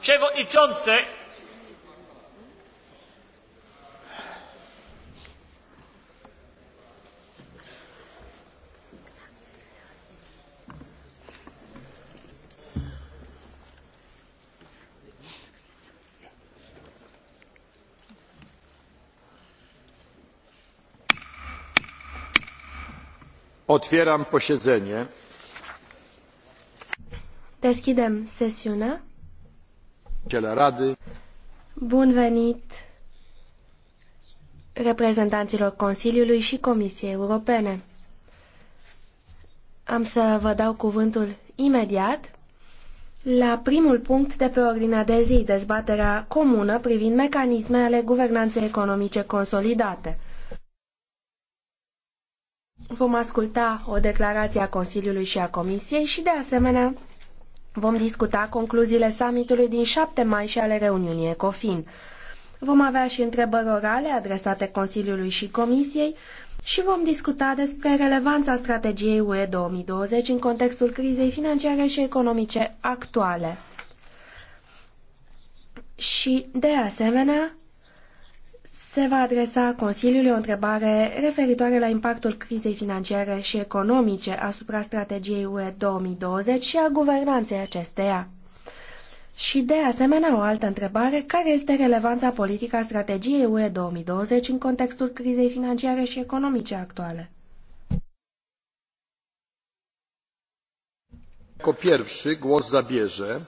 przewodniczący Otwieram posiedzenie. Deschidem sesiunea. Bun venit reprezentanților Consiliului și Comisiei Europene. Am să vă dau cuvântul imediat la primul punct de pe ordinea de zi, dezbaterea comună privind mecanisme ale guvernanței economice consolidate. Vom asculta o declarație a Consiliului și a Comisiei și, de asemenea, Vom discuta concluziile summitului din 7 mai și ale reuniunii ECOFIN. Vom avea și întrebări orale adresate Consiliului și Comisiei și vom discuta despre relevanța strategiei UE 2020 în contextul crizei financiare și economice actuale. Și, de asemenea, se va adresa Consiliului o întrebare referitoare la impactul crizei financiare și economice asupra strategiei UE 2020 și a guvernanței acesteia. Și de asemenea o altă întrebare, care este relevanța politică a strategiei UE 2020 în contextul crizei financiare și economice actuale? Jako pierwszy głos zabierze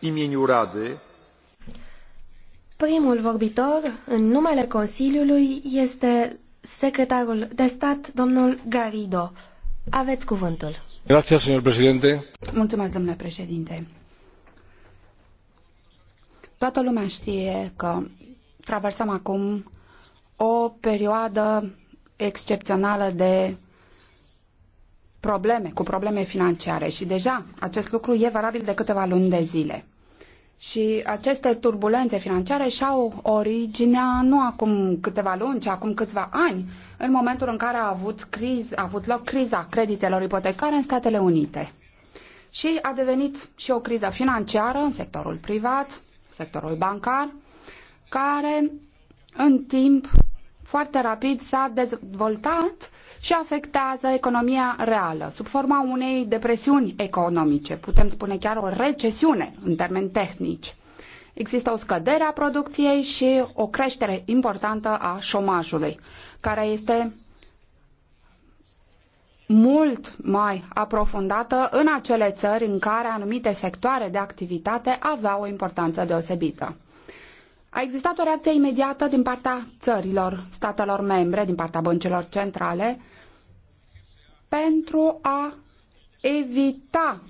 w imieniu Rady Primul vorbitor, în numele Consiliului, este secretarul de stat, domnul Garrido. Aveți cuvântul. Grazie, señor presidente. Mulțumesc, domnule președinte. Toată lumea știe că traversăm acum o perioadă excepțională de probleme, cu probleme financiare și deja acest lucru e valabil de câteva luni de zile. Și aceste turbulențe financiare și-au originea nu acum câteva luni, ci acum câțiva ani, în momentul în care a avut, criz, a avut loc criza creditelor ipotecare în Statele Unite. Și a devenit și o criză financiară în sectorul privat, sectorul bancar, care în timp foarte rapid s-a dezvoltat și afectează economia reală, sub forma unei depresiuni economice, putem spune chiar o recesiune în termeni tehnici. Există o scădere a producției și o creștere importantă a șomajului, care este mult mai aprofundată în acele țări în care anumite sectoare de activitate aveau o importanță deosebită. A existat o reacție imediată din partea țărilor, statelor membre, din partea băncilor centrale, pentru a evita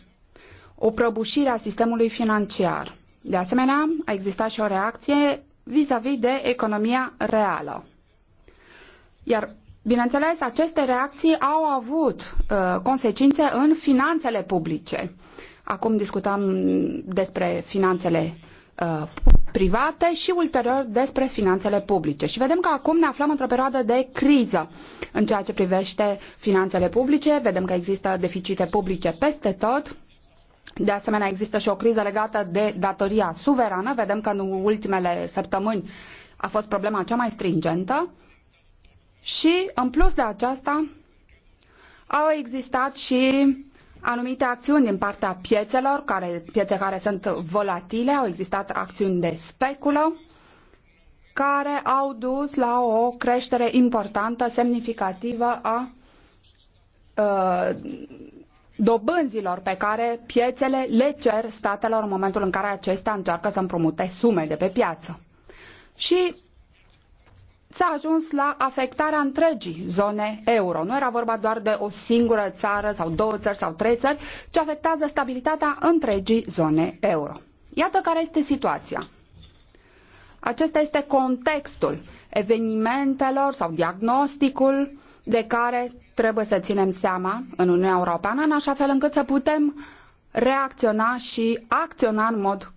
o prăbușire a sistemului financiar. De asemenea, a existat și o reacție vis-a-vis -vis de economia reală. Iar, bineînțeles, aceste reacții au avut uh, consecințe în finanțele publice. Acum discutăm despre finanțele Uh, private și ulterior despre finanțele publice. Și vedem că acum ne aflăm într-o perioadă de criză în ceea ce privește finanțele publice. Vedem că există deficite publice peste tot. De asemenea, există și o criză legată de datoria suverană. Vedem că în ultimele săptămâni a fost problema cea mai stringentă. Și, în plus de aceasta, au existat și anumite acțiuni din partea piețelor, care, piețe care sunt volatile, au existat acțiuni de speculă care au dus la o creștere importantă, semnificativă a ă, dobânzilor pe care piețele le cer statelor în momentul în care acestea încearcă să împrumute sume de pe piață. Și s-a ajuns la afectarea întregii zone euro. Nu era vorba doar de o singură țară sau două țări sau trei țări, ci afectează stabilitatea întregii zone euro. Iată care este situația. Acesta este contextul evenimentelor sau diagnosticul de care trebuie să ținem seama în Uniunea Europeană, în așa fel încât să putem reacționa și acționa în mod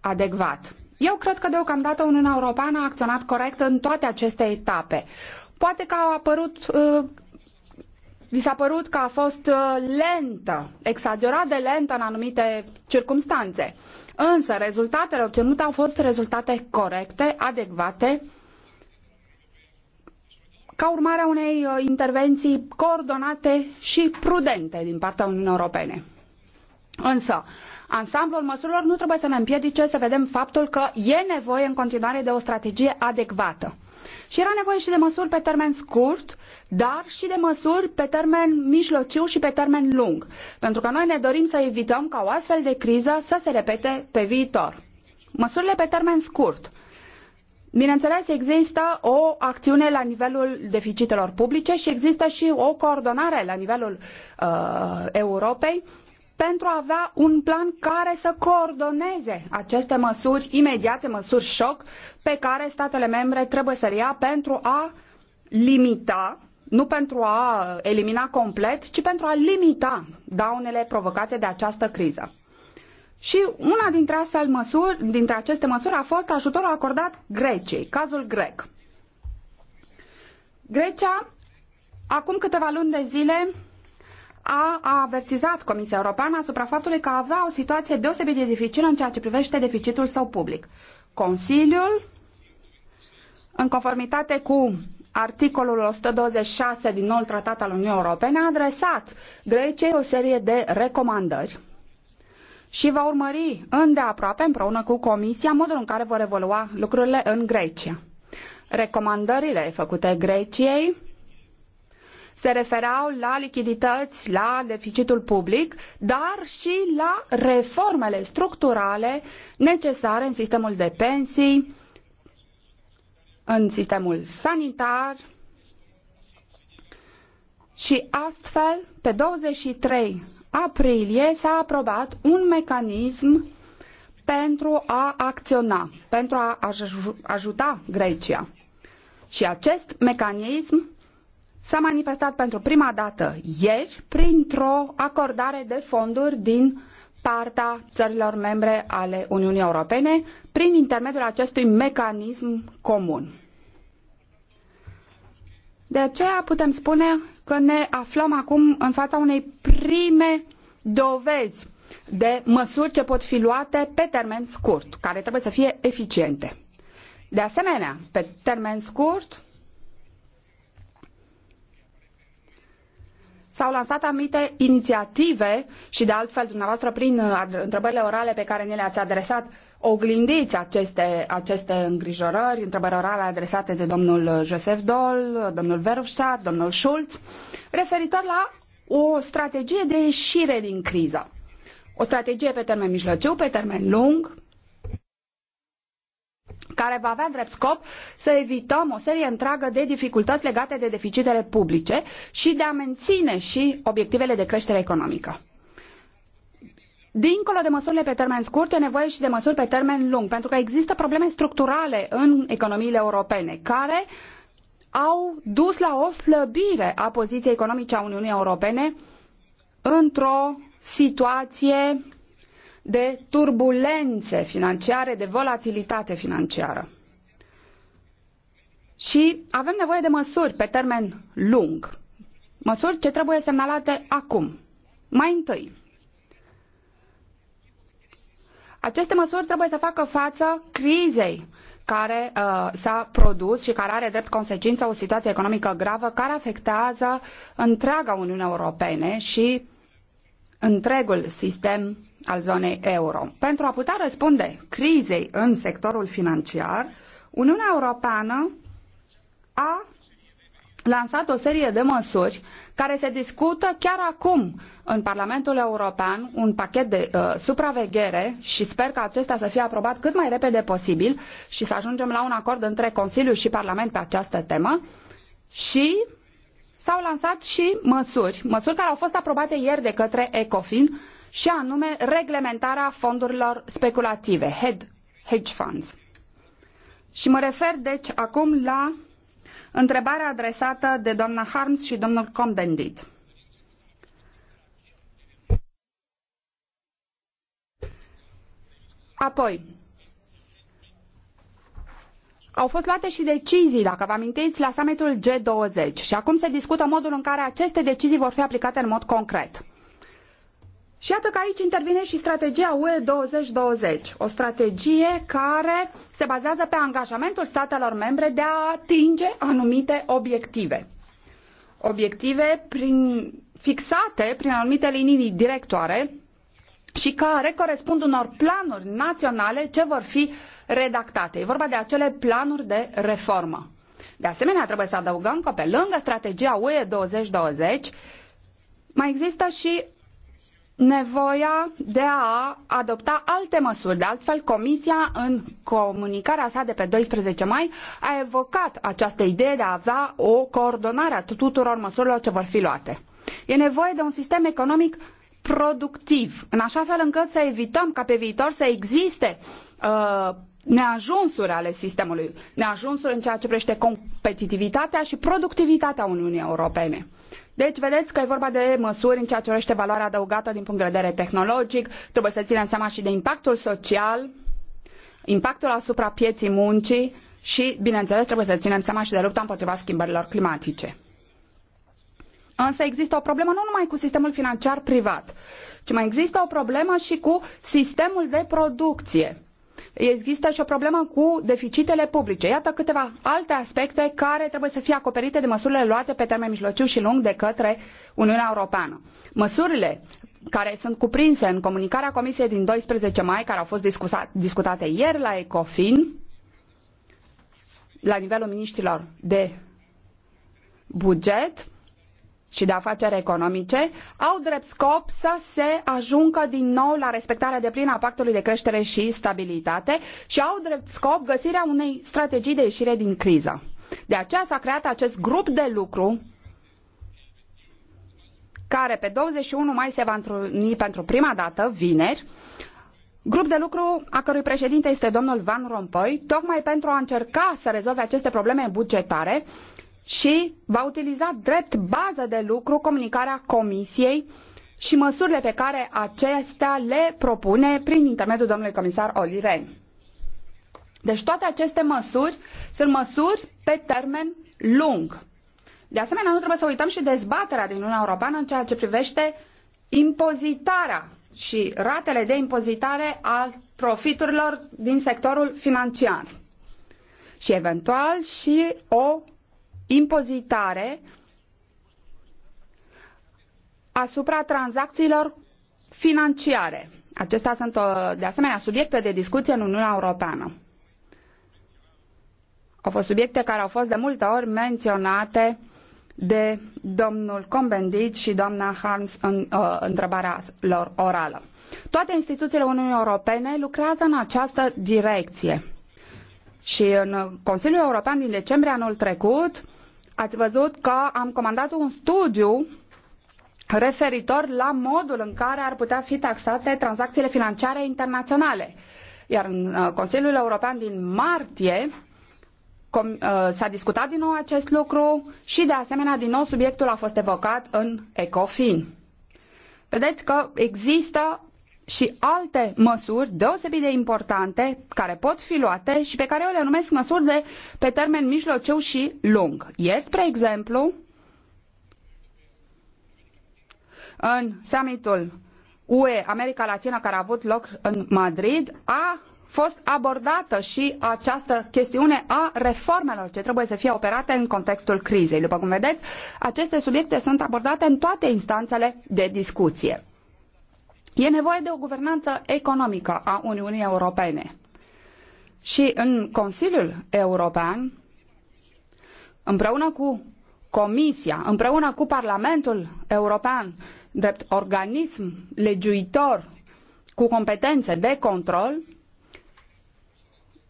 adecvat. Eu cred că deocamdată Uniunea Europeană a acționat corect în toate aceste etape. Poate că au apărut uh, vi s-a părut că a fost uh, lentă, exagerat de lentă în anumite circunstanțe. Însă rezultatele obținute au fost rezultate corecte, adecvate, ca urmare a unei uh, intervenții coordonate și prudente din partea Uniunii Europene. Însă, ansamblul măsurilor nu trebuie să ne împiedice să vedem faptul că e nevoie în continuare de o strategie adecvată. Și era nevoie și de măsuri pe termen scurt, dar și de măsuri pe termen mijlociu și pe termen lung, pentru că noi ne dorim să evităm ca o astfel de criză să se repete pe viitor. Măsurile pe termen scurt. Bineînțeles, există o acțiune la nivelul deficitelor publice și există și o coordonare la nivelul uh, Europei pentru a avea un plan care să coordoneze aceste măsuri imediate, măsuri șoc, pe care statele membre trebuie să le ia pentru a limita, nu pentru a elimina complet, ci pentru a limita daunele provocate de această criză. Și una dintre, astfel măsuri, dintre aceste măsuri a fost ajutorul acordat Greciei, cazul grec. Grecia, acum câteva luni de zile, a avertizat Comisia Europeană asupra faptului că avea o situație deosebit de dificilă în ceea ce privește deficitul său public. Consiliul, în conformitate cu articolul 126 din noul tratat al Uniunii Europene, a adresat Greciei o serie de recomandări și va urmări îndeaproape împreună cu Comisia modul în care vor evolua lucrurile în Grecia. Recomandările făcute Greciei se refereau la lichidități, la deficitul public, dar și la reformele structurale necesare în sistemul de pensii, în sistemul sanitar și astfel, pe 23 aprilie s-a aprobat un mecanism pentru a acționa, pentru a aj ajuta Grecia. Și acest mecanism s-a manifestat pentru prima dată ieri printr-o acordare de fonduri din partea țărilor membre ale Uniunii Europene prin intermediul acestui mecanism comun. De aceea putem spune că ne aflăm acum în fața unei prime dovezi de măsuri ce pot fi luate pe termen scurt, care trebuie să fie eficiente. De asemenea, pe termen scurt, s-au lansat anumite inițiative și de altfel dumneavoastră prin uh, întrebările orale pe care ne le-ați adresat oglindiți aceste, aceste îngrijorări, întrebări orale adresate de domnul uh, Joseph Dol, uh, domnul Verhofstadt, domnul Schulz, referitor la o strategie de ieșire din criză. O strategie pe termen mijlociu, pe termen lung, care va avea drept scop să evităm o serie întreagă de dificultăți legate de deficitele publice și de a menține și obiectivele de creștere economică. Dincolo de măsurile pe termen scurt, e nevoie și de măsuri pe termen lung, pentru că există probleme structurale în economiile europene, care au dus la o slăbire a poziției economice a Uniunii Europene într-o situație de turbulențe financiare, de volatilitate financiară. Și avem nevoie de măsuri pe termen lung. Măsuri ce trebuie semnalate acum. Mai întâi, aceste măsuri trebuie să facă față crizei care uh, s-a produs și care are drept consecință o situație economică gravă care afectează întreaga Uniune Europene și întregul sistem al zonei euro. Pentru a putea răspunde crizei în sectorul financiar, Uniunea Europeană a lansat o serie de măsuri care se discută chiar acum în Parlamentul European, un pachet de uh, supraveghere și sper că acesta să fie aprobat cât mai repede posibil și să ajungem la un acord între Consiliu și Parlament pe această temă și s-au lansat și măsuri, măsuri care au fost aprobate ieri de către ECOFIN și anume reglementarea fondurilor speculative, hedge funds. Și mă refer deci acum la întrebarea adresată de doamna Harms și domnul Combendit. Apoi, au fost luate și decizii, dacă vă amintiți, la summitul G20 și acum se discută modul în care aceste decizii vor fi aplicate în mod concret. Și iată că aici intervine și strategia UE 2020, o strategie care se bazează pe angajamentul statelor membre de a atinge anumite obiective. Obiective prin, fixate prin anumite linii directoare și care corespund unor planuri naționale ce vor fi redactate. E vorba de acele planuri de reformă. De asemenea, trebuie să adăugăm că pe lângă strategia UE 2020 mai există și nevoia de a adopta alte măsuri. De altfel, Comisia, în comunicarea sa de pe 12 mai, a evocat această idee de a avea o coordonare a tuturor măsurilor ce vor fi luate. E nevoie de un sistem economic productiv, în așa fel încât să evităm ca pe viitor să existe uh, neajunsuri ale sistemului, neajunsuri în ceea ce privește competitivitatea și productivitatea Uniunii Europene. Deci, vedeți că e vorba de măsuri în ceea ce urește valoarea adăugată din punct de vedere tehnologic, trebuie să ținem seama și de impactul social, impactul asupra pieții muncii și, bineînțeles, trebuie să ținem seama și de lupta împotriva schimbărilor climatice. Însă există o problemă nu numai cu sistemul financiar privat, ci mai există o problemă și cu sistemul de producție există și o problemă cu deficitele publice. Iată câteva alte aspecte care trebuie să fie acoperite de măsurile luate pe termen mijlociu și lung de către Uniunea Europeană. Măsurile care sunt cuprinse în comunicarea Comisiei din 12 mai, care au fost discutate ieri la ECOFIN, la nivelul miniștrilor de buget, și de afaceri economice au drept scop să se ajungă din nou la respectarea deplină a pactului de creștere și stabilitate și au drept scop găsirea unei strategii de ieșire din criză. De aceea s-a creat acest grup de lucru care pe 21 mai se va întruni pentru prima dată, vineri, Grup de lucru a cărui președinte este domnul Van Rompuy, tocmai pentru a încerca să rezolve aceste probleme bugetare și va utiliza drept bază de lucru comunicarea Comisiei și măsurile pe care acestea le propune prin intermediul domnului comisar Oli Rehn. Deci toate aceste măsuri sunt măsuri pe termen lung. De asemenea, nu trebuie să uităm și dezbaterea din Uniunea Europeană în ceea ce privește impozitarea și ratele de impozitare al profiturilor din sectorul financiar și eventual și o impozitare asupra tranzaciilor financiare. Acestea sunt uh, de asemenea subiecte de discuție în Uniunea Europeană. Au fost subiecte care au fost de multe ori menționate de domnul Combendit și doamna Hans în uh, întrebarea lor orală. Toate instituțiile Uniunii Europene lucrează în această direcție. Și în Consiliul European din decembrie anul trecut, ați văzut că am comandat un studiu referitor la modul în care ar putea fi taxate tranzacțiile financiare internaționale. Iar în uh, Consiliul European din martie uh, s-a discutat din nou acest lucru și de asemenea din nou subiectul a fost evocat în ECOFIN. Vedeți că există și alte măsuri deosebit de importante care pot fi luate și pe care eu le numesc măsuri de pe termen mijlociu și lung. Ieri, spre exemplu, în summitul UE America Latină care a avut loc în Madrid, a fost abordată și această chestiune a reformelor ce trebuie să fie operate în contextul crizei. După cum vedeți, aceste subiecte sunt abordate în toate instanțele de discuție. E nevoie de o guvernanță economică a Uniunii Europene. Și în Consiliul European, împreună cu Comisia, împreună cu Parlamentul European, drept organism legiuitor cu competențe de control,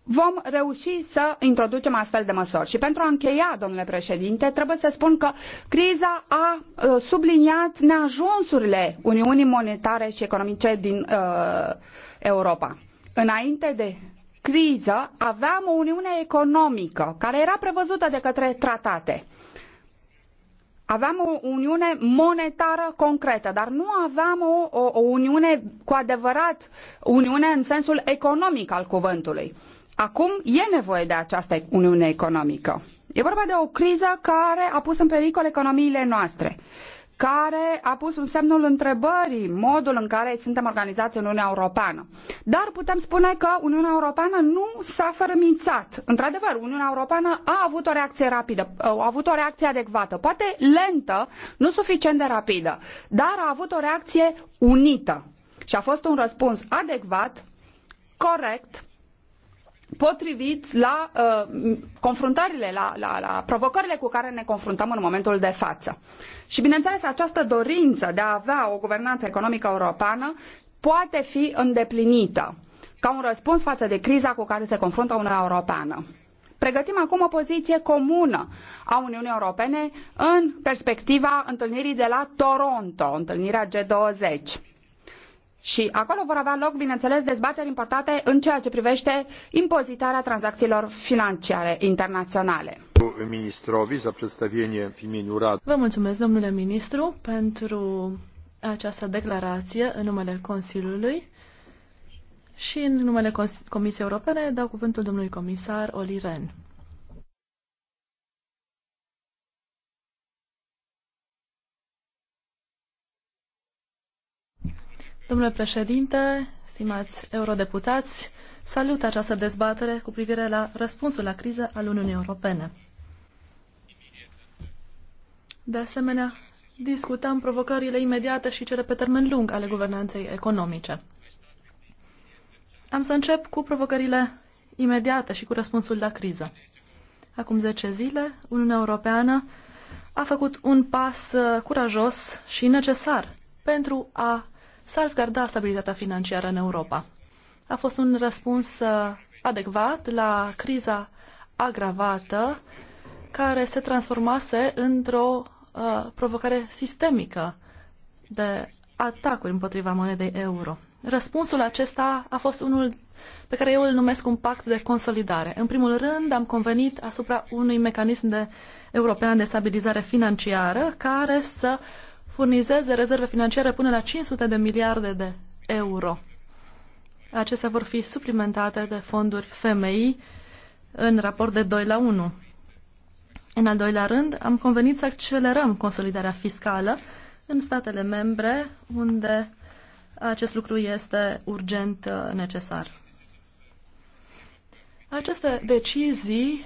vom reuși să introducem astfel de măsuri. Și pentru a încheia, domnule președinte, trebuie să spun că criza a uh, subliniat neajunsurile Uniunii Monetare și Economice din uh, Europa. Înainte de criză aveam o Uniune economică care era prevăzută de către tratate. Aveam o uniune monetară concretă, dar nu aveam o, o, o uniune cu adevărat, uniune în sensul economic al cuvântului. Acum e nevoie de această uniune economică. E vorba de o criză care a pus în pericol economiile noastre, care a pus în semnul întrebării modul în care suntem organizați în Uniunea Europeană. Dar putem spune că Uniunea Europeană nu s-a fărâmițat. Într-adevăr, Uniunea Europeană a avut o reacție rapidă, a avut o reacție adecvată, poate lentă, nu suficient de rapidă, dar a avut o reacție unită. Și a fost un răspuns adecvat, corect, potrivit la uh, confruntările, la, la, la, provocările cu care ne confruntăm în momentul de față. Și bineînțeles, această dorință de a avea o guvernanță economică europeană poate fi îndeplinită ca un răspuns față de criza cu care se confruntă Uniunea Europeană. Pregătim acum o poziție comună a Uniunii Europene în perspectiva întâlnirii de la Toronto, întâlnirea G20. Și acolo vor avea loc, bineînțeles, dezbateri importante în ceea ce privește impozitarea tranzacțiilor financiare internaționale. Vă mulțumesc, domnule ministru, pentru această declarație în numele Consiliului și în numele Comisiei Europene dau cuvântul domnului comisar Oli Ren. Domnule președinte, stimați eurodeputați, salut această dezbatere cu privire la răspunsul la criză al Uniunii Europene. De asemenea, discutăm provocările imediate și cele pe termen lung ale guvernanței economice. Am să încep cu provocările imediate și cu răspunsul la criză. Acum 10 zile, Uniunea Europeană a făcut un pas uh, curajos și necesar pentru a salvgarda stabilitatea financiară în Europa. A fost un răspuns uh, adecvat la criza agravată care se transformase într-o uh, provocare sistemică de atacuri împotriva monedei euro. Răspunsul acesta a fost unul pe care eu îl numesc un pact de consolidare. În primul rând, am convenit asupra unui mecanism de european de stabilizare financiară care să furnizeze rezerve financiare până la 500 de miliarde de euro. Acestea vor fi suplimentate de fonduri FMI în raport de 2 la 1. În al doilea rând, am convenit să accelerăm consolidarea fiscală în statele membre unde acest lucru este urgent uh, necesar. Aceste decizii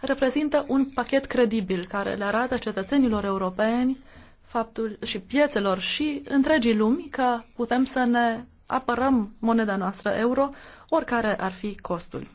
reprezintă un pachet credibil care le arată cetățenilor europeni faptul și piețelor și întregii lumi că putem să ne apărăm moneda noastră euro, oricare ar fi costul.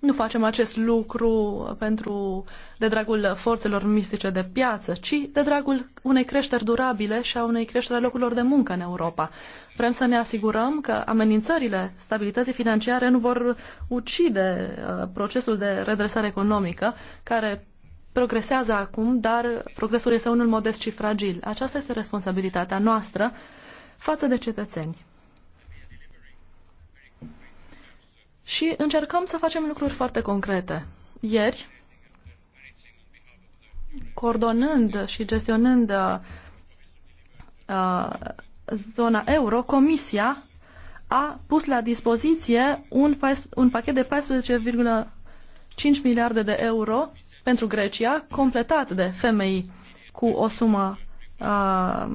Nu facem acest lucru pentru de dragul forțelor mistice de piață, ci de dragul unei creșteri durabile și a unei creșteri a locurilor de muncă în Europa. Vrem să ne asigurăm că amenințările stabilității financiare nu vor ucide uh, procesul de redresare economică, care progresează acum, dar progresul este unul modest și fragil. Aceasta este responsabilitatea noastră față de cetățeni. Și încercăm să facem lucruri foarte concrete. Ieri, coordonând și gestionând uh, uh zona euro, Comisia a pus la dispoziție un, un pachet de 14,5 miliarde de euro pentru Grecia, completat de femei cu o sumă uh,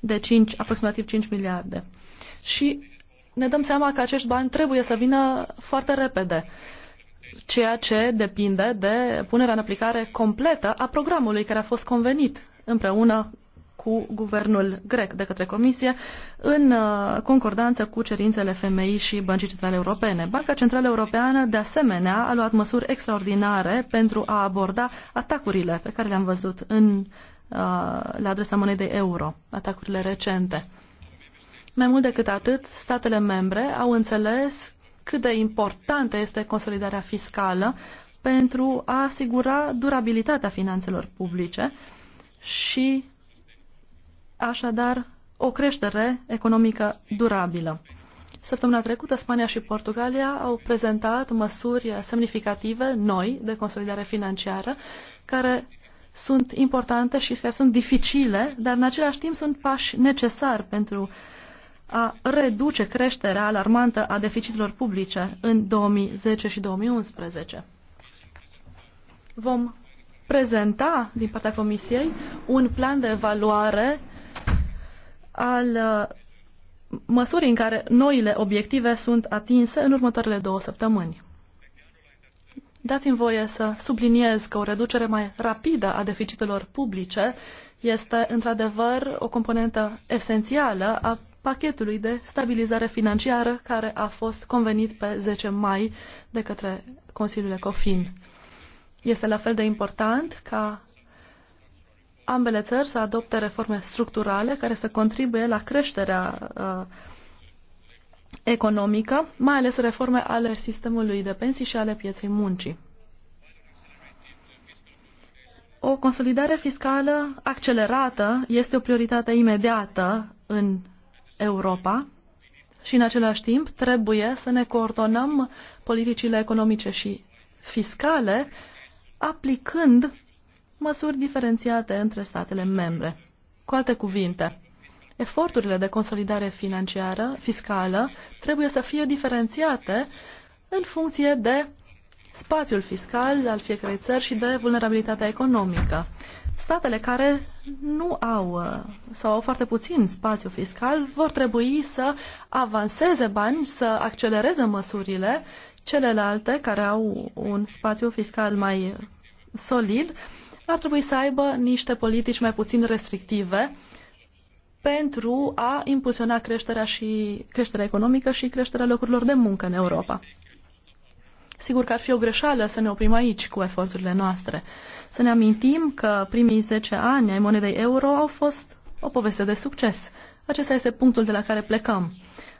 de 5, aproximativ 5 miliarde. Și ne dăm seama că acești bani trebuie să vină foarte repede, ceea ce depinde de punerea în aplicare completă a programului care a fost convenit împreună cu guvernul grec de către Comisie în uh, concordanță cu cerințele FMI și Băncii Centrale Europene. Banca Centrală Europeană, de asemenea, a luat măsuri extraordinare pentru a aborda atacurile pe care le-am văzut în, uh, la adresa monedei euro, atacurile recente. Mai mult decât atât, statele membre au înțeles cât de importantă este consolidarea fiscală pentru a asigura durabilitatea finanțelor publice și așadar o creștere economică durabilă. Săptămâna trecută, Spania și Portugalia au prezentat măsuri semnificative noi de consolidare financiară care sunt importante și care sunt dificile, dar în același timp sunt pași necesari pentru a reduce creșterea alarmantă a deficitelor publice în 2010 și 2011. Vom prezenta din partea Comisiei un plan de evaluare al uh, măsurii în care noile obiective sunt atinse în următoarele două săptămâni. Dați-mi voie să subliniez că o reducere mai rapidă a deficitelor publice este într-adevăr o componentă esențială a pachetului de stabilizare financiară care a fost convenit pe 10 mai de către Consiliul Ecofin. Este la fel de important ca ambele țări să adopte reforme structurale care să contribuie la creșterea uh, economică, mai ales reforme ale sistemului de pensii și ale pieței muncii. O consolidare fiscală accelerată este o prioritate imediată în Europa și în același timp trebuie să ne coordonăm politicile economice și fiscale aplicând măsuri diferențiate între statele membre. Cu alte cuvinte, eforturile de consolidare financiară, fiscală, trebuie să fie diferențiate în funcție de spațiul fiscal al fiecărei țări și de vulnerabilitatea economică. Statele care nu au uh, sau au foarte puțin spațiu fiscal vor trebui să avanseze bani, să accelereze măsurile, celelalte care au un spațiu fiscal mai solid ar trebui să aibă niște politici mai puțin restrictive pentru a impulsiona creșterea, și, creșterea economică și creșterea locurilor de muncă în Europa. Sigur că ar fi o greșeală să ne oprim aici cu eforturile noastre. Să ne amintim că primii 10 ani ai monedei euro au fost o poveste de succes. Acesta este punctul de la care plecăm.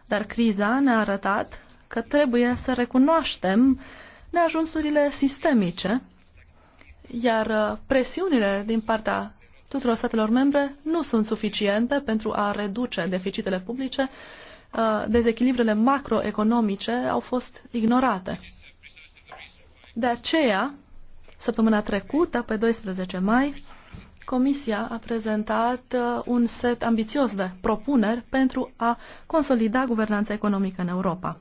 Dar criza ne-a arătat că trebuie să recunoaștem neajunsurile sistemice iar uh, presiunile din partea tuturor statelor membre nu sunt suficiente pentru a reduce deficitele publice. Uh, dezechilibrele macroeconomice au fost ignorate. De aceea, săptămâna trecută, pe 12 mai, Comisia a prezentat uh, un set ambițios de propuneri pentru a consolida guvernanța economică în Europa.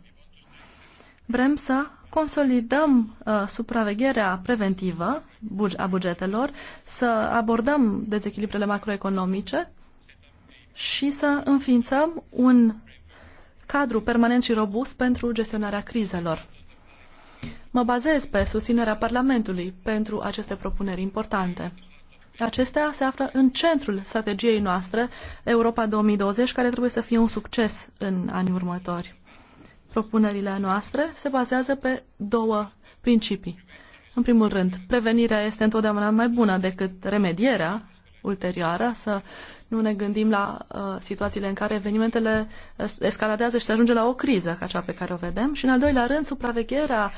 Vrem să consolidăm uh, supravegherea preventivă a bugetelor, să abordăm dezechilibrele macroeconomice și să înființăm un cadru permanent și robust pentru gestionarea crizelor. Mă bazez pe susținerea Parlamentului pentru aceste propuneri importante. Acestea se află în centrul strategiei noastre Europa 2020, care trebuie să fie un succes în anii următori. Propunerile noastre se bazează pe două principii. În primul rând, prevenirea este întotdeauna mai bună decât remedierea ulterioară, să nu ne gândim la uh, situațiile în care evenimentele uh, escaladează și se ajunge la o criză ca cea pe care o vedem. Și în al doilea rând, supravegherea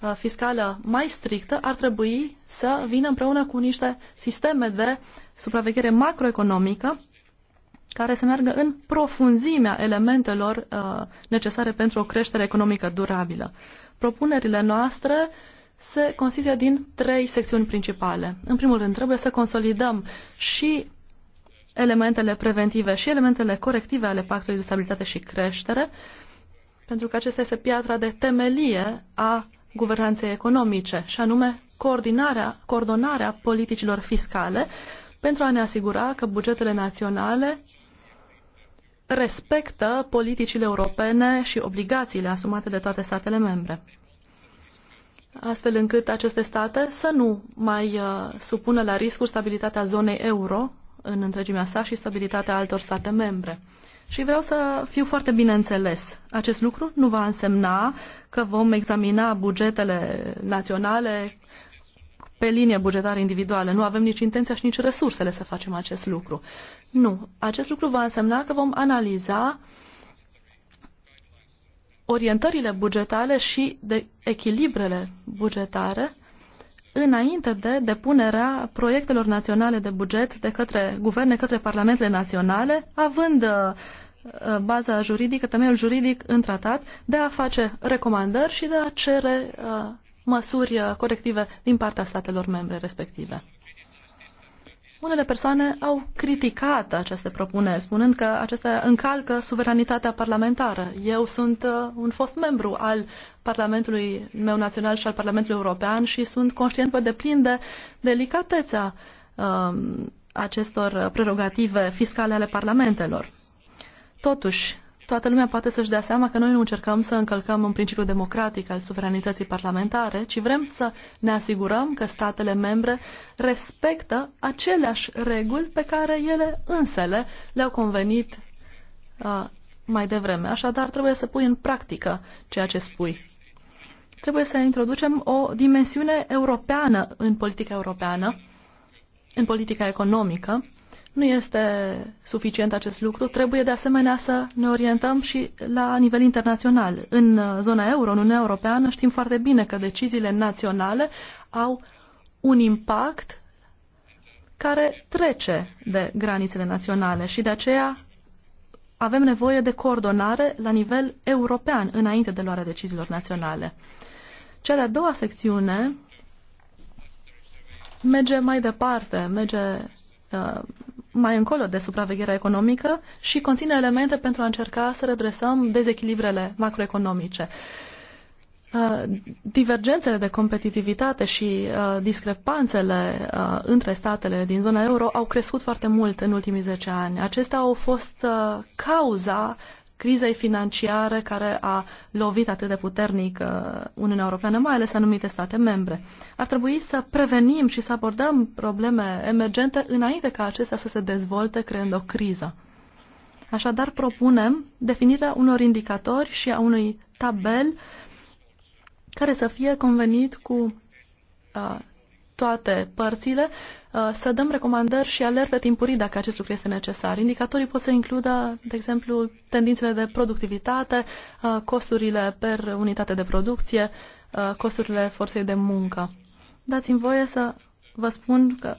uh, fiscală mai strictă ar trebui să vină împreună cu niște sisteme de supraveghere macroeconomică care să meargă în profunzimea elementelor uh, necesare pentru o creștere economică durabilă. Propunerile noastre se constituie din trei secțiuni principale. În primul rând, trebuie să consolidăm și elementele preventive și elementele corective ale Pactului de Stabilitate și Creștere, pentru că acesta este piatra de temelie a guvernanței economice, și anume coordonarea, coordonarea politicilor fiscale pentru a ne asigura că bugetele naționale respectă politicile europene și obligațiile asumate de toate statele membre astfel încât aceste state să nu mai uh, supună la riscuri stabilitatea zonei euro în întregimea sa și stabilitatea altor state membre. Și vreau să fiu foarte bine înțeles. Acest lucru nu va însemna că vom examina bugetele naționale pe linie bugetară individuală. Nu avem nici intenția și nici resursele să facem acest lucru. Nu. Acest lucru va însemna că vom analiza orientările bugetare și de echilibrele bugetare înainte de depunerea proiectelor naționale de buget de către guverne, către parlamentele naționale, având uh, baza juridică, temeiul juridic în tratat, de a face recomandări și de a cere uh, măsuri uh, corective din partea statelor membre respective. Unele persoane au criticat aceste propuneri, spunând că acestea încalcă suveranitatea parlamentară. Eu sunt uh, un fost membru al Parlamentului meu național și al Parlamentului European și sunt conștient pe deplin de delicatețea uh, acestor prerogative fiscale ale parlamentelor. Totuși, toată lumea poate să-și dea seama că noi nu încercăm să încălcăm un principiu democratic al suveranității parlamentare, ci vrem să ne asigurăm că statele membre respectă aceleași reguli pe care ele însele le-au convenit uh, mai devreme. Așadar, trebuie să pui în practică ceea ce spui. Trebuie să introducem o dimensiune europeană în politica europeană, în politica economică, nu este suficient acest lucru, trebuie de asemenea să ne orientăm și la nivel internațional. În uh, zona euro, în Uniunea Europeană, știm foarte bine că deciziile naționale au un impact care trece de granițele naționale și de aceea avem nevoie de coordonare la nivel european înainte de luarea deciziilor naționale. Cea de-a doua secțiune merge mai departe, merge Uh, mai încolo de supravegherea economică și conține elemente pentru a încerca să redresăm dezechilibrele macroeconomice. Uh, divergențele de competitivitate și uh, discrepanțele între statele din zona euro au crescut foarte mult în ultimii 10 ani. Acestea au fost cauza crizei financiare care a lovit atât de puternic uh, Uniunea Europeană, mai ales anumite state membre. Ar trebui să prevenim și să abordăm probleme emergente înainte ca acestea să se dezvolte creând o criză. Așadar, propunem definirea unor indicatori și a unui tabel care să fie convenit cu uh, toate părțile, uh, să dăm recomandări și alerte timpurii dacă acest lucru este necesar. Indicatorii pot să includă, de exemplu, tendințele de productivitate, uh, costurile per unitate de producție, uh, costurile forței de muncă. Dați-mi voie să vă spun că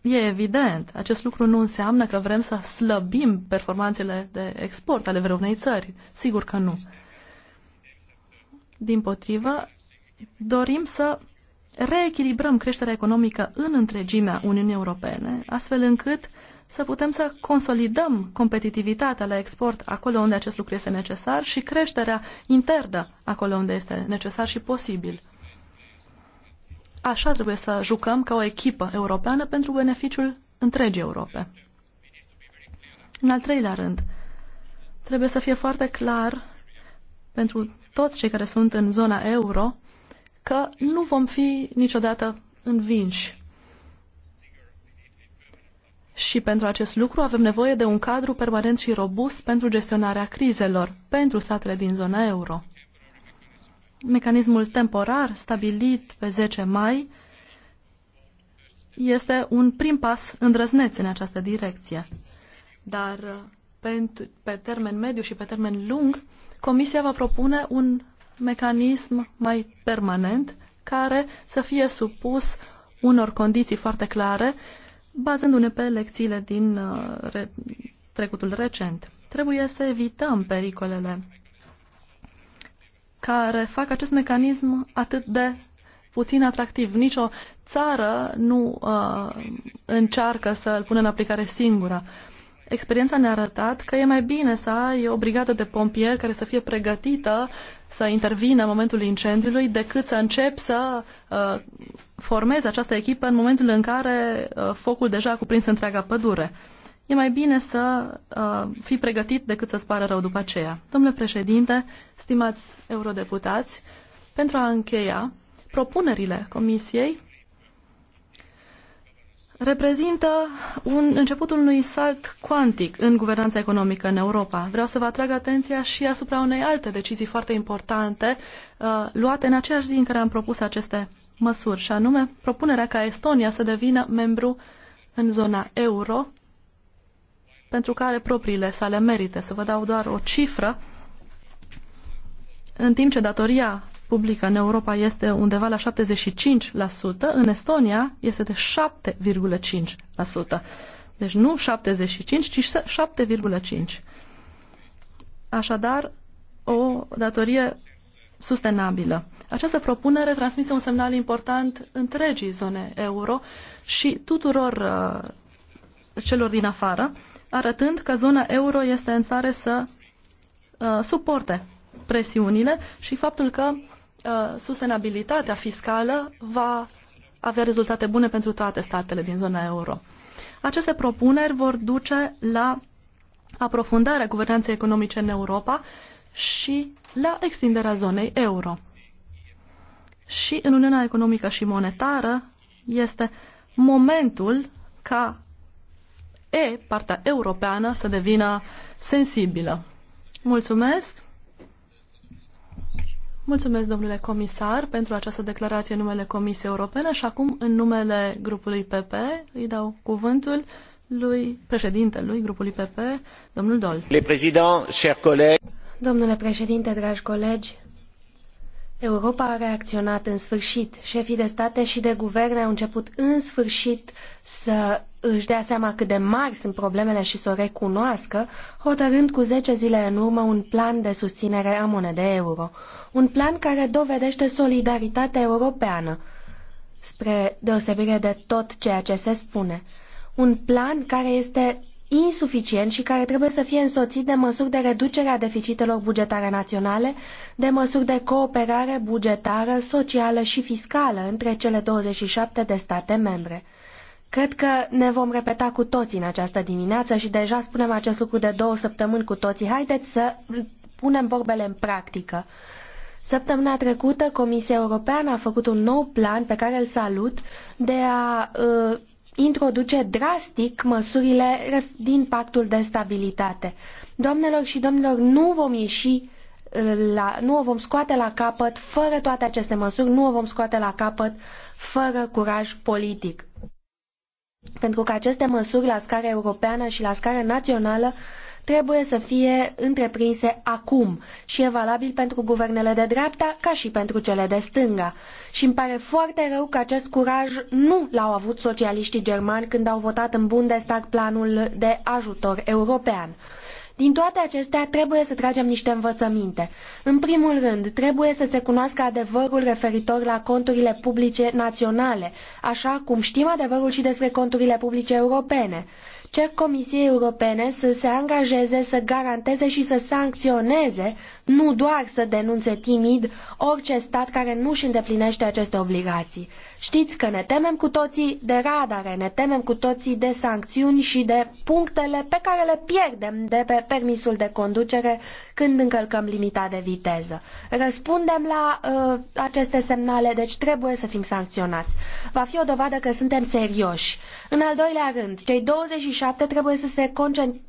e evident, acest lucru nu înseamnă că vrem să slăbim performanțele de export ale vreunei țări. Sigur că nu. Din potrivă, dorim să reechilibrăm creșterea economică în întregimea Uniunii Europene, astfel încât să putem să consolidăm competitivitatea la export acolo unde acest lucru este necesar și creșterea internă acolo unde este necesar și posibil. Așa trebuie să jucăm ca o echipă europeană pentru beneficiul întregii Europe. În al treilea rând, trebuie să fie foarte clar pentru toți cei care sunt în zona euro că nu vom fi niciodată învinși. Și pentru acest lucru avem nevoie de un cadru permanent și robust pentru gestionarea crizelor, pentru statele din zona euro. Mecanismul temporar stabilit pe 10 mai este un prim pas îndrăzneț în această direcție. Dar pe termen mediu și pe termen lung, Comisia va propune un mecanism mai permanent care să fie supus unor condiții foarte clare, bazându-ne pe lecțiile din uh, re trecutul recent. Trebuie să evităm pericolele care fac acest mecanism atât de puțin atractiv. Nici o țară nu uh, încearcă să îl pună în aplicare singură. Uh, experiența ne-a arătat că e mai bine să ai o brigadă de pompieri care să fie pregătită să intervină în momentul incendiului decât să încep să uh, formezi această echipă în momentul în care uh, focul deja a cuprins întreaga pădure. E mai bine să uh, fii pregătit decât să-ți pară rău după aceea. Domnule președinte, stimați eurodeputați, pentru a încheia, propunerile Comisiei reprezintă un începutul unui salt cuantic în guvernanța economică în Europa. Vreau să vă atrag atenția și asupra unei alte decizii foarte importante uh, luate în aceeași zi în care am propus aceste măsuri, și anume propunerea ca Estonia să devină membru în zona euro, pentru care propriile sale merite. Să vă dau doar o cifră. În timp ce datoria publică în Europa este undeva la 75%, în Estonia este de 7,5%. Deci nu 75, ci 7,5. Așadar, o datorie sustenabilă. Această propunere transmite un semnal important întregii zone euro și tuturor uh, celor din afară, arătând că zona euro este în stare să uh, suporte presiunile și faptul că Uh, sustenabilitatea fiscală va avea rezultate bune pentru toate statele din zona euro. Aceste propuneri vor duce la aprofundarea guvernanței economice în Europa și la extinderea zonei euro. Și în Uniunea Economică și Monetară este momentul ca E, partea europeană, să devină sensibilă. Mulțumesc! Mulțumesc, domnule comisar, pentru această declarație în numele Comisiei Europene și acum, în numele grupului PP, îi dau cuvântul lui președintelui grupului PP, domnul Dol. Le président, chers Domnule președinte, dragi colegi, Europa a reacționat în sfârșit. Șefii de state și de guverne au început în sfârșit să își dea seama cât de mari sunt problemele și să o recunoască, hotărând cu 10 zile în urmă un plan de susținere a monedei euro. Un plan care dovedește solidaritatea europeană, spre deosebire de tot ceea ce se spune. Un plan care este insuficient și care trebuie să fie însoțit de măsuri de reducere a deficitelor bugetare naționale, de măsuri de cooperare bugetară, socială și fiscală între cele 27 de state membre. Cred că ne vom repeta cu toții în această dimineață și deja spunem acest lucru de două săptămâni cu toții. Haideți să punem vorbele în practică. Săptămâna trecută, Comisia Europeană a făcut un nou plan pe care îl salut de a uh, introduce drastic măsurile din pactul de stabilitate. Doamnelor și domnilor, nu vom ieși uh, la, nu o vom scoate la capăt fără toate aceste măsuri, nu o vom scoate la capăt fără curaj politic. Pentru că aceste măsuri la scară europeană și la scară națională trebuie să fie întreprinse acum și e valabil pentru guvernele de dreapta ca și pentru cele de stânga. Și îmi pare foarte rău că acest curaj nu l-au avut socialiștii germani când au votat în Bundestag planul de ajutor european. Din toate acestea trebuie să tragem niște învățăminte. În primul rând, trebuie să se cunoască adevărul referitor la conturile publice naționale, așa cum știm adevărul și despre conturile publice europene cer Comisiei Europene să se angajeze să garanteze și să sancționeze nu doar să denunțe timid orice stat care nu își îndeplinește aceste obligații. Știți că ne temem cu toții de radare, ne temem cu toții de sancțiuni și de punctele pe care le pierdem de pe permisul de conducere când încălcăm limita de viteză. Răspundem la uh, aceste semnale, deci trebuie să fim sancționați. Va fi o dovadă că suntem serioși. În al doilea rând, cei 27 trebuie să se,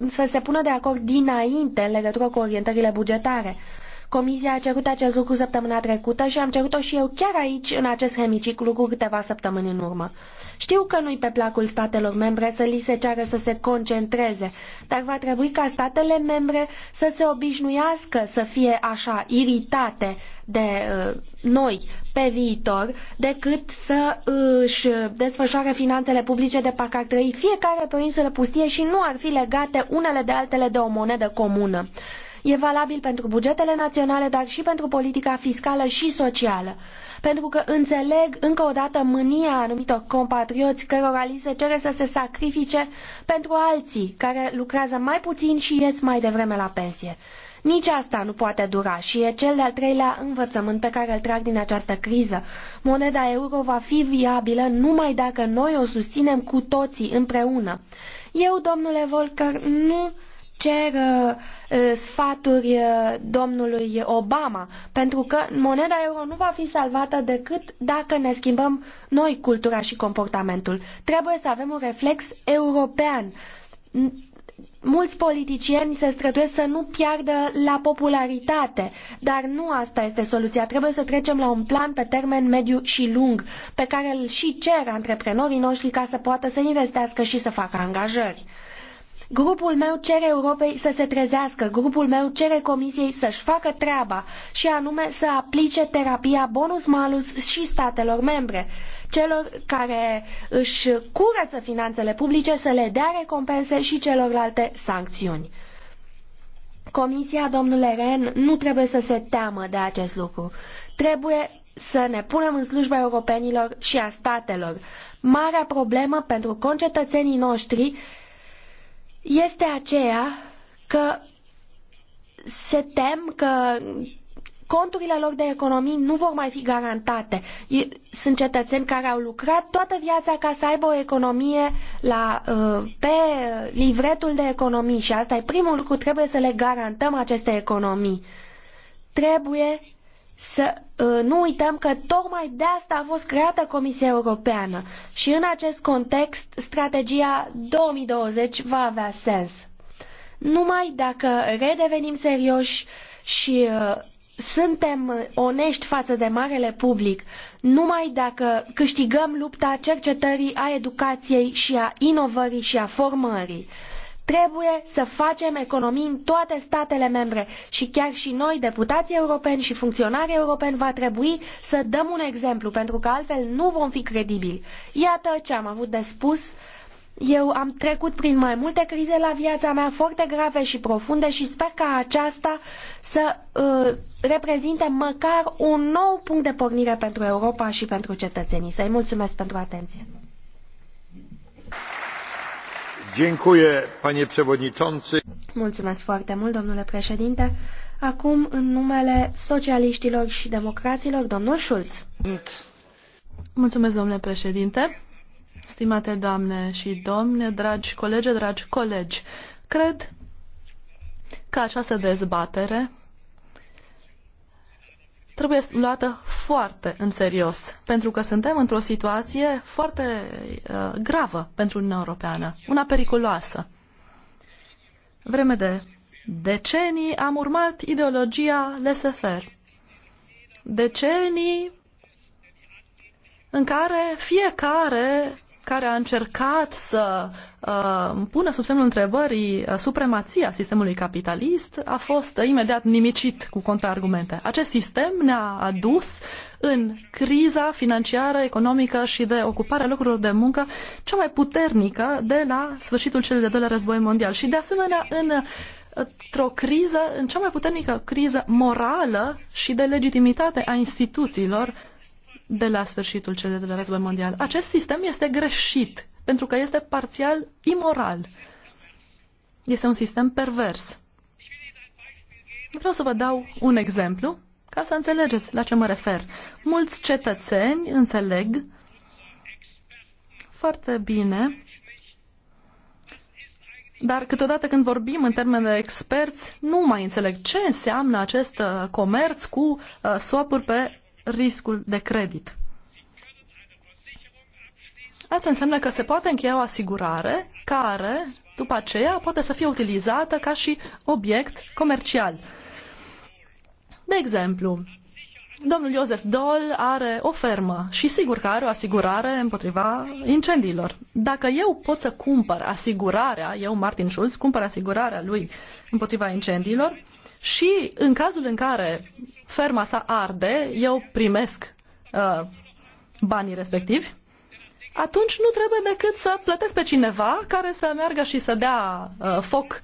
să se pună de acord dinainte în legătură cu orientările bugetare. Comisia a cerut acest lucru săptămâna trecută și am cerut-o și eu chiar aici, în acest hemiciclu, cu câteva săptămâni în urmă. Știu că nu-i pe placul statelor membre să li se ceară să se concentreze, dar va trebui ca statele membre să se obișnuiască să fie așa iritate de uh, noi pe viitor decât să își desfășoare finanțele publice de parcă ar trăi fiecare pe o insulă pustie și nu ar fi legate unele de altele de o monedă comună. E valabil pentru bugetele naționale, dar și pentru politica fiscală și socială. Pentru că înțeleg încă o dată mânia anumitor compatrioți cărora li se cere să se sacrifice pentru alții care lucrează mai puțin și ies mai devreme la pensie. Nici asta nu poate dura și e cel de-al treilea învățământ pe care îl trag din această criză. Moneda euro va fi viabilă numai dacă noi o susținem cu toții împreună. Eu, domnule Volcker, nu cer uh, uh, sfaturi uh, domnului Obama, pentru că moneda euro nu va fi salvată decât dacă ne schimbăm noi cultura și comportamentul. Trebuie să avem un reflex european. Mulți politicieni se străduiesc să nu piardă la popularitate, dar nu asta este soluția. Trebuie să trecem la un plan pe termen mediu și lung, pe care îl și cer antreprenorii noștri ca să poată să investească și să facă angajări. Grupul meu cere Europei să se trezească, grupul meu cere Comisiei să-și facă treaba și anume să aplice terapia bonus-malus și statelor membre. Celor care își curăță finanțele publice să le dea recompense și celorlalte sancțiuni. Comisia, domnule Ren, nu trebuie să se teamă de acest lucru. Trebuie să ne punem în slujba europenilor și a statelor. Marea problemă pentru concetățenii noștri este aceea că se tem că conturile lor de economii nu vor mai fi garantate. Sunt cetățeni care au lucrat toată viața ca să aibă o economie la, uh, pe livretul de economii și asta e primul lucru, trebuie să le garantăm aceste economii. Trebuie să uh, nu uităm că tocmai de asta a fost creată Comisia Europeană și în acest context strategia 2020 va avea sens. Numai dacă redevenim serioși și uh, suntem onești față de marele public, numai dacă câștigăm lupta cercetării, a educației și a inovării și a formării. Trebuie să facem economii în toate statele membre și chiar și noi, deputații europeni și funcționarii europeni, va trebui să dăm un exemplu, pentru că altfel nu vom fi credibili. Iată ce am avut de spus. Eu am trecut prin mai multe crize la viața mea foarte grave și profunde și sper ca aceasta să uh, reprezinte măcar un nou punct de pornire pentru Europa și pentru cetățenii. Să-i mulțumesc pentru atenție. Mulțumesc foarte mult, domnule președinte. Acum, în numele socialiștilor și democraților, domnul Schulz. Mulțumesc, domnule președinte. Stimate doamne și domne, dragi colegi, dragi colegi, cred că această dezbatere trebuie luată foarte în serios, pentru că suntem într-o situație foarte uh, gravă pentru Uniunea Europeană, una periculoasă. Vreme de decenii am urmat ideologia laissez-faire. Decenii în care fiecare care a încercat să uh, pună sub semnul întrebării uh, supremația sistemului capitalist, a fost uh, imediat nimicit cu contraargumente. Acest sistem ne-a adus în criza financiară, economică și de ocupare a locurilor de muncă cea mai puternică de la sfârșitul celui de doilea război mondial și de asemenea în uh, într-o criză, în cea mai puternică criză morală și de legitimitate a instituțiilor de la sfârșitul celui de la război mondial. Acest sistem este greșit, pentru că este parțial imoral. Este un sistem pervers. Vreau să vă dau un exemplu ca să înțelegeți la ce mă refer. Mulți cetățeni înțeleg foarte bine, dar câteodată când vorbim în termeni de experți, nu mai înțeleg ce înseamnă acest uh, comerț cu uh, swapuri pe riscul de credit. Asta înseamnă că se poate încheia o asigurare care, după aceea, poate să fie utilizată ca și obiect comercial. De exemplu, domnul Iosef Dol are o fermă și sigur că are o asigurare împotriva incendiilor. Dacă eu pot să cumpăr asigurarea, eu, Martin Schulz, cumpăr asigurarea lui împotriva incendiilor, și în cazul în care ferma sa arde, eu primesc uh, banii respectivi, atunci nu trebuie decât să plătesc pe cineva care să meargă și să dea uh, foc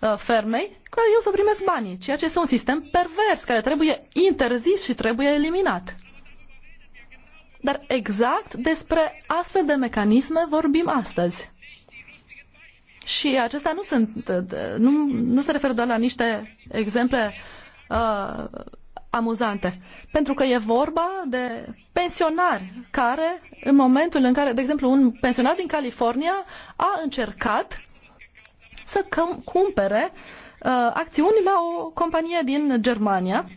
uh, fermei, ca eu să primesc banii, ceea ce este un sistem pervers care trebuie interzis și trebuie eliminat. Dar exact despre astfel de mecanisme vorbim astăzi. Și acestea nu, sunt, nu, nu se referă doar la niște exemple uh, amuzante. Pentru că e vorba de pensionari care, în momentul în care, de exemplu, un pensionar din California a încercat să cumpere uh, acțiuni la o companie din Germania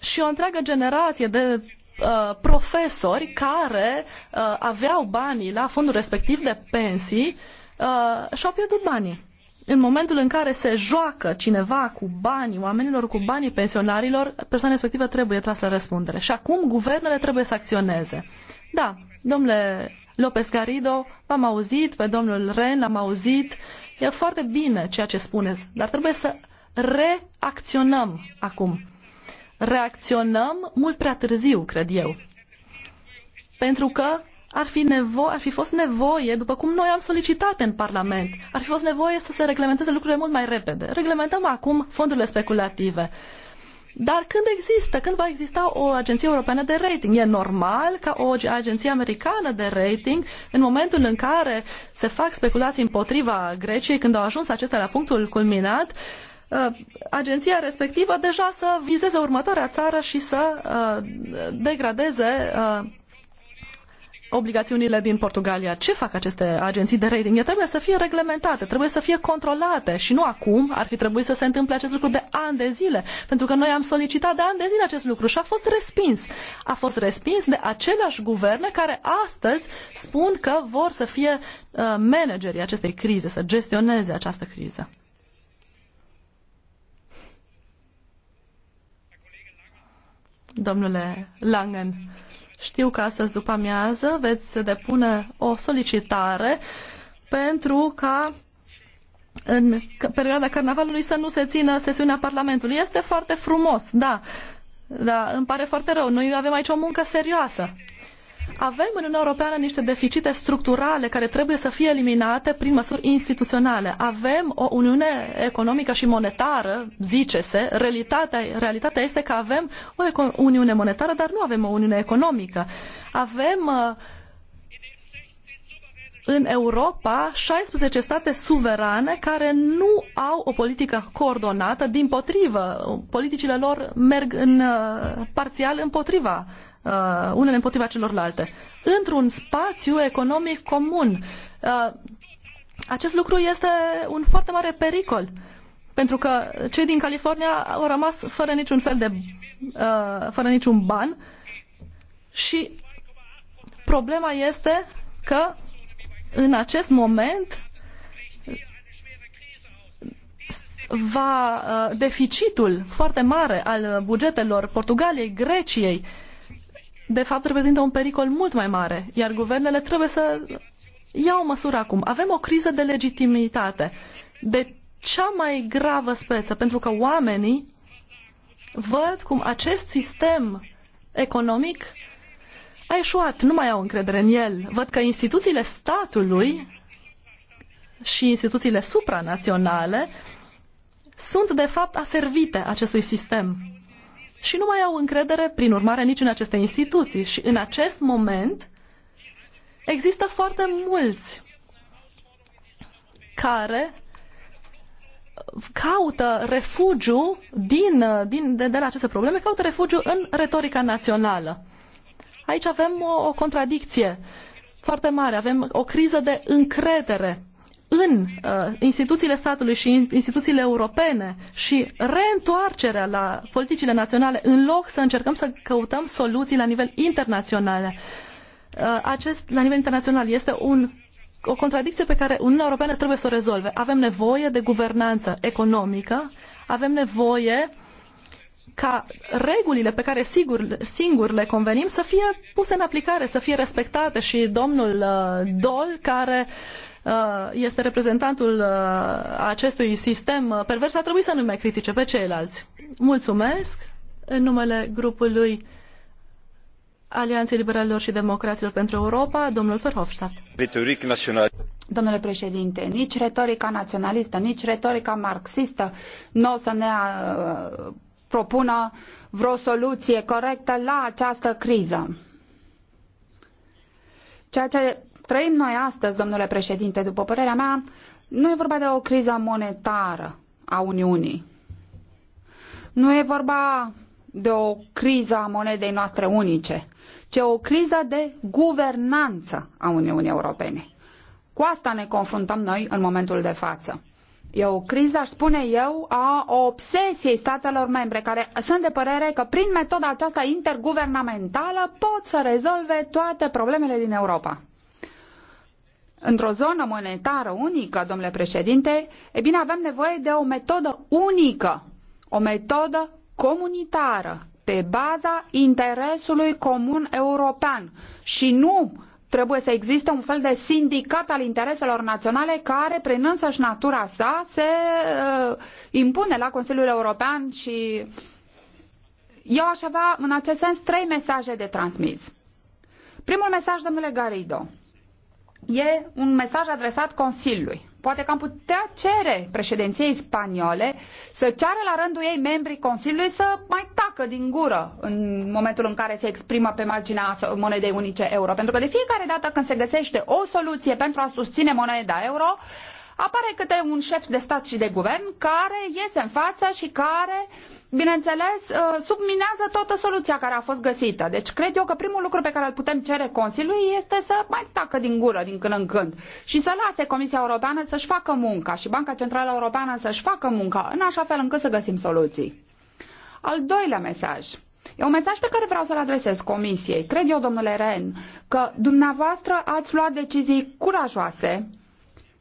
și o întreagă generație de uh, profesori care uh, aveau banii la fondul respectiv de pensii uh, uh, și-au pierdut banii. În momentul în care se joacă cineva cu banii oamenilor, cu banii pensionarilor, persoana respectivă trebuie trasă la răspundere. Și acum guvernele trebuie să acționeze. Da, domnule López Garrido, v-am auzit, pe domnul Ren l-am auzit, e foarte bine ceea ce spuneți, dar trebuie să reacționăm acum. Reacționăm mult prea târziu, cred eu. Pentru că ar fi, nevo- ar fi fost nevoie, după cum noi am solicitat în Parlament, ar fi fost nevoie să se reglementeze lucrurile mult mai repede. Reglementăm acum fondurile speculative. Dar când există, când va exista o agenție europeană de rating? E normal ca o agenție americană de rating, în momentul în care se fac speculații împotriva Greciei, când au ajuns acestea la punctul culminat, uh, agenția respectivă deja să vizeze următoarea țară și să uh, degradeze uh, obligațiunile din Portugalia. Ce fac aceste agenții de rating? Ele trebuie să fie reglementate, trebuie să fie controlate și nu acum. Ar fi trebuit să se întâmple acest lucru de ani de zile, pentru că noi am solicitat de ani de zile acest lucru și a fost respins. A fost respins de aceleași guverne care astăzi spun că vor să fie uh, managerii acestei crize, să gestioneze această criză. Domnule Langen, știu că astăzi după amiază veți depune o solicitare pentru ca în perioada carnavalului să nu se țină sesiunea Parlamentului. Este foarte frumos, da, da, îmi pare foarte rău. Noi avem aici o muncă serioasă. Avem în Uniunea Europeană niște deficite structurale care trebuie să fie eliminate prin măsuri instituționale. Avem o Uniune economică și monetară, zice-se. Realitatea, realitatea este că avem o Uniune monetară, dar nu avem o Uniune economică. Avem uh, în Europa 16 state suverane care nu au o politică coordonată, din potrivă, politicile lor merg în, uh, parțial împotriva uh, unele împotriva celorlalte, într-un spațiu economic comun. Uh, acest lucru este un foarte mare pericol, pentru că cei din California au rămas fără niciun fel de, uh, fără niciun ban și problema este că în acest moment va uh, deficitul foarte mare al bugetelor Portugaliei, Greciei, uh, de fapt reprezintă un pericol mult mai mare, iar guvernele trebuie să iau măsură acum. Avem o criză de legitimitate, de cea mai gravă speță, pentru că oamenii văd cum acest sistem economic a eșuat, nu mai au încredere în el. Văd că instituțiile statului și instituțiile supranaționale sunt de fapt aservite acestui sistem și nu mai au încredere, prin urmare, nici în aceste instituții. Și în acest moment există foarte mulți care caută refugiu din, din, de, de la aceste probleme, caută refugiu în retorica națională. Aici avem o, o contradicție foarte mare, avem o criză de încredere în uh, instituțiile statului și instituțiile europene și reîntoarcerea la politicile naționale în loc să încercăm să căutăm soluții la nivel internațional. Uh, acest, la nivel internațional, este un o contradicție pe care Uniunea Europeană trebuie să o rezolve. Avem nevoie de guvernanță economică, avem nevoie ca regulile pe care sigur, singur le convenim să fie puse în aplicare, să fie respectate și domnul uh, Dol, care uh, Uh, este reprezentantul uh, acestui sistem uh, pervers, ar trebui să nu mai critique pe ceilalți. Mulțumesc în numele grupului Alianței Liberalilor și Democraților pentru Europa, domnul Verhofstadt. Domnule președinte, nici retorica naționalistă, nici retorica marxistă nu o să ne propună vreo soluție corectă la această criză. Ceea ce trăim noi astăzi, domnule președinte, după părerea mea, nu e vorba de o criză monetară a Uniunii. Nu e vorba de o criză a monedei noastre unice, ci o criză de guvernanță a Uniunii Europene. Cu asta ne confruntăm noi în momentul de față. E o criză, aș spune eu, a obsesiei statelor membre, care sunt de părere că prin metoda aceasta interguvernamentală pot să rezolve toate problemele din Europa într-o zonă monetară unică, domnule președinte, e bine, avem nevoie de o metodă unică, o metodă comunitară, pe baza interesului comun european și nu trebuie să existe un fel de sindicat al intereselor naționale care, prin însăși natura sa, se uh, impune la Consiliul European și eu aș avea, în acest sens, trei mesaje de transmis. Primul mesaj, domnule Garido, e un mesaj adresat Consiliului. Poate că am putea cere președinției spaniole să ceară la rândul ei membrii Consiliului să mai tacă din gură în momentul în care se exprimă pe marginea monedei unice euro. Pentru că de fiecare dată când se găsește o soluție pentru a susține moneda euro, apare câte un șef de stat și de guvern care iese în față și care, bineînțeles, uh, subminează toată soluția care a fost găsită. Deci cred eu că primul lucru pe care îl putem cere Consiliului este să mai tacă din gură din când în când și să lase Comisia Europeană să-și facă munca și Banca Centrală Europeană să-și facă munca în așa fel încât să găsim soluții. Al doilea mesaj. E un mesaj pe care vreau să-l adresez Comisiei. Cred eu, domnule Ren, că dumneavoastră ați luat decizii curajoase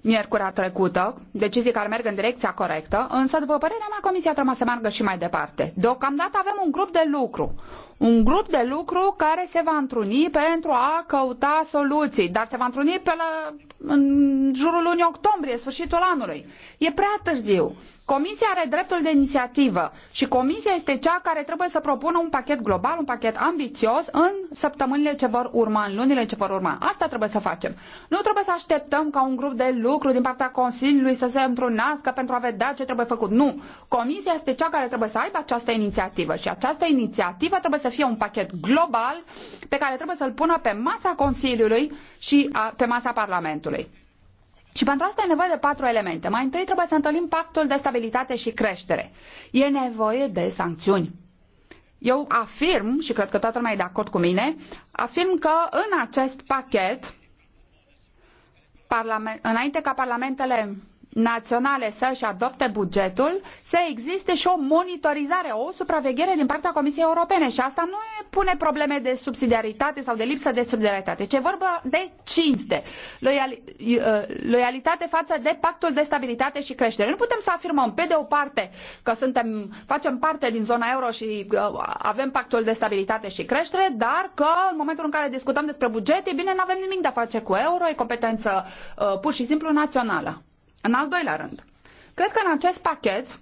miercurea trecută, decizii care merg în direcția corectă, însă, după părerea mea, Comisia trebuie să meargă și mai departe. Deocamdată avem un grup de lucru, un grup de lucru care se va întruni pentru a căuta soluții, dar se va întruni pe la în jurul lunii octombrie, sfârșitul anului. E prea târziu. Comisia are dreptul de inițiativă și comisia este cea care trebuie să propună un pachet global, un pachet ambițios în săptămânile ce vor urma, în lunile ce vor urma. Asta trebuie să facem. Nu trebuie să așteptăm ca un grup de lucru din partea Consiliului să se întrunească pentru a vedea ce trebuie făcut. Nu. Comisia este cea care trebuie să aibă această inițiativă și această inițiativă trebuie să fie un pachet global pe care trebuie să-l pună pe masa Consiliului și pe masa Parlamentului bugetului. Și pentru asta e nevoie de patru elemente. Mai întâi trebuie să întâlnim pactul de stabilitate și creștere. E nevoie de sancțiuni. Eu afirm, și cred că toată lumea e de acord cu mine, afirm că în acest pachet, înainte ca parlamentele naționale să-și adopte bugetul, să existe și o monitorizare, o supraveghere din partea Comisiei Europene și asta nu pune probleme de subsidiaritate sau de lipsă de subsidiaritate, ci e vorba de cinste, uh, loialitate față de pactul de stabilitate și creștere. Nu putem să afirmăm pe de o parte că suntem, facem parte din zona euro și uh, avem pactul de stabilitate și creștere, dar că în momentul în care discutăm despre buget, e bine, nu avem nimic de a face cu euro, e competență uh, pur și simplu națională. În al doilea rând, cred că în acest pachet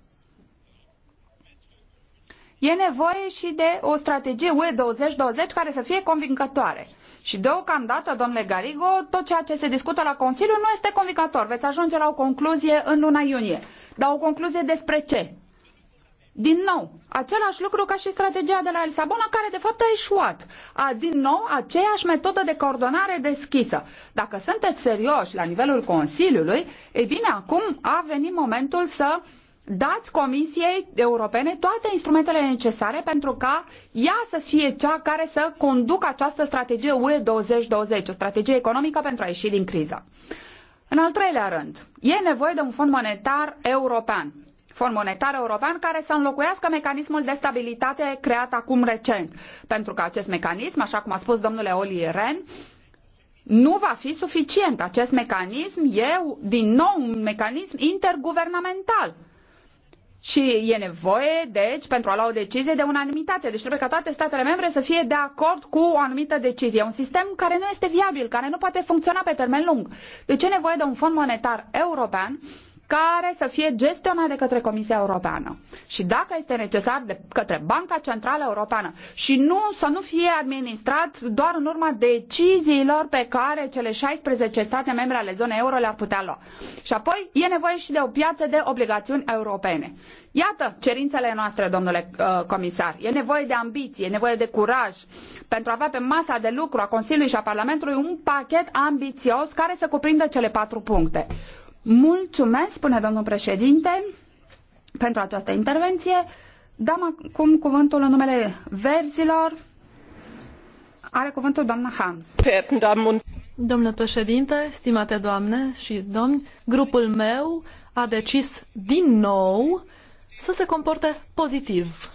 e nevoie și de o strategie UE 2020 care să fie convingătoare. Și deocamdată, domnule Garigo, tot ceea ce se discută la Consiliu nu este convicator. Veți ajunge la o concluzie în luna iunie. Dar o concluzie despre ce? Din nou, același lucru ca și strategia de la Lisabona, care de fapt a eșuat. A, din nou, aceeași metodă de coordonare deschisă. Dacă sunteți serioși la nivelul Consiliului, e bine, acum a venit momentul să dați Comisiei Europene toate instrumentele necesare pentru ca ea să fie cea care să conducă această strategie UE 2020, o strategie economică pentru a ieși din criză. În al treilea rând, e nevoie de un fond monetar european Fond Monetar European care să înlocuiască mecanismul de stabilitate creat acum recent. Pentru că acest mecanism, așa cum a spus domnule Oli Ren, nu va fi suficient. Acest mecanism e, din nou, un mecanism interguvernamental. Și e nevoie, deci, pentru a lua o decizie de unanimitate. Deci trebuie ca toate statele membre să fie de acord cu o anumită decizie. Un sistem care nu este viabil, care nu poate funcționa pe termen lung. Deci e nevoie de un fond monetar european care să fie gestionat de către Comisia Europeană și dacă este necesar de către Banca Centrală Europeană și nu să nu fie administrat doar în urma deciziilor pe care cele 16 state membre ale zonei euro le-ar putea lua. Și apoi e nevoie și de o piață de obligațiuni europene. Iată cerințele noastre, domnule uh, comisar. E nevoie de ambiție, e nevoie de curaj pentru a avea pe masa de lucru a Consiliului și a Parlamentului un pachet ambițios care să cuprindă cele patru puncte. Mulțumesc, spune domnul președinte, pentru această intervenție. Dăm acum cuvântul în numele verzilor. Are cuvântul doamna Hams. Domnule președinte, stimate doamne și domni, grupul meu a decis din nou să se comporte pozitiv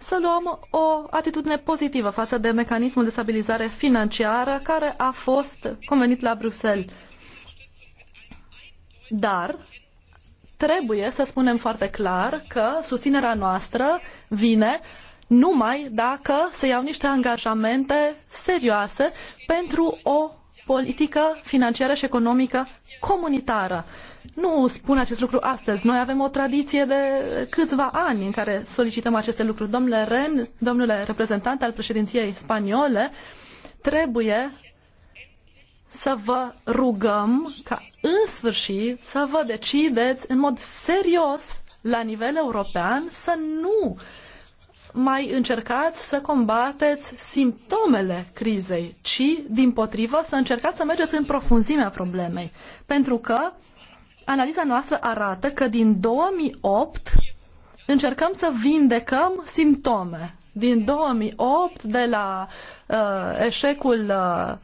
să luăm o atitudine pozitivă față de mecanismul de stabilizare financiară care a fost convenit la Bruxelles. Dar trebuie să spunem foarte clar că susținerea noastră vine numai dacă se iau niște angajamente serioase pentru o politică financiară și economică comunitară. Nu spun acest lucru astăzi. Noi avem o tradiție de câțiva ani în care solicităm aceste lucruri. Domnule Ren, domnule reprezentant al președinției spaniole, trebuie să vă rugăm ca în sfârșit să vă decideți în mod serios la nivel european să nu mai încercați să combateți simptomele crizei, ci, din potrivă, să încercați să mergeți în profunzimea problemei. Pentru că analiza noastră arată că din 2008 încercăm să vindecăm simptome. Din 2008, de la uh, eșecul uh,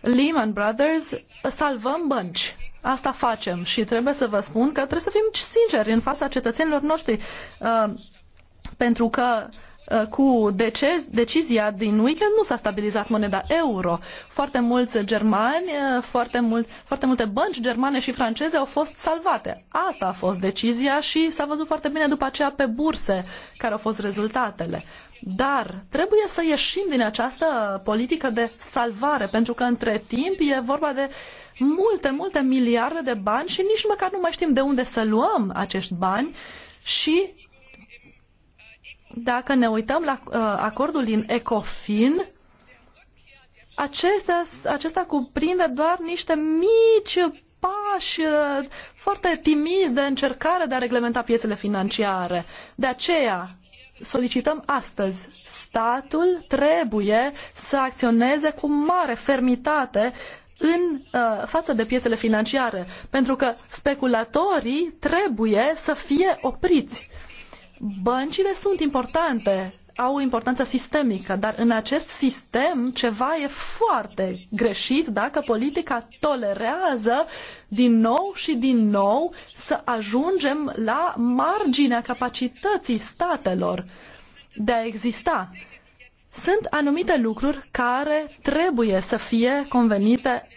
Lehman Brothers, salvăm bănci. Asta facem și trebuie să vă spun că trebuie să fim sinceri în fața cetățenilor noștri, uh, pentru că uh, cu decez, decizia din weekend nu s-a stabilizat moneda euro. Foarte mulți germani, uh, foarte, mult, foarte multe bănci germane și franceze au fost salvate. Asta a fost decizia și s-a văzut foarte bine după aceea pe burse care au fost rezultatele. Dar trebuie să ieșim din această politică de salvare, pentru că între timp e vorba de uh, multe, multe miliarde de bani și nici măcar nu mai știm de unde să luăm acești bani și dacă ne uităm la uh, acordul din ECOFIN, acesta, acesta cuprinde doar niște mici pași uh, foarte timizi de încercare de a reglementa piețele financiare. De aceea, solicităm astăzi. Statul trebuie să acționeze cu mare fermitate în uh, față de piețele financiare, pentru că speculatorii trebuie să fie opriți. Băncile sunt importante, au o importanță sistemică, dar în acest sistem ceva e foarte greșit dacă politica tolerează din nou și din nou să ajungem la marginea capacității statelor de a exista. Sunt anumite lucruri care trebuie să fie convenite,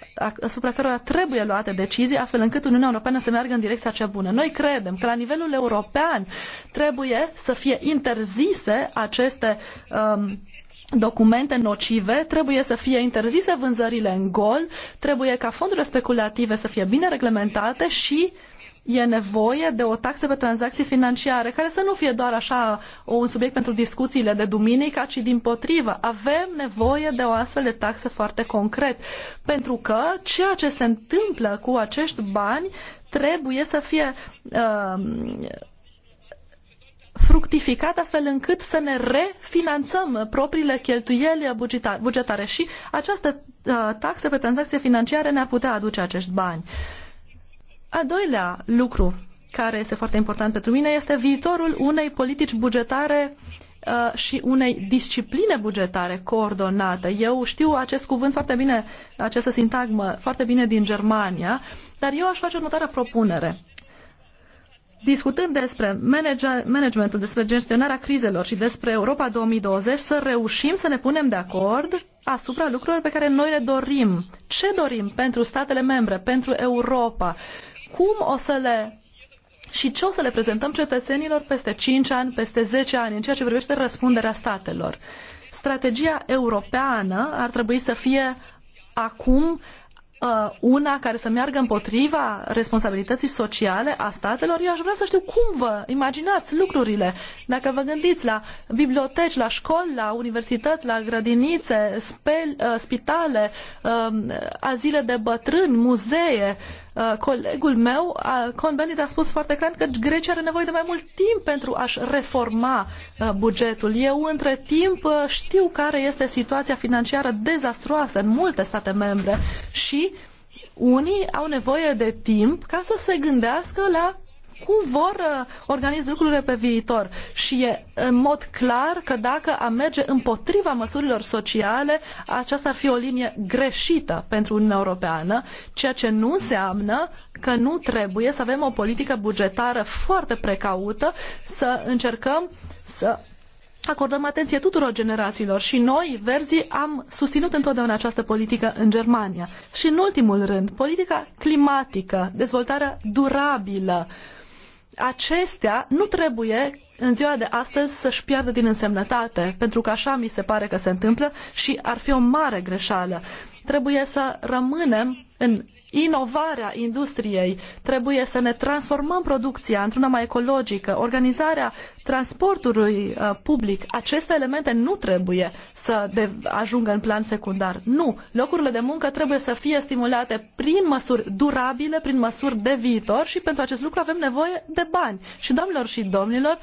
asupra cărora trebuie luate decizii, astfel încât Uniunea Europeană să meargă în direcția cea bună. Noi credem că la nivelul european trebuie să fie interzise aceste um, documente nocive, trebuie să fie interzise vânzările în gol, trebuie ca fondurile speculative să fie bine reglementate și e nevoie de o taxă pe tranzacții financiare, care să nu fie doar așa un subiect pentru discuțiile de duminică, ci din potrivă. Avem nevoie de o astfel de taxă foarte concret, pentru că ceea ce se întâmplă cu acești bani trebuie să fie uh, fructificat astfel încât să ne refinanțăm propriile cheltuieli bugetare și această uh, taxă pe tranzacție financiare ne-ar putea aduce acești bani. Uh, al doilea lucru care este foarte important pentru mine este viitorul unei politici bugetare uh, și unei discipline bugetare coordonată. Eu știu acest cuvânt foarte bine, această sintagmă foarte bine din Germania, dar eu aș face următoarea propunere. Discutând despre managementul, despre gestionarea crizelor și despre Europa 2020, să reușim să ne punem de acord asupra lucrurilor pe care noi le dorim. Ce dorim pentru statele membre, pentru Europa? cum o să le și ce o să le prezentăm cetățenilor peste 5 ani, peste 10 ani, în ceea ce privește răspunderea statelor. Strategia europeană ar trebui să fie acum uh, una care să meargă împotriva responsabilității sociale a statelor, eu aș vrea să știu cum vă imaginați lucrurile. Dacă vă gândiți la biblioteci, la școli, la universități, la grădinițe, uh, spitale, uh, azile de bătrâni, muzee, Uh, colegul meu, uh, Conbendit, a spus foarte clar că Grecia are nevoie de mai mult timp pentru a-și reforma uh, bugetul. Eu, între timp, știu care este situația financiară dezastruoasă în multe state membre și unii au nevoie de timp ca să se gândească la cum vor uh, organiza lucrurile pe viitor. Și e în mod clar că dacă am merge împotriva măsurilor sociale, aceasta ar fi o linie greșită pentru Uniunea Europeană, ceea ce nu înseamnă că nu trebuie să avem o politică bugetară foarte precaută, să încercăm să acordăm atenție tuturor generațiilor și noi, verzii, am susținut întotdeauna această politică în Germania. Și în ultimul rând, politica climatică, dezvoltarea durabilă, acestea nu trebuie în ziua de astăzi să-și piardă din însemnătate, pentru că așa mi se pare că se întâmplă și ar fi o mare greșeală. Trebuie să rămânem în inovarea industriei, trebuie să ne transformăm producția într-una mai ecologică, organizarea transportului uh, public, aceste elemente nu trebuie să ajungă în plan secundar. Nu! Locurile de muncă trebuie să fie stimulate prin măsuri durabile, prin măsuri de viitor și pentru acest lucru avem nevoie de bani. Și doamnelor și domnilor,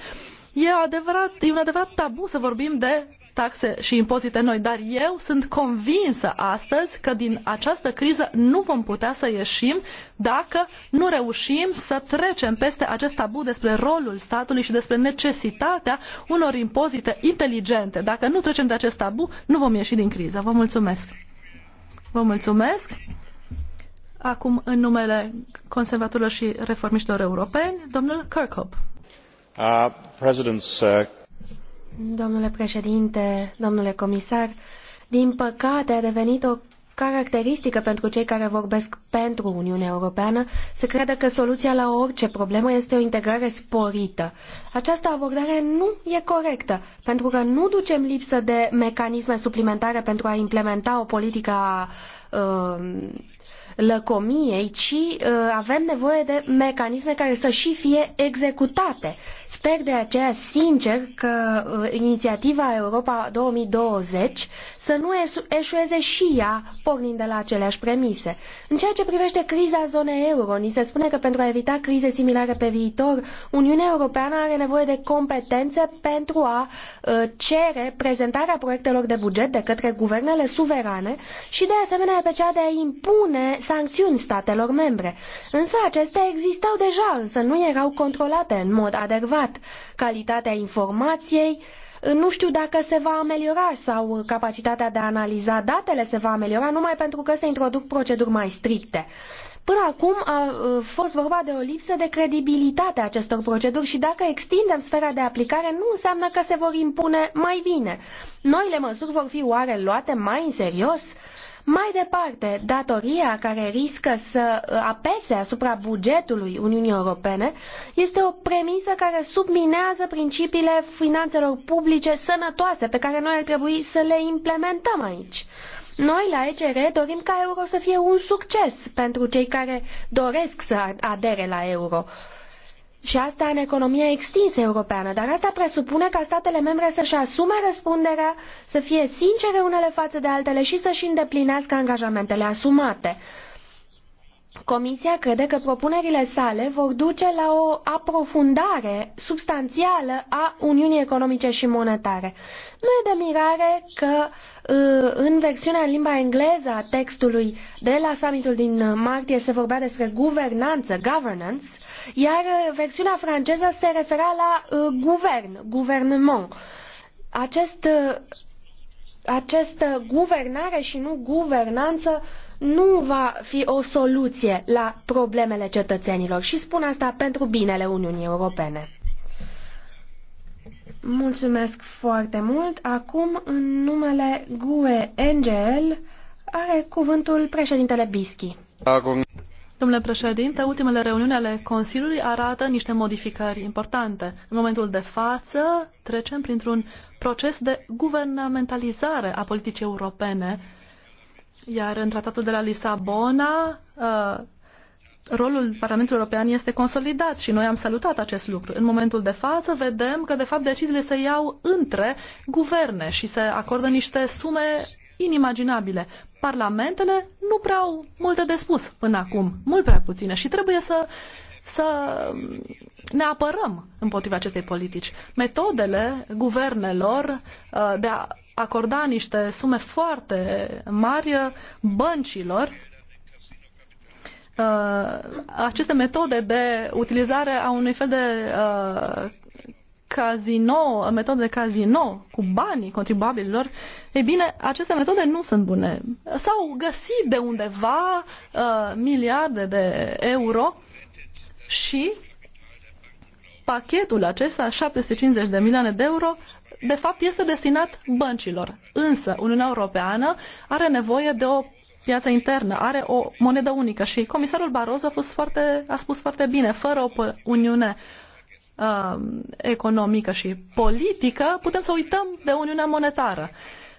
E, adevărat, e un adevărat tabu să vorbim de taxe și impozite noi, dar eu sunt convinsă astăzi că din această criză nu vom putea să ieșim dacă nu reușim să trecem peste acest tabu despre rolul statului și despre necesitatea unor impozite inteligente. Dacă nu trecem de acest tabu, nu vom ieși din criză. Vă mulțumesc! Vă mulțumesc! Acum, în numele conservatorilor și reformiștilor europeni, domnul Kirkhope. Uh, Domnule președinte, domnule comisar, din păcate a devenit o caracteristică pentru cei care vorbesc pentru Uniunea Europeană să creadă că soluția la orice problemă este o integrare sporită. Această abordare nu e corectă, pentru că nu ducem lipsă de mecanisme suplimentare pentru a implementa o politică a uh, lăcomiei, ci uh, avem nevoie de mecanisme care să și fie executate. Sper de aceea sincer că uh, inițiativa Europa 2020 să nu eșueze și ea pornind de la aceleași premise. În ceea ce privește criza zonei euro, ni se spune că pentru a evita crize similare pe viitor, Uniunea Europeană are nevoie de competențe pentru a uh, cere prezentarea proiectelor de buget de către guvernele suverane și de asemenea pe cea de a impune sancțiuni statelor membre. Însă acestea existau deja, însă nu erau controlate în mod adecvat privat. Calitatea informației, uh, nu știu dacă se va ameliora sau capacitatea de a analiza datele se va ameliora numai pentru că se introduc proceduri mai stricte. Până acum a uh, fost vorba de o lipsă de credibilitate a acestor proceduri și dacă extindem sfera de aplicare, nu înseamnă că se vor impune mai bine. Noile măsuri vor fi oare luate mai în serios? Mai departe, datoria care riscă să apese asupra bugetului Uniunii Europene este o premisă care subminează principiile finanțelor publice sănătoase pe care noi ar trebui să le implementăm aici. Noi la ECR dorim ca euro să fie un succes pentru cei care doresc să adere la euro și asta în economia extinsă europeană, dar asta presupune ca statele membre să-și asume răspunderea, să fie sincere unele față de altele și să-și îndeplinească angajamentele asumate. Comisia crede că propunerile sale vor duce la o aprofundare substanțială a Uniunii Economice și Monetare. Nu e de mirare că uh, în versiunea în limba engleză a textului de la summitul din martie se vorbea despre guvernanță, governance, iar uh, versiunea franceză se refera la uh, guvern, gouvernement. Acest, această guvernare și nu guvernanță nu va fi o soluție la problemele cetățenilor și spun asta pentru binele Uniunii Europene. Mulțumesc foarte mult. Acum, în numele GUE Angel, are cuvântul președintele Bischi. Acum. Domnule președinte, ultimele reuniuni ale Consiliului arată niște modificări importante. În momentul de față, trecem printr-un proces de guvernamentalizare a politicii europene iar în tratatul de la Lisabona, uh, rolul Parlamentului European este consolidat și noi am salutat acest lucru. În momentul de față vedem că, de fapt, deciziile se iau între guverne și se acordă niște sume inimaginabile. Parlamentele nu prea au multe de spus până acum, mult prea puține și trebuie să, să ne apărăm împotriva acestei politici. Metodele guvernelor uh, de a acorda niște sume foarte mari băncilor. Uh, aceste metode de utilizare a unui fel de uh, casino, metode de casino cu banii contribuabililor, ei bine, aceste metode nu sunt bune. S-au găsit de undeva uh, miliarde de euro și pachetul acesta, 750 de milioane de euro, de fapt, este destinat băncilor. Însă, Uniunea Europeană are nevoie de o piață internă, are o monedă unică și comisarul Barroso a, fost foarte, a spus foarte bine, fără o uniune uh, economică și politică, putem să uităm de uniunea monetară.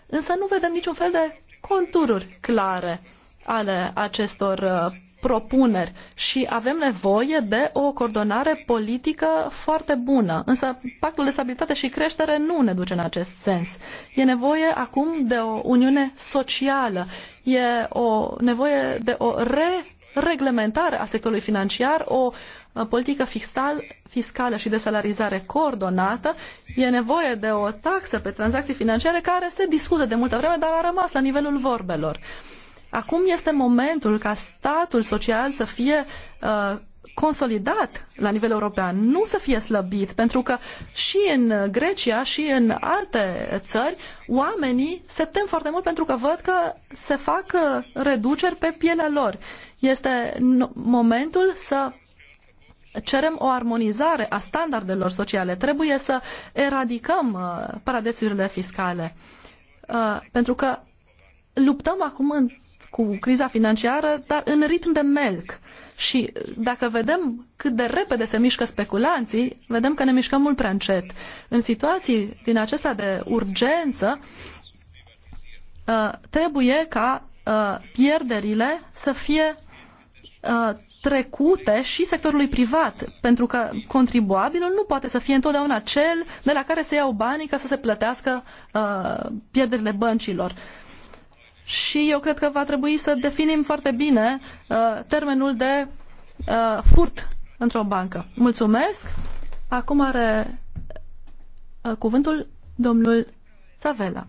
Însă nu vedem niciun fel de contururi clare ale acestor uh, propuneri și avem nevoie de o coordonare politică foarte bună. Însă pactul de stabilitate și creștere nu ne duce în acest sens. E nevoie acum de o uniune socială. E o nevoie de o re reglementare a sectorului financiar, o uh, politică fiscală și de salarizare coordonată. E nevoie de o taxă pe tranzacții financiare care se discută de multă vreme, dar a rămas la nivelul vorbelor. Acum este momentul ca statul social să fie uh, consolidat la nivel european, nu să fie slăbit, pentru că și în Grecia și în alte țări oamenii se tem foarte mult pentru că văd că se fac uh, reduceri pe pielea lor. Este momentul să cerem o armonizare a standardelor sociale. Trebuie să eradicăm uh, paradisurile fiscale. Uh, pentru că luptăm acum în cu criza financiară, dar în ritm de melc. Și dacă vedem cât de repede se mișcă speculanții, vedem că ne mișcăm mult prea încet. În situații din acestea de urgență, uh, trebuie ca uh, pierderile să fie uh, trecute și sectorului privat, pentru că contribuabilul nu poate să fie întotdeauna cel de la care se iau banii ca să se plătească pierderile băncilor și eu cred că va trebui să definim foarte bine uh, termenul de uh, furt într-o bancă. Mulțumesc! Acum are uh, cuvântul domnul Savela.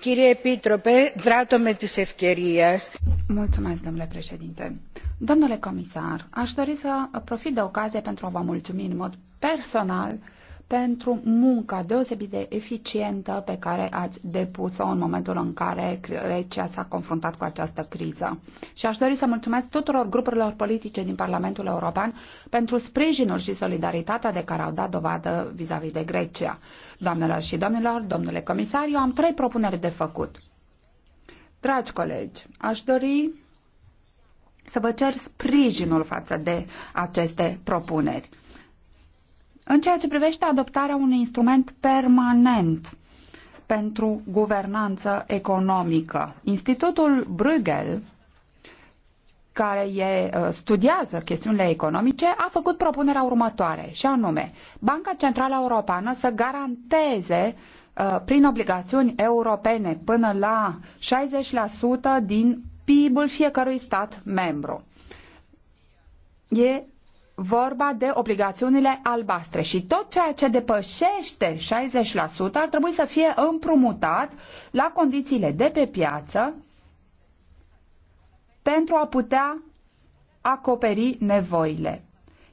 Chirie Epitrope, tratome tis ευκαιρίας. Mulțumesc, domnule președinte. Domnule comisar, aș dori să profit de ocazie pentru a vă mulțumi în mod personal uh, pentru munca deosebit de eficientă pe care ați depus-o în momentul în care Grecia s-a confruntat cu această criză. Și aș dori să mulțumesc tuturor grupurilor politice din Parlamentul European pentru sprijinul și solidaritatea de care au dat dovadă vis-a-vis -vis de Grecia. Doamnelor și domnilor, domnule comisar, eu am trei propuneri de făcut. Dragi colegi, aș dori să vă cer sprijinul față de aceste propuneri. În ceea ce privește adoptarea unui instrument permanent pentru guvernanță economică, Institutul Bruegel care e, uh, studiază chestiunile economice, a făcut propunerea următoare, și anume, Banca Centrală Europeană să garanteze uh, prin obligațiuni europene până la 60% din PIB-ul fiecărui stat membru. E vorba de obligațiunile albastre și tot ceea ce depășește 60% ar trebui să fie împrumutat la condițiile de pe piață pentru a putea acoperi nevoile.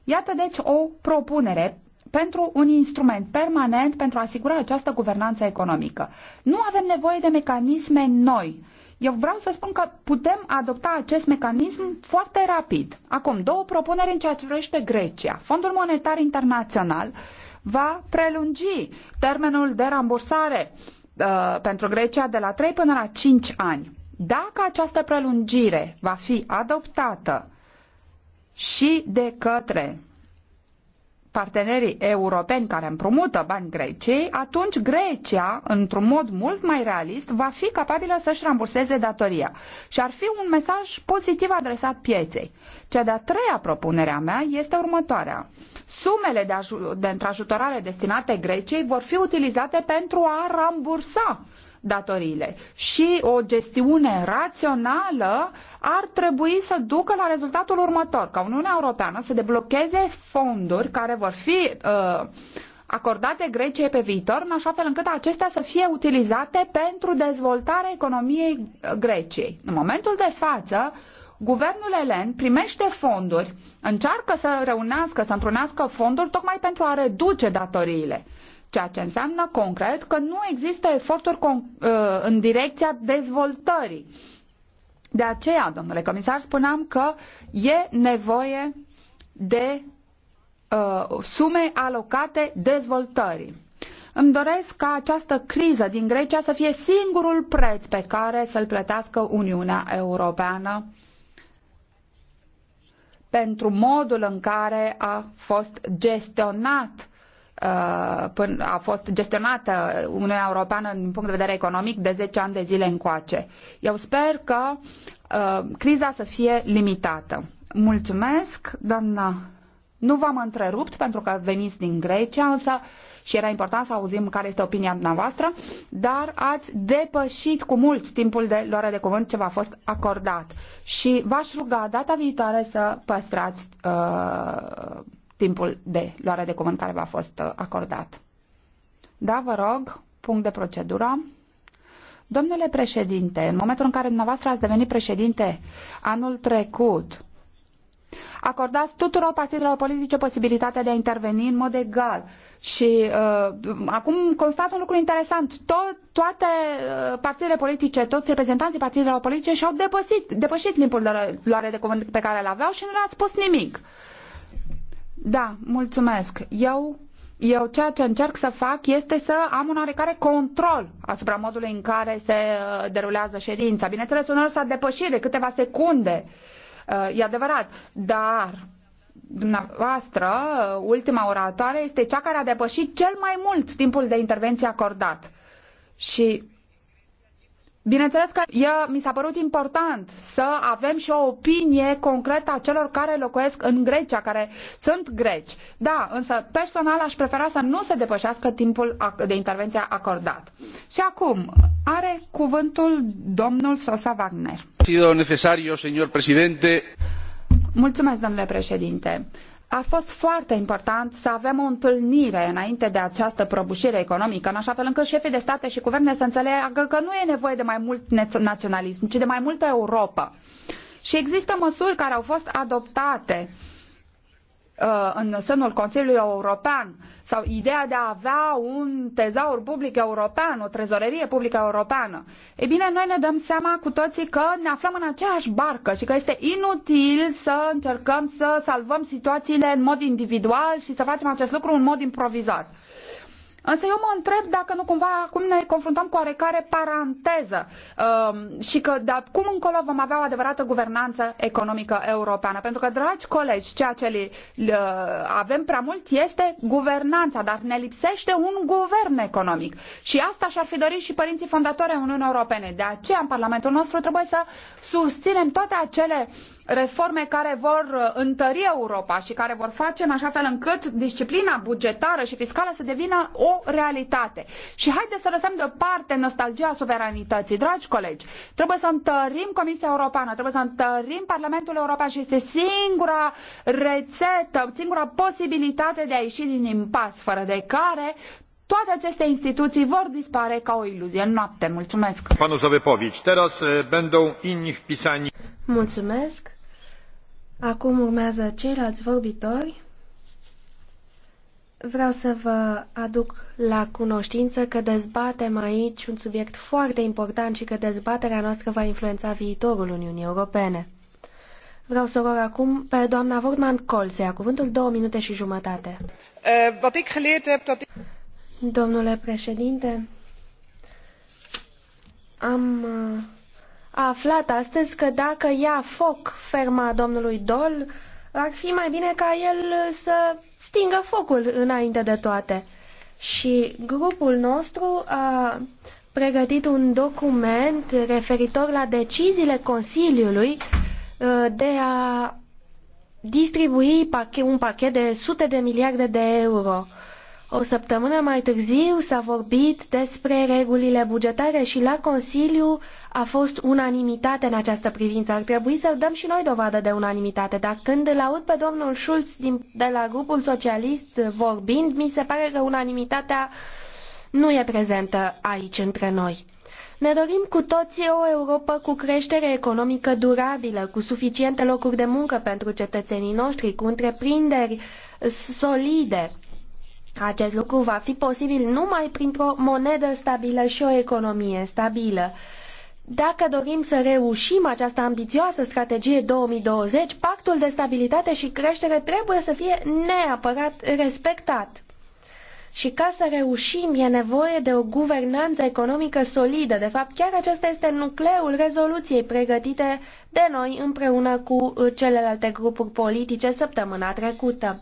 Iată deci o propunere pentru un instrument permanent pentru a asigura această guvernanță economică. Nu avem nevoie de mecanisme noi eu vreau să spun că putem adopta acest mecanism foarte rapid. Acum, două propuneri în ceea ce privește Grecia. Fondul Monetar Internațional va prelungi termenul de rambursare uh, pentru Grecia de la 3 până la 5 ani. Dacă această prelungire va fi adoptată și de către partenerii europeni care împrumută bani Greciei, atunci Grecia, într-un mod mult mai realist, va fi capabilă să-și ramburseze datoria. Și ar fi un mesaj pozitiv adresat pieței. Cea de-a treia propunere a mea este următoarea. Sumele de, aj- de întrajutorare destinate Greciei vor fi utilizate pentru a rambursa datoriile. Și o gestiune rațională ar trebui să ducă la rezultatul următor, ca Uniunea Europeană să deblocheze fonduri care vor fi uh, acordate Greciei pe viitor, în așa fel încât acestea să fie utilizate pentru dezvoltarea economiei uh, Greciei. În momentul de față, guvernul elen primește fonduri, încearcă să reunească, să întrunească fonduri tocmai pentru a reduce datoriile ceea ce înseamnă concret că nu există eforturi uh, în direcția dezvoltării. De aceea, domnule comisar, spuneam că e nevoie de uh, sume alocate dezvoltării. Îmi doresc ca această criză din Grecia să fie singurul preț pe care să-l plătească Uniunea Europeană pentru modul în care a fost gestionat Uh, a fost gestionată Uniunea Europeană din punct de vedere economic de 10 ani de zile încoace. Eu sper că uh, criza să fie limitată. Mulțumesc, doamna. Nu v-am întrerupt pentru că veniți din Grecia, însă și era important să auzim care este opinia dumneavoastră, dar ați depășit cu mult timpul de luare de cuvânt ce v-a fost acordat. Și v-aș ruga data viitoare să păstrați uh, timpul de luare de cuvânt care v-a fost uh, acordat. Da, vă rog, punct de procedură. Domnule președinte, în momentul în care dumneavoastră ați devenit președinte anul trecut, acordați tuturor partidelor politice posibilitatea de a interveni în mod egal. Și uh, acum constat un lucru interesant. Tot, toate uh, partidele politice, toți reprezentanții partidelor politice și-au depășit, depășit timpul de luare de cuvânt pe care îl aveau și nu le-a spus nimic. Uh, da, mulțumesc. Eu, eu ceea ce încerc să fac este să am un oarecare control asupra modului în care se uh, derulează ședința. Bineînțeles, uneori s-a depășit de câteva secunde, uh, e adevărat, dar dumneavoastră, uh, ultima oratoare, este cea care a depășit cel mai mult timpul de intervenție acordat. Și Bineînțeles că eu, mi s-a părut important să avem și o opinie concretă a celor care locuiesc în Grecia, care sunt greci. Da, însă personal aș prefera să nu se depășească timpul de intervenție acordat. Și acum are cuvântul domnul Sosa Wagner. Mulțumesc, domnule președinte a fost foarte important să avem o întâlnire înainte de această prăbușire economică, în așa fel încât șefii de state și guverne să înțeleagă că nu e nevoie de mai mult naționalism, ci de mai multă Europa. Și există măsuri care au fost adoptate Uh, în sânul Consiliului European sau ideea de a avea un tezaur public european, o trezorerie publică europeană. Ei bine, noi ne dăm seama cu toții că ne aflăm în aceeași barcă și că este inutil să încercăm să salvăm situațiile în mod individual și să facem acest lucru în mod improvizat. Însă eu mă întreb dacă nu cumva acum ne confruntăm cu oarecare paranteză um, și că de acum încolo vom avea o adevărată guvernanță economică europeană. Pentru că, dragi colegi, ceea ce li, uh, avem prea mult este guvernanța, dar ne lipsește un guvern economic. Și asta și-ar fi dorit și părinții fondatori ai Uniunii Europene. De aceea, în Parlamentul nostru trebuie să susținem toate acele uh, reforme care vor uh, întări Europa și care vor face în așa fel încât disciplina bugetară și fiscală să devină o realitate. Și haideți să lăsăm deoparte nostalgia suveranității. Dragi colegi, trebuie să întărim Comisia Europeană, trebuie să întărim Parlamentul European și este singura rețetă, singura posibilitate de a ieși din impas, fără de care toate aceste instituții vor dispare ca o iluzie în noapte. Mulțumesc! Panu za Teraz będą inni wpisani. Mulțumesc! Acum urmează ceilalți vorbitori. Vreau să vă aduc la cunoștință că dezbatem aici un subiect foarte important și că dezbaterea noastră va influența viitorul Uniunii Europene. Vreau să rog acum pe doamna Vortman Col să ia cuvântul două minute și jumătate. Eh, Domnule președinte, am eh, a aflat astăzi că dacă ia foc ferma domnului Dol, ar fi mai bine ca el să stingă focul înainte de toate. Și grupul nostru a pregătit un document referitor la deciziile Consiliului uh, de a distribui un pachet de sute de miliarde de euro o săptămână mai târziu s-a vorbit despre regulile bugetare și la Consiliu a fost unanimitate în această privință. Ar trebui să dăm și noi dovadă de unanimitate, dar când îl aud pe domnul Schulz din, de la grupul socialist vorbind, mi se pare că unanimitatea nu e prezentă aici între noi. Ne dorim cu toții o Europă cu creștere economică durabilă, cu suficiente locuri de muncă pentru cetățenii noștri, cu întreprinderi solide acest lucru va fi posibil numai printr-o monedă stabilă și o economie stabilă. Dacă dorim să reușim această ambițioasă strategie 2020, pactul de stabilitate și creștere trebuie să fie neapărat respectat. Și ca să reușim e nevoie de o guvernanță economică solidă. De fapt, chiar acesta este nucleul rezoluției pregătite de noi împreună cu celelalte grupuri politice săptămâna trecută.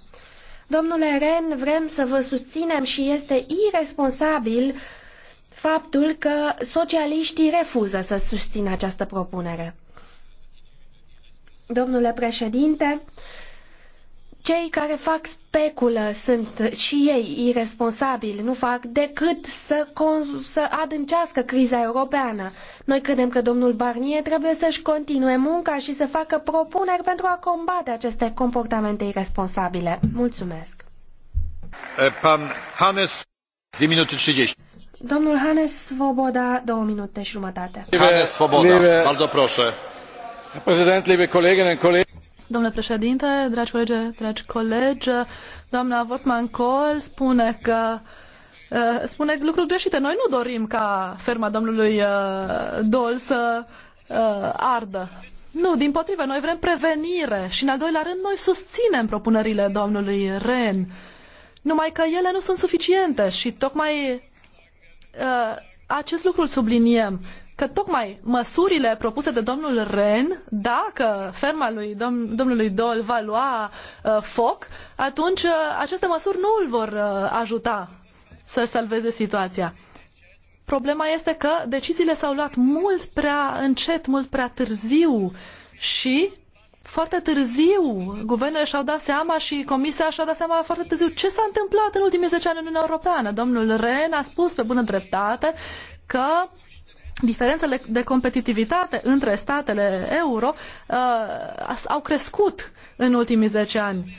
Domnule Ren, vrem să vă susținem și este irresponsabil faptul că socialiștii refuză să susțină această propunere. Domnule președinte, cei care fac speculă sunt și ei irresponsabili, nu fac decât să, să adâncească criza europeană. Noi credem că domnul Barnier trebuie să-și continue munca și să facă propuneri pentru a combate aceste comportamente irresponsabile. Mulțumesc! Pan Hannes, 2 minute 30. Domnul Hannes Svoboda, două minute și jumătate. Hannes Svoboda, bardzo proszę. Președinte, Präsident, liebe Kolleginnen colegi. Domnule președinte, dragi colegi, dragi colegi, doamna Votman Col spune că uh, spune lucruri greșite. Noi nu dorim ca ferma domnului uh, Dol să uh, ardă. Nu, din potrivă, noi vrem prevenire și, în al doilea rând, noi susținem propunerile domnului Ren. Numai că ele nu sunt suficiente și tocmai acest lucru îl subliniem că tocmai măsurile propuse de domnul Ren, dacă ferma lui dom- domnului Dol va lua uh, foc, atunci uh, aceste măsuri nu îl vor uh, ajuta să salveze situația. Problema este că deciziile s-au luat mult prea încet, mult prea târziu și foarte târziu guvernele și-au dat seama și comisia și-a dat seama foarte târziu ce s-a întâmplat în ultimii 10 ani în Uniunea Europeană. Domnul Ren a spus pe bună dreptate că diferențele de competitivitate între statele euro uh, au crescut în ultimii 10 ani.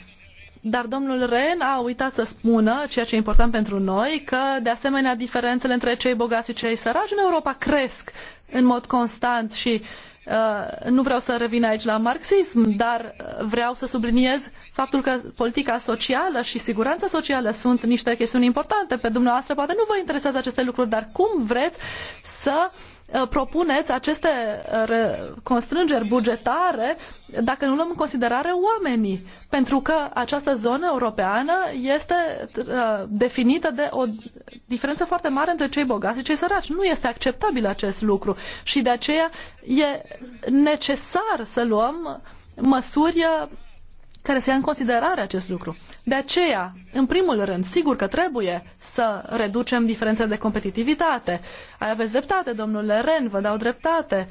Dar domnul Ren a uitat să spună, ceea ce e important pentru noi, că de asemenea diferențele între cei bogați și cei săraci în Europa cresc în mod constant și uh, Uh, nu vreau să revin aici la marxism, dar uh, vreau să subliniez faptul că politica socială și siguranța socială sunt niște chestiuni importante. Pe dumneavoastră poate nu vă interesează aceste lucruri, dar cum vreți să uh, Uh, propuneți aceste uh, constrângeri bugetare dacă nu luăm în considerare oamenii? Pentru că această zonă europeană este uh, definită de o diferență foarte mare între cei bogați și cei săraci. Nu este acceptabil acest lucru și de aceea e necesar să luăm măsuri care să ia în considerare acest lucru. De aceea, în primul rând, sigur că trebuie să reducem diferențele de competitivitate. Aveți dreptate, domnule Ren, vă dau dreptate.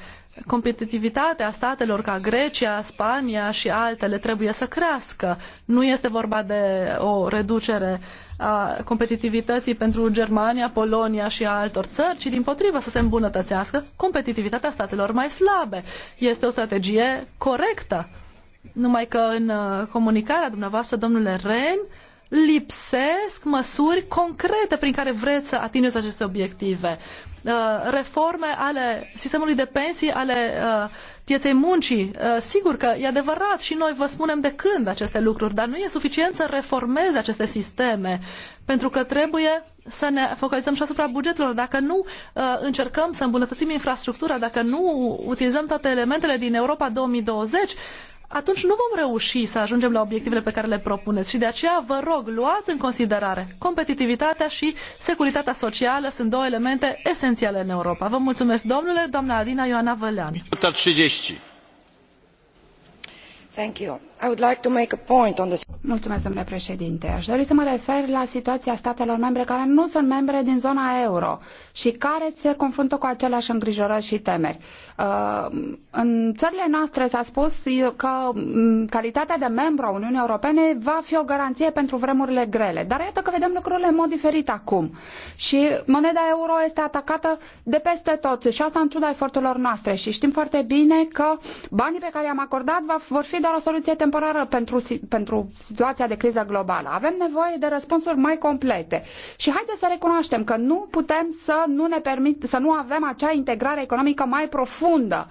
Competitivitatea statelor ca Grecia, Spania și altele trebuie să crească. Nu este vorba de o reducere a competitivității pentru Germania, Polonia și a altor țări, ci din potrivă să se îmbunătățească competitivitatea statelor mai slabe. Este o strategie corectă numai că în uh, comunicarea dumneavoastră, domnule Ren, lipsesc măsuri concrete prin care vreți să atingeți aceste obiective. Uh, reforme ale sistemului de pensii, ale uh, pieței muncii. Sigur că e adevărat și noi vă spunem de când aceste lucruri, dar nu e suficient să reformeze aceste sisteme, pentru că trebuie să ne focalizăm și asupra bugetelor. Dacă nu încercăm să îmbunătățim infrastructura, dacă nu utilizăm toate elementele din Europa 2020, atunci nu vom reuși să ajungem la obiectivele pe care le propuneți și de aceea vă rog, luați în considerare competitivitatea și securitatea socială sunt două elemente esențiale în Europa. Vă mulțumesc, domnule, doamna Adina Ioana Vălean. 30. Thank you președinte. Aș dori să mă refer la situația statelor membre care nu sunt membre din zona euro și care se confruntă cu aceleași îngrijorări și temeri. Uh, în țările noastre s-a spus că mm, calitatea de membru a Uniunii Europene va fi o garanție pentru vremurile grele. Dar iată că vedem lucrurile în mod diferit acum. Și moneda euro este atacată de peste tot și asta în ciuda eforturilor noastre. Și știm foarte bine că banii pe care i-am acordat vor fi doar o soluție temporară temporară pentru, pentru situația de criză globală. Avem nevoie de răspunsuri mai complete. Și haideți să recunoaștem că nu putem să nu, ne permit, să nu avem acea integrare economică mai profundă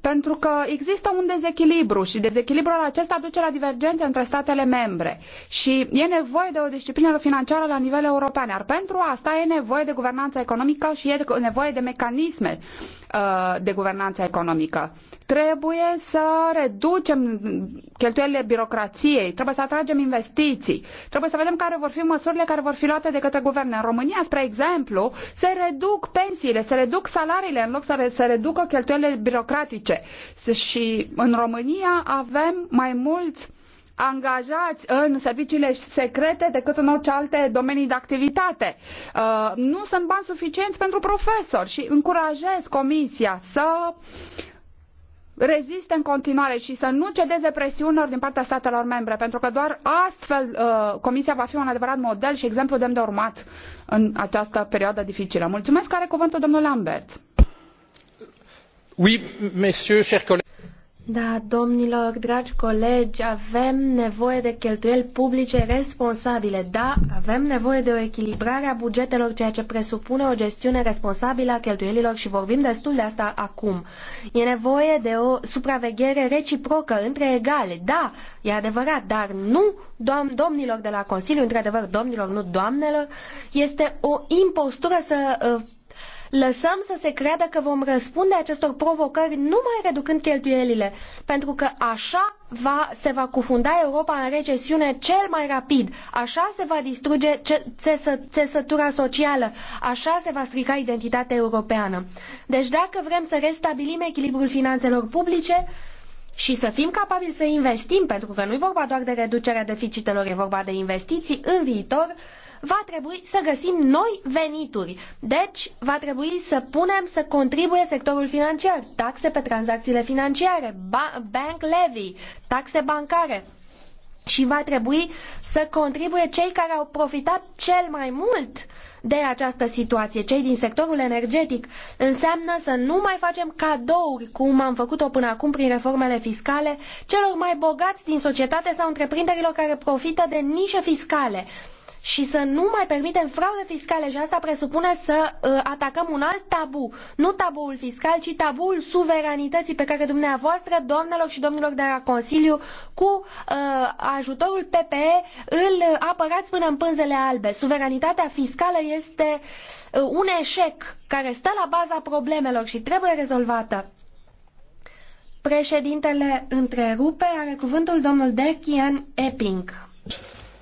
pentru că există un dezechilibru și dezechilibrul acesta duce la divergențe între statele membre și e nevoie de o disciplină financiară la nivel european, iar pentru asta e nevoie de guvernanță economică și e nevoie de mecanisme uh, de guvernanță economică. Trebuie să reducem cheltuielile birocrației, trebuie să atragem investiții, trebuie să vedem care vor fi măsurile care vor fi luate de către guverne. În România, spre exemplu, se reduc pensiile, se reduc salariile în loc să se reducă cheltuielile birocratice. Și în România avem mai mulți angajați în serviciile secrete decât în orice alte domenii de activitate. Uh, nu sunt bani suficienți pentru profesori și încurajez Comisia să reziste în continuare și să nu cedeze presiunilor din partea statelor membre, pentru că doar astfel uh, Comisia va fi un adevărat model și exemplu demn de urmat în această perioadă dificilă. Mulțumesc, are cuvântul domnul Lambert. Oui, messieurs, chers da, domnilor, dragi colegi, avem nevoie de cheltuieli publice responsabile. Da, avem nevoie de o echilibrare a bugetelor, ceea ce presupune o gestiune responsabilă a cheltuielilor și vorbim destul de asta acum. E nevoie de o supraveghere reciprocă între egale. Da, e adevărat, dar nu doam, domnilor de la Consiliu, într-adevăr, domnilor, nu doamnelor, este o impostură să uh, lăsăm să se creadă că vom răspunde acestor provocări numai reducând cheltuielile, pentru că așa va, se va cufunda Europa în recesiune cel mai rapid, așa se va distruge țesătura socială, așa se va strica identitatea europeană. Deci dacă vrem să restabilim echilibrul finanțelor publice, și să fim capabili să investim, pentru că nu e vorba doar de reducerea deficitelor, e vorba de investiții în viitor, uh, va trebui să găsim noi venituri. Deci, va trebui să punem să contribuie sectorul financiar, taxe pe tranzacțiile financiare, bank levy, taxe bancare, și va trebui să contribuie cei care au profitat cel mai mult de această situație, cei din sectorul energetic. Înseamnă să nu mai facem cadouri, cum am făcut-o până acum prin reformele fiscale, celor mai bogați din societate sau întreprinderilor care profită de nișe fiscale și să nu mai permitem fraude fiscale și asta presupune să uh, atacăm un alt tabu, nu tabuul fiscal, ci tabuul suveranității pe care dumneavoastră, doamnelor și domnilor de la Consiliu, cu uh, ajutorul PPE îl apărați până în pânzele albe. Suveranitatea fiscală este uh, un eșec care stă la baza problemelor și trebuie rezolvată. Președintele întrerupe, are cuvântul domnul Dechian Epping.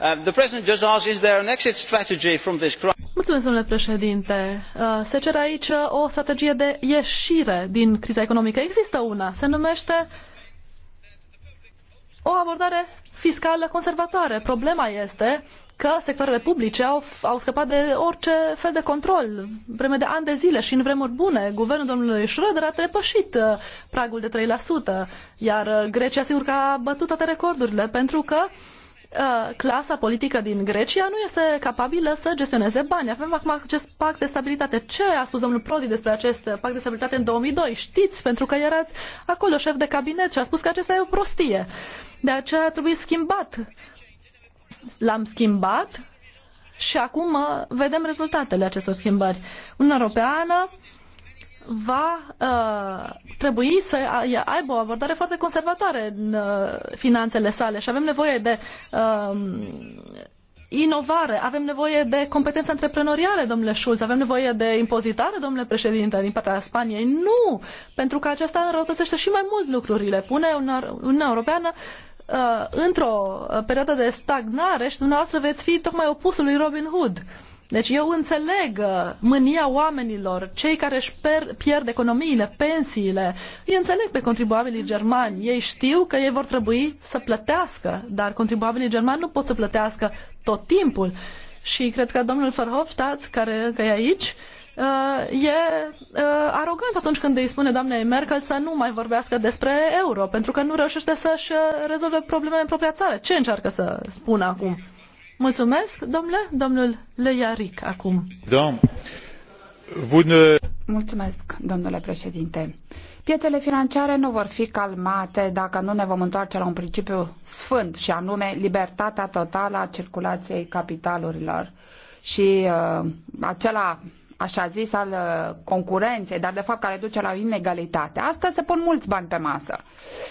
Uh, the president just asked is there an exit strategy from this crisis? Mulțumesc, domnule președinte. Uh, se cere aici uh, o strategie de ieșire din criza economică. Există una, se numește o abordare fiscală conservatoare. Problema este că sectoarele publice au, au scăpat de orice fel de control vreme de ani de zile și în vremuri bune. Guvernul domnului Schröder a trepășit pragul de 3%, iar Grecia sigur că a bătut toate recordurile pentru că uh, Uh, clasa politică din Grecia nu este capabilă să gestioneze bani. Avem acum acest pact de stabilitate. Ce a spus domnul Prodi despre acest pact de stabilitate în 2002? Știți, pentru că erați acolo șef de cabinet și a spus că acesta e o prostie. De aceea trebuie schimbat. L-am schimbat și acum uh, vedem rezultatele acestor schimbări. Uniunea Europeană va uh, trebui să aibă o abordare foarte conservatoare în uh, finanțele sale și avem nevoie de uh, inovare, avem nevoie de competențe antreprenoriale, domnule Schulz, avem nevoie de impozitare, domnule președinte, din partea Spaniei. Nu! Pentru că aceasta înrăutățește și mai mult lucrurile. Pune Uniunea Europeană uh, într-o uh, perioadă de stagnare și dumneavoastră veți fi tocmai opusul lui Robin Hood. Uh, deci eu înțeleg uh, mânia oamenilor, cei care își pierd economiile, pensiile. Îi înțeleg pe contribuabilii germani. Ei știu că ei vor trebui să plătească, dar contribuabilii germani nu pot să plătească tot timpul. Și cred că domnul Verhofstadt, care e aici, uh, e uh, arogant atunci când îi spune doamnei Merkel să nu mai vorbească despre euro, pentru că nu reușește să-și rezolve problemele în propria țară. Ce încearcă să spună acum? Mulțumesc, domnule. Domnul Leiaric, acum. Domn. Da. Bună. Mulțumesc, domnule președinte. Piețele financiare nu vor fi calmate dacă nu ne vom întoarce la un principiu sfânt și anume libertatea totală a circulației capitalurilor. Și uh, acela așa zis, al uh, concurenței, dar de fapt care duce la inegalitate. Asta se pun mulți bani pe masă.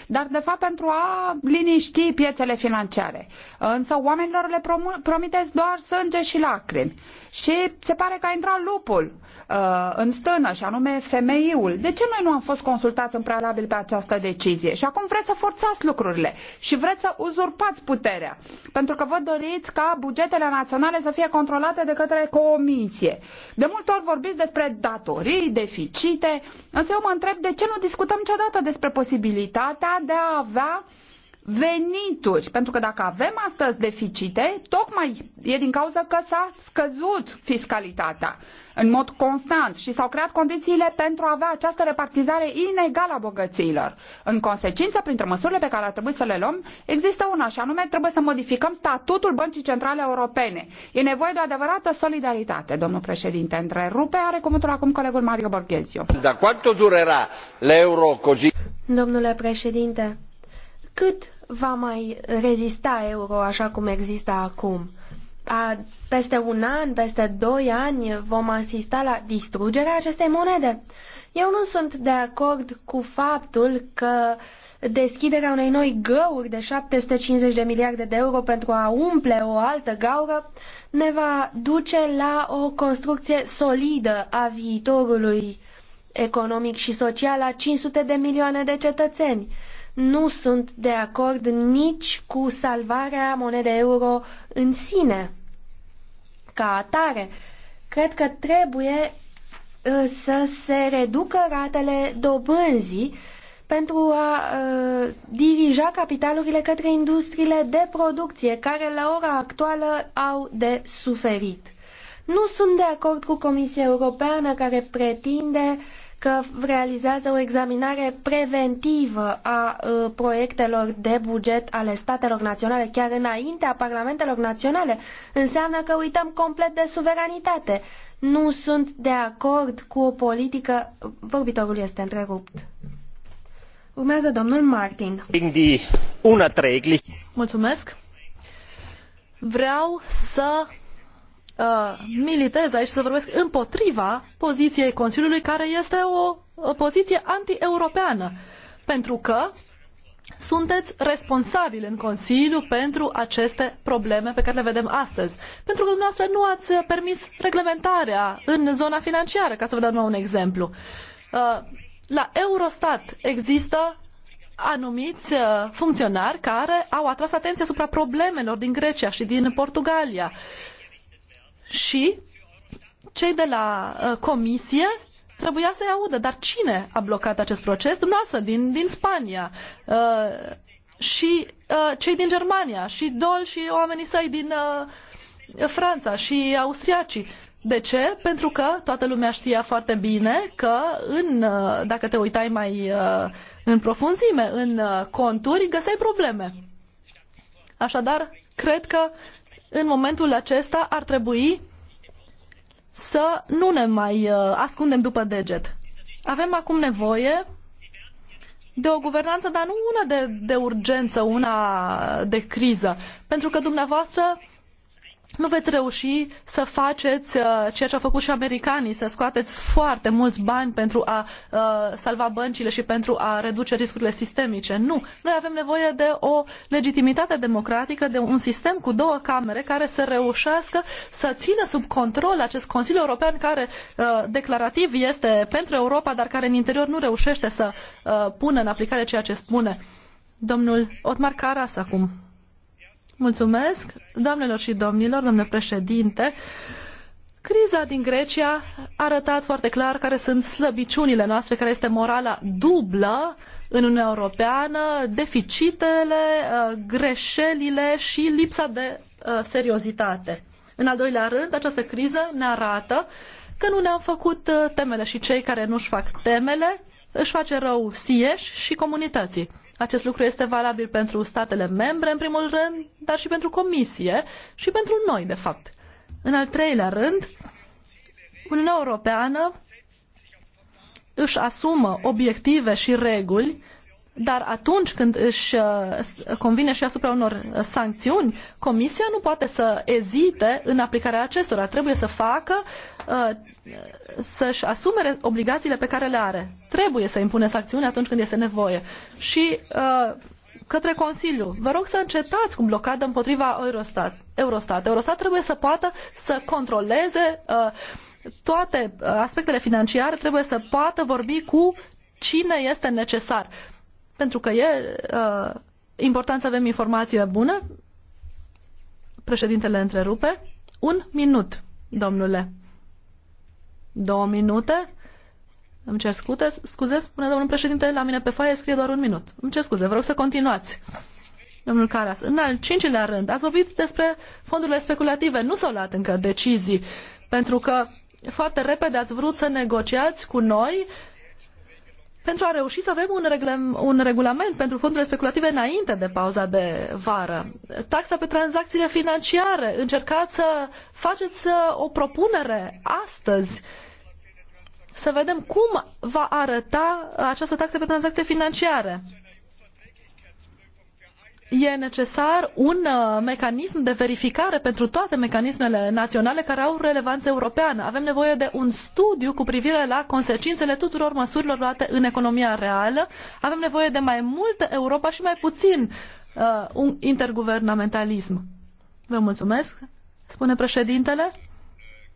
Dar de fapt pentru a liniști piețele financiare. Însă oamenilor le promiteți doar sânge și lacrimi. Și se pare că a intrat lupul uh, în stână, și anume femeiul. De ce noi nu am fost consultați în prealabil pe această decizie? Și acum vreți să forțați lucrurile și vreți să uzurpați puterea. Pentru că vă doriți ca bugetele naționale să fie controlate de către comisie. De multe ori dumneavoastră vorbiți despre datorii, deficite, însă eu mă întreb de ce nu discutăm niciodată despre posibilitatea de a avea uh, venituri. Pentru că dacă avem astăzi deficite, tocmai e din cauza că s-a scăzut fiscalitatea în mod constant și s-au creat condițiile pentru a avea această repartizare inegală a bogățiilor. În consecință, printre măsurile pe care ar trebui să le luăm, există una și anume trebuie să modificăm statutul Băncii Centrale Europene. E nevoie de o adevărată solidaritate, domnul președinte. Întrerupe are cuvântul acum colegul Mario Borghezio. Dar quanto durerà l'euro così? Domnule președinte, cât va mai rezista euro așa cum există acum. A, peste un an, peste doi ani vom asista la distrugerea acestei monede. Eu nu sunt de acord cu faptul că deschiderea unei noi găuri de 750 de miliarde de euro pentru a umple o altă gaură ne va duce la o construcție solidă a viitorului economic și social a 500 de milioane de cetățeni nu sunt de acord nici cu salvarea monedei euro în sine, ca atare. Cred că trebuie uh, să se reducă ratele dobânzii pentru a uh, dirija capitalurile către industriile de producție, care la ora actuală au de suferit. Nu sunt de acord cu Comisia Europeană care pretinde că realizează o examinare preventivă a ă, proiectelor de buget ale statelor naționale, chiar înaintea parlamentelor naționale, înseamnă că uităm complet de suveranitate. Nu sunt de acord cu o politică... Vorbitorul este întrerupt. Urmează domnul Martin. Mulțumesc. Vreau să Uh, militez aici, să vorbesc împotriva poziției Consiliului, care este o, o poziție anti-europeană. Pentru că sunteți responsabili în Consiliu pentru aceste probleme pe care le vedem astăzi. Pentru că dumneavoastră nu ați permis reglementarea în zona financiară, ca să vă dau numai un exemplu. Uh, la Eurostat există anumiți uh, funcționari care au atras atenția asupra problemelor din Grecia și din Portugalia și cei de la uh, comisie trebuia să-i audă. Dar cine a blocat acest proces? Dumneavoastră, din, din Spania. Uh, și uh, cei din Germania, și Dol și oamenii săi din Franța și austriacii. De ce? Pentru că toată lumea știa foarte bine că în, dacă te uitai mai în profunzime, în conturi, găseai probleme. Așadar, cred că în momentul acesta ar trebui să nu ne mai uh, ascundem după deget. Avem acum nevoie de o guvernanță, dar nu una de, de urgență, una de criză. Pentru că dumneavoastră nu veți reuși să faceți uh, ceea ce au făcut și americanii, să scoateți foarte mulți bani pentru a uh, salva băncile și pentru a reduce riscurile sistemice. Nu. Noi avem nevoie de o legitimitate democratică, de un sistem cu două camere care să reușească să țină sub control acest Consiliu European care uh, declarativ este pentru Europa, dar care în interior nu reușește să pună în aplicare ceea ce spune. Domnul Otmar Caras acum. Mulțumesc, doamnelor și domnilor, domnule președinte. Criza din Grecia a arătat foarte clar care sunt slăbiciunile noastre, care este morala dublă în Uniunea Europeană, deficitele, uh, greșelile și lipsa de uh, seriozitate. În al doilea rând, această criză ne arată că nu ne-am făcut uh, temele și cei care nu-și fac temele își face rău sieși și comunității. Acest lucru este valabil pentru statele membre, în primul rând, dar și pentru Comisie și pentru noi, de fapt. În al treilea rând, Uniunea Europeană își asumă obiective și reguli dar atunci când își uh, convine și asupra unor uh, sancțiuni, Comisia nu poate să ezite în aplicarea acestora. Trebuie să facă, uh, să-și asume obligațiile pe care le are. Trebuie să impune sancțiuni atunci când este nevoie. Și către Consiliu, vă rog să încetați cu blocada împotriva Eurostat. Eurostat, Eurostat trebuie să poată să controleze toate aspectele financiare, trebuie să poată vorbi cu cine este necesar pentru că e uh, important să avem informație bună. Președintele întrerupe. Un minut, domnule. Două minute. Îmi cer scute, scuze, spune domnul președinte, la mine pe faie scrie doar un minut. Îmi cer scuze, vă rog să continuați. Domnul Caras, în al cincilea rând, ați vorbit despre fondurile speculative. Nu s-au luat încă decizii, pentru că foarte repede ați vrut să negociați cu noi uh, pentru a reuși să avem un, reglem, un regulament pentru fondurile speculative înainte de pauza de vară. Taxa pe tranzacțiile financiare, încercați să faceți uh, o propunere astăzi să vedem cum va arăta această taxă pe tranzacție financiare e necesar un uh, mecanism de verificare pentru toate mecanismele naționale care au relevanță europeană. Avem nevoie de un studiu cu privire la consecințele tuturor măsurilor luate în economia reală. Avem nevoie de mai multă Europa și mai puțin uh, un interguvernamentalism. Vă mulțumesc, spune președintele.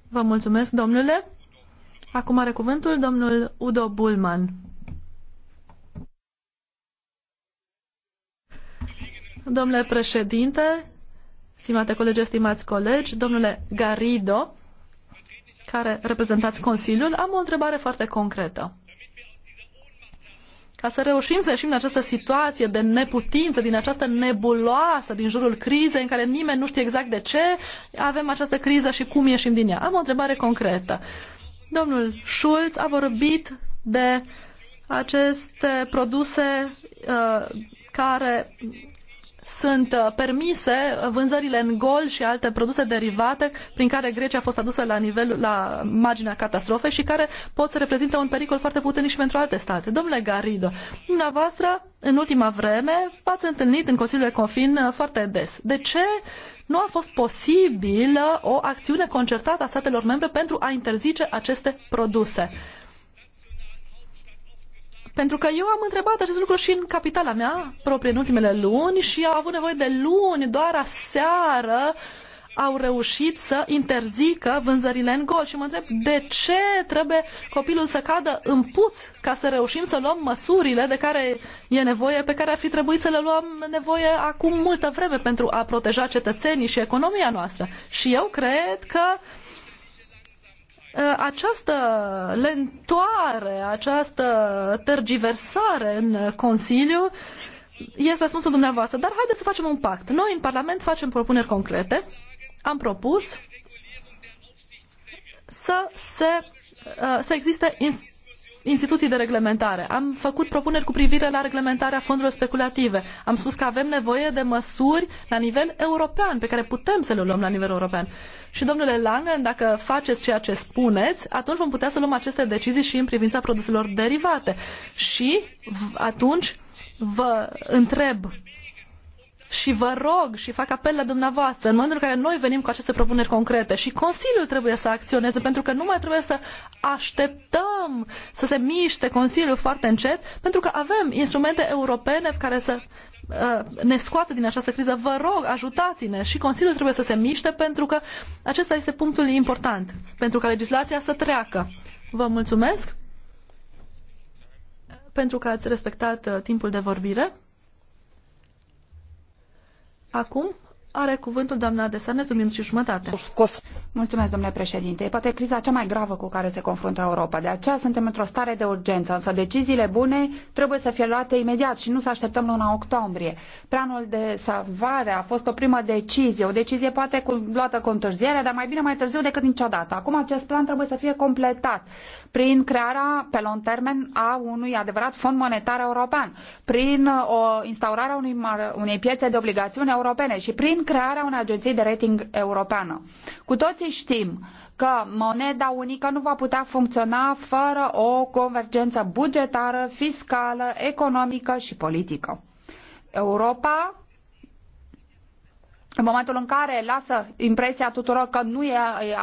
Vă mulțumesc, domnule. Acum are cuvântul domnul Udo Bulman. Domnule președinte, stimate colegi, stimați colegi, domnule Garrido, care reprezentați Consiliul, am o întrebare foarte concretă. Ca să reușim să ieșim din această situație de neputință, din această nebuloasă din jurul crizei în care nimeni nu știe exact de ce avem această criză și cum ieșim din ea. Am o întrebare concretă. Domnul Schulz a vorbit de aceste produse uh, care sunt uh, permise uh, vânzările în gol și alte produse derivate prin care Grecia a fost adusă la nivel, la marginea catastrofei și care pot să reprezinte un pericol foarte puternic și pentru alte state. Domnule Garrido, dumneavoastră, în ultima vreme, v-ați întâlnit în Consiliul Confin uh, foarte des. De ce nu a fost posibilă o acțiune concertată a statelor membre pentru a interzice aceste produse? Pentru că eu am întrebat acest lucru și în capitala mea, proprie în ultimele luni, și au avut nevoie de luni, doar aseară au reușit să interzică vânzările în gol. Și mă întreb de ce trebuie copilul să cadă în puț ca să reușim să luăm măsurile de care e nevoie, pe care ar fi trebuit să le luăm nevoie acum multă vreme pentru a proteja cetățenii și economia noastră. Și eu cred că uh, Uh, această lentoare, această tergiversare în Consiliu este răspunsul dumneavoastră. Dar haideți să facem un pact. Noi în Parlament facem propuneri concrete. Am propus să, se, uh, să existe instituții de reglementare. Am făcut propuneri cu privire la reglementarea fondurilor speculative. Am spus că avem nevoie de măsuri la nivel european, pe care putem să le luăm la nivel european. Și, domnule Langen, dacă faceți ceea ce spuneți, atunci vom putea să luăm aceste decizii și în privința produselor derivate. Și atunci vă întreb și vă rog și fac apel la dumneavoastră, în momentul în care noi venim cu aceste propuneri concrete și Consiliul trebuie să acționeze, pentru că nu mai trebuie să așteptăm să se miște Consiliul foarte încet, pentru că avem instrumente europene care să uh, ne scoată din această criză. Vă rog, ajutați-ne și Consiliul trebuie să se miște pentru că acesta este punctul important pentru ca legislația să treacă. Vă mulțumesc pentru că ați respectat uh, timpul de vorbire. Acum are cuvântul doamna Desernes, un minut și jumătate. Mulțumesc, domnule președinte. E poate criza cea mai gravă cu care se confruntă Europa. De aceea suntem într-o stare de urgență, însă deciziile bune trebuie să fie luate imediat și nu să așteptăm luna octombrie. Planul de salvare a fost o primă decizie, o decizie poate cu, luată cu întârziere, dar mai bine mai târziu decât niciodată. Acum acest plan trebuie să fie completat prin crearea pe long termen a unui adevărat fond monetar european, prin o instaurare a unui, unei piețe de obligațiuni europene și prin crearea unei agenții de rating europeană. Cu toți toții știm că moneda unică nu va putea funcționa fără o convergență bugetară, fiscală, economică și politică. Europa în momentul în care lasă impresia tuturor că nu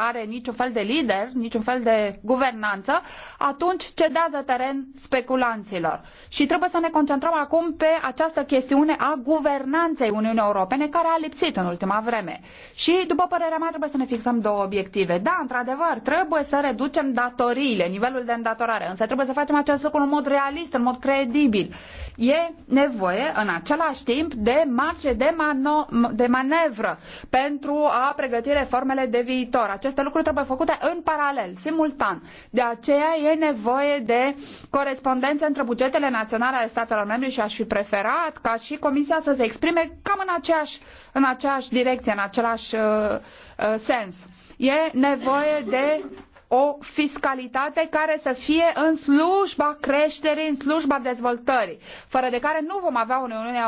are niciun fel de lider, niciun fel de guvernanță, atunci cedează teren speculanților. Și trebuie să ne concentrăm acum pe această chestiune a guvernanței Uniunii Europene, care a lipsit în ultima vreme. Și, după părerea mea, trebuie să ne fixăm două obiective. Da, într-adevăr, trebuie să reducem datoriile, nivelul de îndatorare, însă trebuie să facem acest lucru în mod realist, în mod credibil. E nevoie, în același timp, de marge de, mano- de manevră manevră pentru a pregăti reformele de viitor. Aceste lucruri trebuie făcute în paralel, simultan. De aceea e nevoie de corespondență între bugetele naționale ale statelor membre și aș fi preferat ca și Comisia să se exprime cam în aceeași, în aceeași direcție, în același uh, uh, sens. E nevoie de o fiscalitate care să fie în slujba creșterii, în slujba dezvoltării, fără de care nu vom avea o Uniune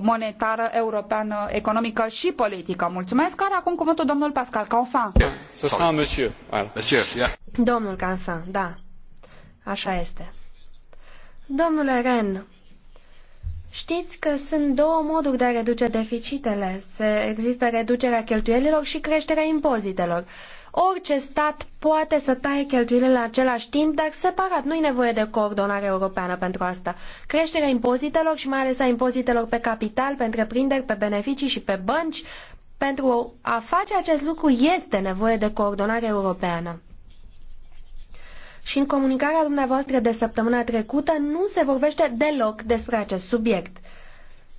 monetară europeană, economică și politică. Mulțumesc, care acum cuvântul domnul Pascal Canfin. Domnul Canfin, da. Așa este. Domnule Ren, Știți că sunt două moduri de a reduce deficitele. Se există reducerea cheltuielilor și creșterea impozitelor. Orice stat poate să taie cheltuielile în același timp, dar separat. Nu e nevoie de coordonare europeană pentru asta. Creșterea impozitelor și mai ales a impozitelor pe capital, pe întreprinderi, pe beneficii și pe bănci, pentru a face acest lucru este nevoie de coordonare europeană. Și în comunicarea dumneavoastră de săptămâna trecută nu se vorbește deloc despre acest subiect.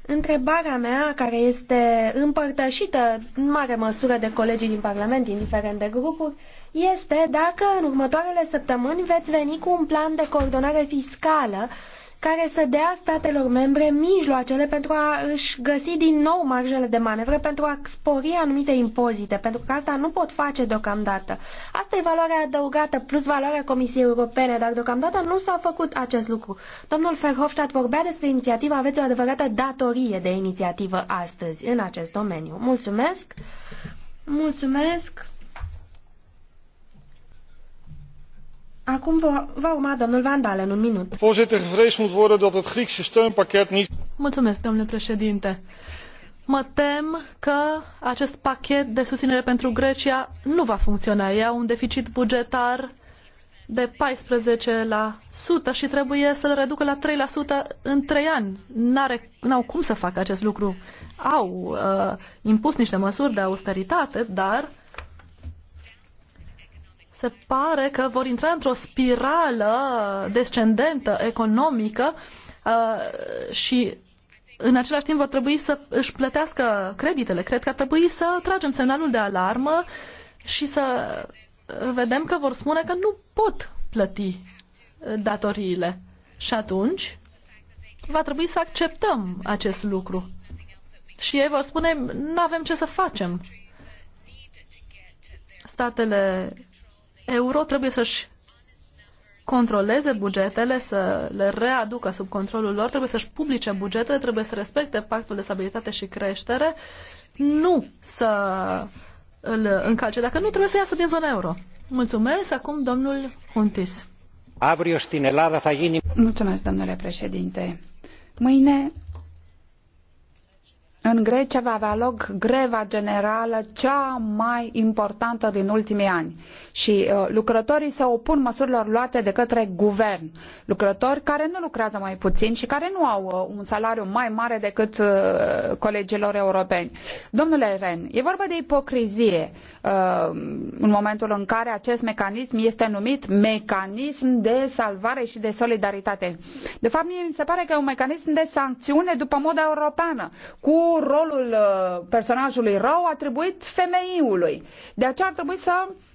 Întrebarea mea, care este împărtășită în mare măsură de colegii din Parlament, indiferent de grupuri, este dacă în următoarele săptămâni veți veni cu un plan de coordonare fiscală care să dea statelor membre mijloacele pentru a își găsi din nou marjele de manevră pentru a spori anumite impozite, pentru că asta nu pot face deocamdată. Asta e valoarea adăugată plus valoarea Comisiei Europene, dar deocamdată nu s-a făcut acest lucru. Domnul Verhofstadt vorbea despre inițiativă, aveți o adevărată datorie de inițiativă astăzi în acest domeniu. Mulțumesc! Mulțumesc! Acum va urma domnul Van Dalen, un minut. Voorzitter, gevreesd moet worden dat het Griekse steunpakket niet... Mulțumesc, domnule președinte. Mă tem că acest pachet de susținere pentru Grecia nu va funcționa. Ea un deficit bugetar de 14% și trebuie să-l reducă la 3% în 3 ani. N-au cum să facă acest lucru. Au uh, impus niște măsuri de austeritate, dar se pare că vor intra într-o spirală descendentă economică uh, și în același timp vor trebui să își plătească creditele. Cred că ar trebui să tragem semnalul de alarmă și să vedem că vor spune că nu pot plăti uh, datoriile. Și atunci va trebui să acceptăm acest lucru. Și ei vor spune, nu avem ce să facem. Statele euro trebuie să-și controleze bugetele, să le readucă sub controlul lor, trebuie să-și publice bugetele, trebuie să respecte pactul de stabilitate și creștere, nu să îl încalce. Dacă nu, trebuie să iasă din zona euro. Mulțumesc. Acum domnul Huntis. Mulțumesc, domnule președinte. Mâine în Grecia va avea loc greva generală cea mai importantă din ultimii ani și uh, lucrătorii se opun măsurilor luate de către guvern. Lucrători care nu lucrează mai puțin și care nu au uh, un salariu mai mare decât uh, colegilor europeni. Domnule Ren, e vorba de ipocrizie uh, în momentul în care acest mecanism este numit mecanism de salvare și de solidaritate. De fapt, mie mi se pare că e un mecanism de sancțiune după moda europeană, cu rolul uh, personajului rău atribuit femeiului. De aceea ar trebui să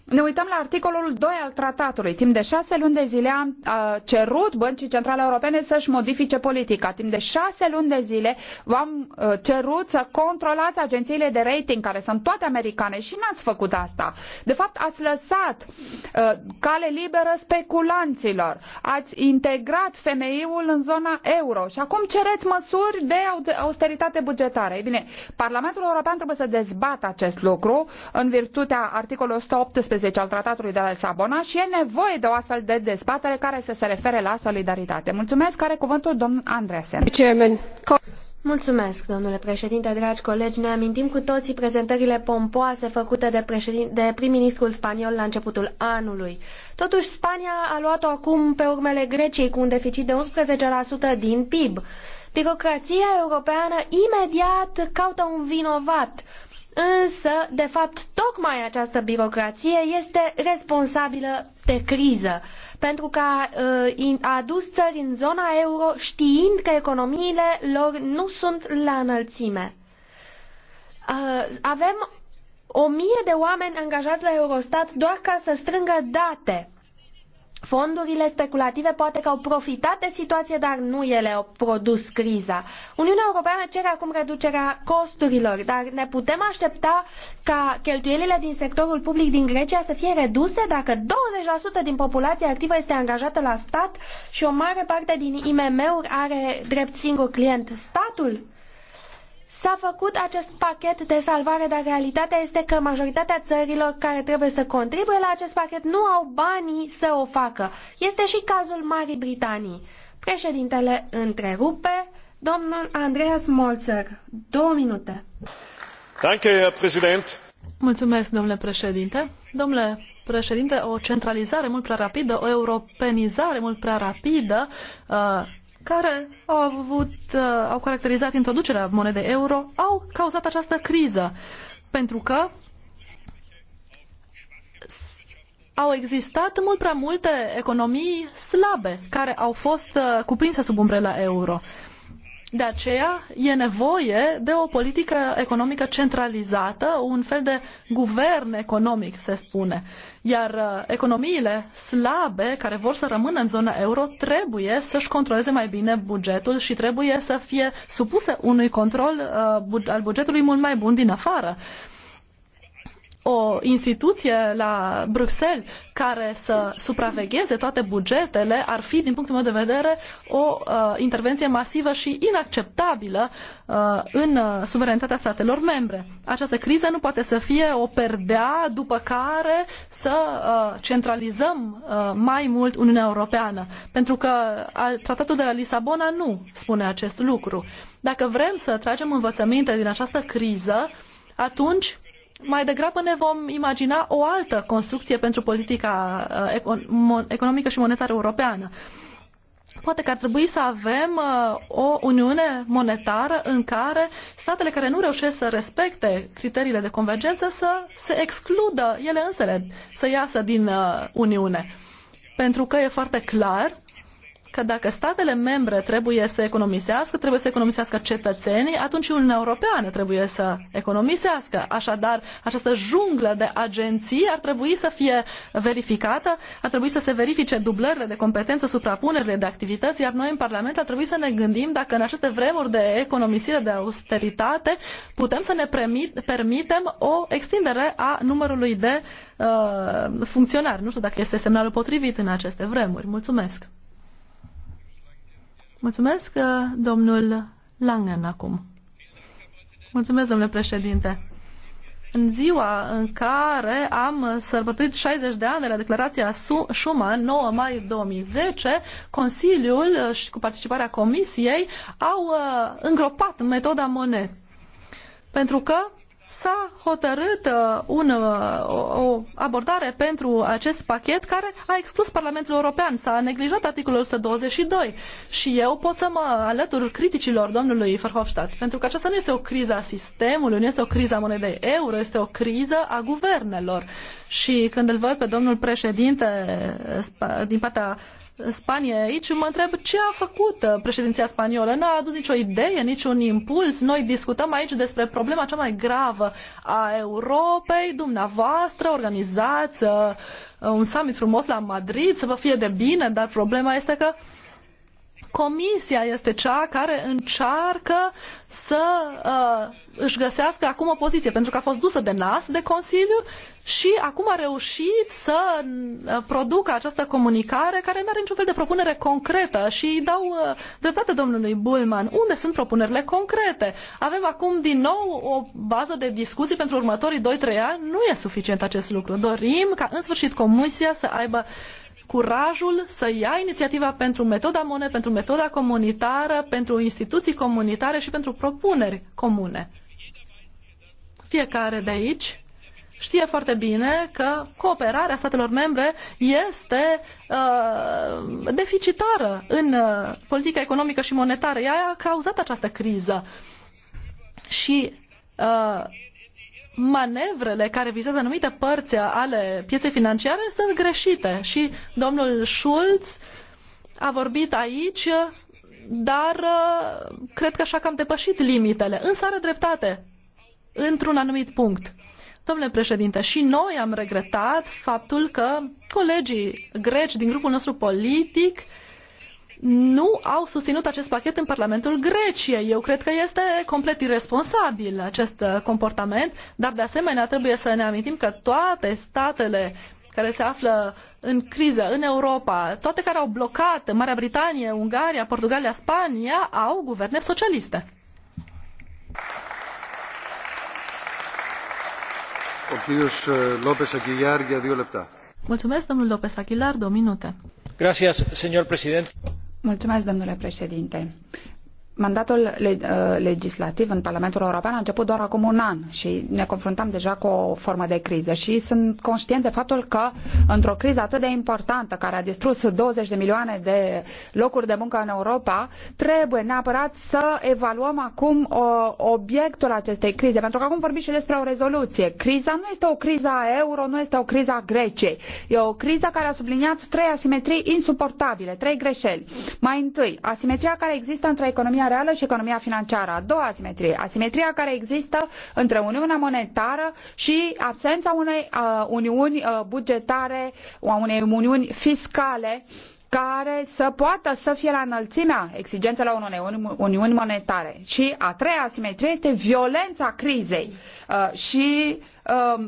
ne uităm la articolul 2 al tratatului. Timp de șase luni de zile am a, cerut Băncii Centrale Europene să-și modifice politica. Timp de șase luni de zile v-am cerut să controlați agențiile de rating, care sunt toate americane, și n-ați făcut asta. De fapt, ați lăsat a, cale liberă speculanților. Ați integrat femeiul în zona euro și acum cereți măsuri de austeritate bugetară. Ei bine, Parlamentul European trebuie să dezbată acest lucru în virtutea articolului 118 17 al Tratatului de la Lisabona și e nevoie de o astfel de dezbatere care să se refere la solidaritate. Mulțumesc, care cuvântul domnul Andreasen. Mulțumesc, domnule președinte, dragi colegi. Ne amintim cu toții prezentările pompoase făcute de, de prim-ministrul spaniol la începutul anului. Totuși, Spania a luat-o acum pe urmele Greciei cu un deficit de 11% din PIB. Birocrația europeană imediat caută un vinovat Însă, de fapt, tocmai această birocrație este responsabilă de criză, pentru că uh, a adus țări în zona euro știind că economiile lor nu sunt la înălțime. Uh, avem o mie de oameni angajați la Eurostat doar ca să strângă date Fondurile speculative poate că au profitat de situație, dar nu ele au produs criza. Uniunea Europeană cere acum reducerea costurilor, dar ne putem aștepta ca cheltuielile din sectorul public din Grecia să fie reduse dacă 20% din populația activă este angajată la stat și o mare parte din IMM-uri are drept singur client statul? S-a făcut acest pachet de salvare, dar realitatea este că majoritatea țărilor care trebuie să contribuie la acest pachet nu au banii să o facă. Este și cazul Marii Britanii. Președintele întrerupe. Domnul Andreas Molzer, două minute. Mulțumesc, domnule președinte. Domnule președinte, o centralizare mult prea rapidă, o europenizare mult prea rapidă, uh, care au avut, uh, au caracterizat introducerea monedei euro, au cauzat această criză, pentru că au existat mult prea multe economii slabe care au fost uh, cuprinse sub umbrela euro. De aceea e nevoie de o politică economică centralizată, un fel de guvern economic, se spune. Iar uh, economiile slabe care vor să rămână în zona euro trebuie să-și controleze mai bine bugetul și trebuie să fie supuse unui control uh, al bugetului mult mai bun din afară. Uh, o instituție la Bruxelles care să supravegheze toate bugetele ar fi, din punctul meu de vedere, o uh, intervenție masivă și inacceptabilă uh, în uh, suverenitatea suveranitatea statelor membre. Această criză nu poate să fie o perdea după care să uh, centralizăm uh, mai mult Uniunea Europeană, pentru că uh, tratatul de la Lisabona nu spune acest lucru. Dacă vrem să tragem învățăminte din această criză, atunci mai degrabă ne vom imagina o altă construcție pentru politica uh, economică și monetară europeană. Poate că ar trebui să avem uh, o uniune monetară în care statele care nu reușesc să respecte criteriile de convergență să se excludă ele însele, să iasă din uh, Uniune. Pentru că e foarte clar că dacă statele membre trebuie să economisească, trebuie să economisească cetățenii, atunci Uniunea Europeană trebuie să economisească. Așadar, această junglă de agenții ar trebui să fie verificată, ar trebui să se verifice dublările de competență, suprapunerile de activități, iar noi în Parlament ar trebui să ne gândim dacă în aceste vremuri de economisire, de austeritate, putem să ne permit, permitem o extindere a numărului de uh, funcționari. Nu știu dacă este semnalul potrivit în aceste vremuri. Mulțumesc! Mulțumesc, uh, domnul Langen, acum. Mulțumesc, domnule președinte în ziua în care am sărbătorit 60 de ani de la declarația Schuman, 9 mai 2010, Consiliul uh, și cu participarea Comisiei au uh, îngropat metoda Monet. Pentru că s-a hotărât uh, un, uh, o, abordare pentru acest pachet care a exclus Parlamentul European, s-a neglijat articolul 122 și eu pot să mă alătur criticilor domnului Verhofstadt, pentru că aceasta nu este o criză a sistemului, nu este o criză a monedei euro, este o criză a guvernelor. Și când îl văd pe domnul președinte din partea Spaniei aici, mă întreb ce a făcut uh, președinția spaniolă. N-a adus nicio idee, niciun impuls. Noi discutăm aici despre problema cea mai gravă a Europei. Dumneavoastră organizați uh, un summit frumos la Madrid, să vă fie de bine, dar problema este că Comisia este cea care încearcă să uh, își găsească acum o poziție, pentru că a fost dusă de nas, de Consiliu și acum a reușit să uh, producă această comunicare care nu are niciun fel de propunere concretă și dau uh, dreptate domnului Bulman. Unde sunt propunerile concrete? Avem acum din nou o bază de discuții pentru următorii 2-3 ani. Nu e suficient acest lucru. Dorim ca în sfârșit Comisia să aibă curajul să ia inițiativa pentru metoda MONE, pentru metoda comunitară, pentru instituții comunitare și pentru propuneri comune. Fiecare de aici știe foarte bine că cooperarea statelor membre este uh, deficitară în uh, politica economică și monetară. Ea a cauzat această criză. Și uh, manevrele care vizează anumite părți ale pieței financiare sunt greșite. Și domnul Schulz a vorbit aici, dar uh, cred că așa că am depășit limitele. Însă are dreptate într-un anumit punct. Domnule președinte, și noi am regretat faptul că colegii greci din grupul nostru politic nu au susținut acest pachet în Parlamentul Greciei. Eu cred că este complet irresponsabil acest comportament, dar de asemenea trebuie să ne amintim că toate statele care se află în criză în Europa, toate care au blocat Marea Britanie, Ungaria, Portugalia, Spania, au guverne socialiste. López Aguilar, Mulțumesc, domnul López Aguilar, două minute. señor presidente. Mulțumesc, domnule președinte. Mandatul uh, legislativ în Parlamentul European a început doar acum un an și ne confruntăm deja cu o formă de criză și sunt conștient de faptul că într-o criză atât de importantă care a distrus 20 de milioane de locuri de muncă în Europa, trebuie neapărat să evaluăm acum uh, obiectul acestei crize, pentru că acum vorbim și despre o rezoluție. Criza nu este o criză a euro, nu este o criză a Greciei. E o criză care a subliniat trei asimetrii insuportabile, trei greșeli. Mai întâi, asimetria care există între economia economia reală și economia financiară. A doua asimetrie, asimetria care există între Uniunea Monetară și absența unei uh, uniuni uh, bugetare, a unei uniuni fiscale care să poată să fie la înălțimea exigențelor unei uniuni monetare. Și a treia asimetrie este violența crizei uh, și uh,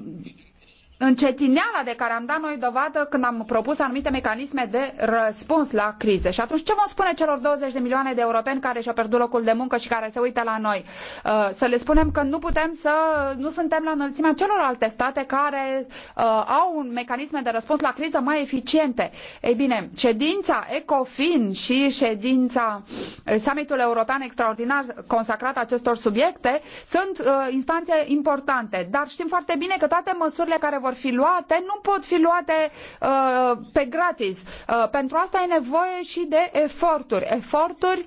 încetineala de care am dat noi dovadă când am propus anumite mecanisme de răspuns la crize. Și atunci ce vom spune celor 20 de milioane de europeni care și-au pierdut locul de muncă și care se uită la noi? Uh, să le spunem că nu putem să nu suntem la înălțimea celorlalte state care uh, au un mecanisme de răspuns la criză mai eficiente. Ei bine, ședința ECOFIN și ședința uh, summitul european extraordinar consacrat acestor subiecte sunt instanțe importante, dar știm foarte bine că toate măsurile care vor vor fi luate nu pot fi luate uh, pe gratis. Uh, pentru asta e nevoie și de eforturi. Eforturi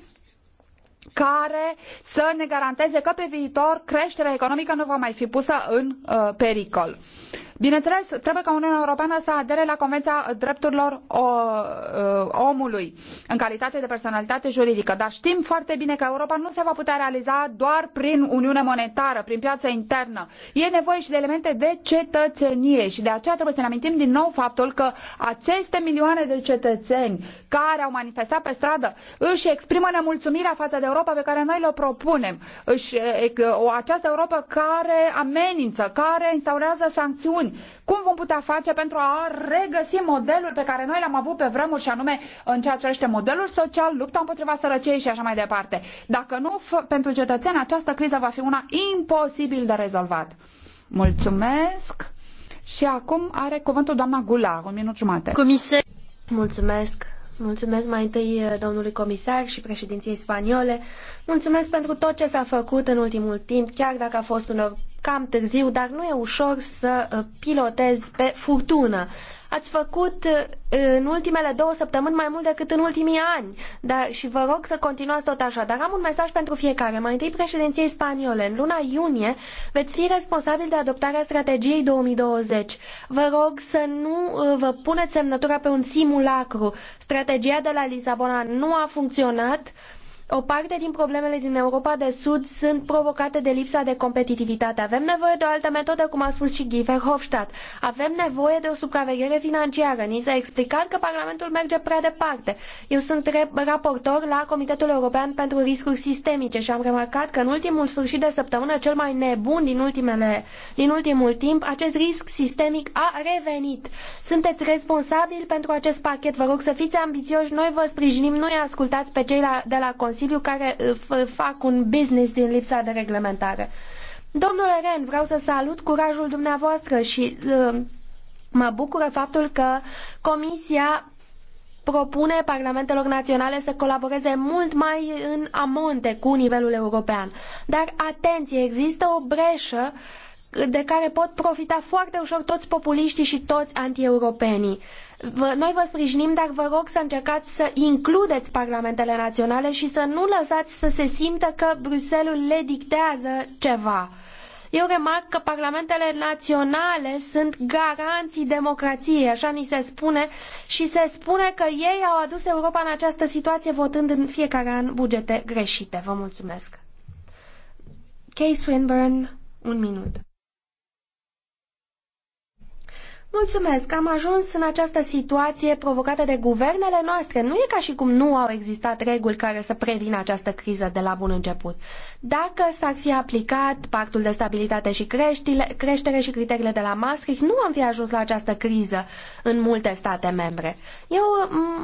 care să ne garanteze că pe viitor creșterea economică nu va mai fi pusă în uh, pericol. Bineînțeles, trebuie ca Uniunea Europeană să adere la Convenția Drepturilor o, uh, Omului în calitate de personalitate juridică, dar știm foarte bine că Europa nu se va putea realiza doar prin Uniune Monetară, prin piața internă. E nevoie și de elemente de cetățenie și de aceea trebuie să ne amintim din nou faptul că aceste milioane de cetățeni care au manifestat pe stradă își exprimă nemulțumirea față de Europa Europa pe care noi le propunem, o această Europa care amenință, care instaurează sancțiuni, cum vom putea face pentru a regăsi modelul pe care noi l-am avut pe vremuri și anume în ceea ce privește modelul social, lupta împotriva sărăciei și așa mai departe. Dacă nu, pentru cetățeni această criză va fi una imposibil de rezolvat. Mulțumesc! Și acum are cuvântul doamna Gula, un minut jumate. Comisar. Mulțumesc, Mulțumesc mai întâi eh, domnului comisar și președinției spaniole. Mulțumesc pentru tot ce s-a făcut în ultimul timp, chiar dacă a fost unor cam târziu, dar nu e ușor să uh, pilotezi pe furtună. Ați făcut uh, în ultimele două săptămâni mai mult decât în ultimii ani dar, și vă rog să continuați tot așa. Dar am un mesaj pentru fiecare. Mai întâi președinției spaniole. În luna iunie veți fi responsabil de adoptarea strategiei 2020. Vă rog să nu uh, vă puneți semnătura pe un simulacru. Strategia de la Lisabona nu a funcționat. O parte din problemele din Europa de Sud sunt provocate de lipsa de competitivitate. Avem nevoie de o altă metodă, cum a spus și Guy Verhofstadt. Avem nevoie de o supraveghere financiară. Ni s-a explicat că Parlamentul merge prea departe. Eu sunt raportor la Comitetul European pentru Riscuri Sistemice și am remarcat că în ultimul sfârșit de săptămână, cel mai nebun din, ultimele, din ultimul timp, acest risc sistemic a revenit. Sunteți responsabili pentru acest pachet. Vă rog să fiți ambițioși. Noi vă sprijinim. Noi ascultați pe cei de la Consiliu Consiliu care uh, fac un business din lipsa de reglementare. Domnule Ren, vreau să salut curajul dumneavoastră și uh, mă bucură faptul că Comisia propune parlamentelor naționale să colaboreze mult mai în amonte cu nivelul european. Dar atenție, există o breșă de care pot profita foarte ușor toți populiștii și toți antieuropenii. Uh, noi vă sprijinim, dar vă rog să încercați să includeți parlamentele naționale și să nu lăsați să se simtă că Bruselul le dictează ceva. Eu remarc că parlamentele naționale sunt garanții democrației, așa ni se spune, și se spune că ei au adus Europa în această situație votând în fiecare an bugete greșite. Vă mulțumesc. Kay Swinburne, un minut. Mulțumesc, am ajuns în această situație provocată de guvernele noastre. Nu e ca și cum nu au existat reguli care să prevină această criză de la bun început. Dacă s-ar fi aplicat pactul de stabilitate și creștere și criteriile de la Maastricht, nu am fi ajuns la această criză în multe state membre. Eu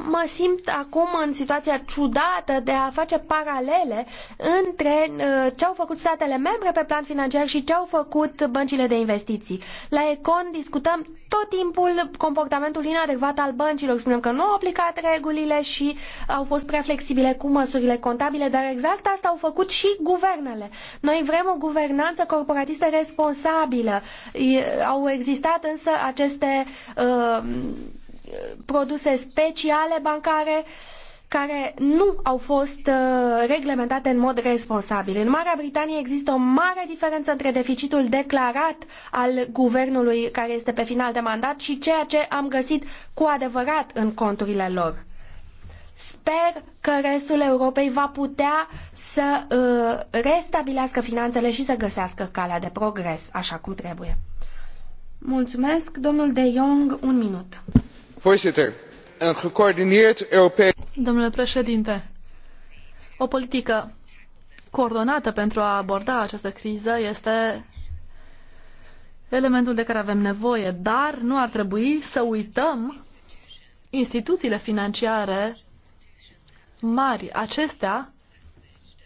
mă simt acum în situația ciudată de a face paralele între uh, ce au făcut statele membre pe plan financiar și ce au făcut băncile de investiții. La Econ discutăm tot timpul comportamentul inadecvat al băncilor. Spunem că nu au aplicat regulile și au fost prea flexibile cu măsurile contabile, dar exact asta au făcut și guvernele. Noi vrem o guvernanță corporatistă responsabilă. Au existat însă aceste uh, produse speciale bancare uh, care nu au fost uh, reglementate în mod responsabil. În Marea Britanie există o mare diferență între deficitul declarat al guvernului care este pe final de mandat și ceea ce am găsit cu adevărat în conturile lor. Sper că restul Europei va putea să uh, restabilească finanțele și să găsească calea de progres așa cum trebuie. Mulțumesc, domnul De Jong, un minut. Voorzitter, een gecoördineerd Europees. Domnule președinte, o politică coordonată pentru a aborda această criză este elementul de care avem nevoie, dar nu ar trebui să uităm instituțiile financiare mari. Acestea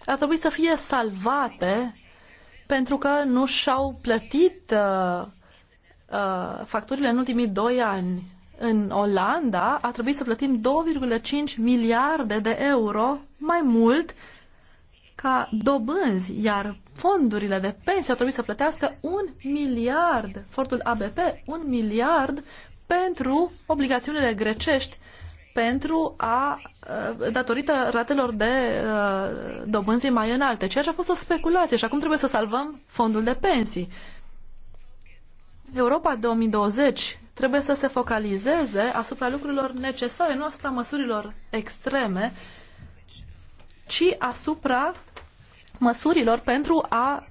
ar trebui să fie salvate pentru că nu și-au plătit uh, uh, facturile în ultimii doi ani în Olanda a trebuit să plătim 2,5 miliarde de euro mai mult ca dobânzi, iar fondurile de pensie au trebuit să plătească un miliard, fondul ABP, un miliard pentru obligațiunile grecești, pentru a, uh, datorită ratelor de uh, dobânzi mai înalte, ceea ce a fost o speculație și acum trebuie să salvăm fondul de pensii. Europa 2020 trebuie să se focalizeze asupra lucrurilor necesare, nu asupra măsurilor extreme, ci asupra măsurilor pentru a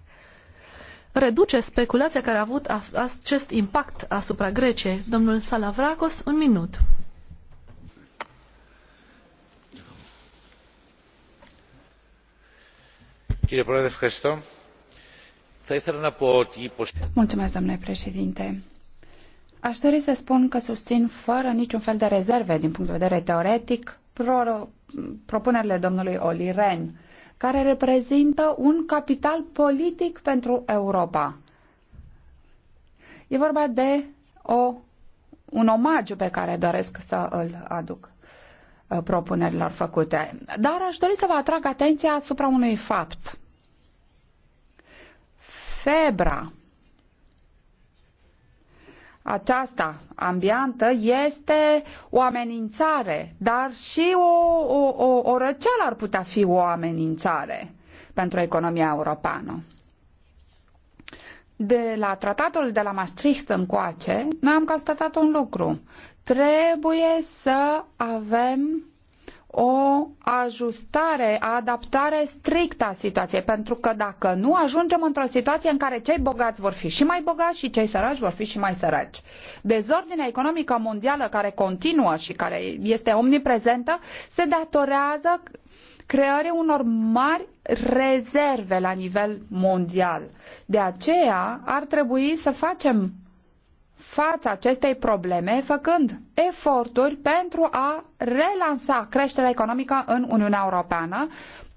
reduce speculația care a avut acest impact asupra Greciei. Domnul Salavracos, un minut. Mulțumesc, domnule președinte Aș dori să spun că susțin fără niciun fel de rezerve din punct de vedere teoretic pro, propunerile domnului Oli Ren, care reprezintă un capital politic pentru Europa. E vorba de o, un omagiu pe care doresc să îl aduc uh, propunerilor făcute. Dar aș dori să vă atrag atenția asupra unui fapt. Febra aceasta ambiantă este o amenințare, dar și o, o, o, o răceală ar putea fi o amenințare pentru economia europeană. De la tratatul de la Maastricht încoace, noi am constatat un lucru. Trebuie să avem o ajustare, adaptare strictă a situației, pentru că dacă nu, ajungem într-o situație în care cei bogați vor fi și mai bogați și cei săraci vor fi și mai săraci. Dezordinea economică mondială care continuă și care este omniprezentă se datorează creării unor mari rezerve la nivel mondial. De aceea ar trebui să facem față acestei probleme, făcând eforturi pentru a relansa creșterea economică în Uniunea Europeană,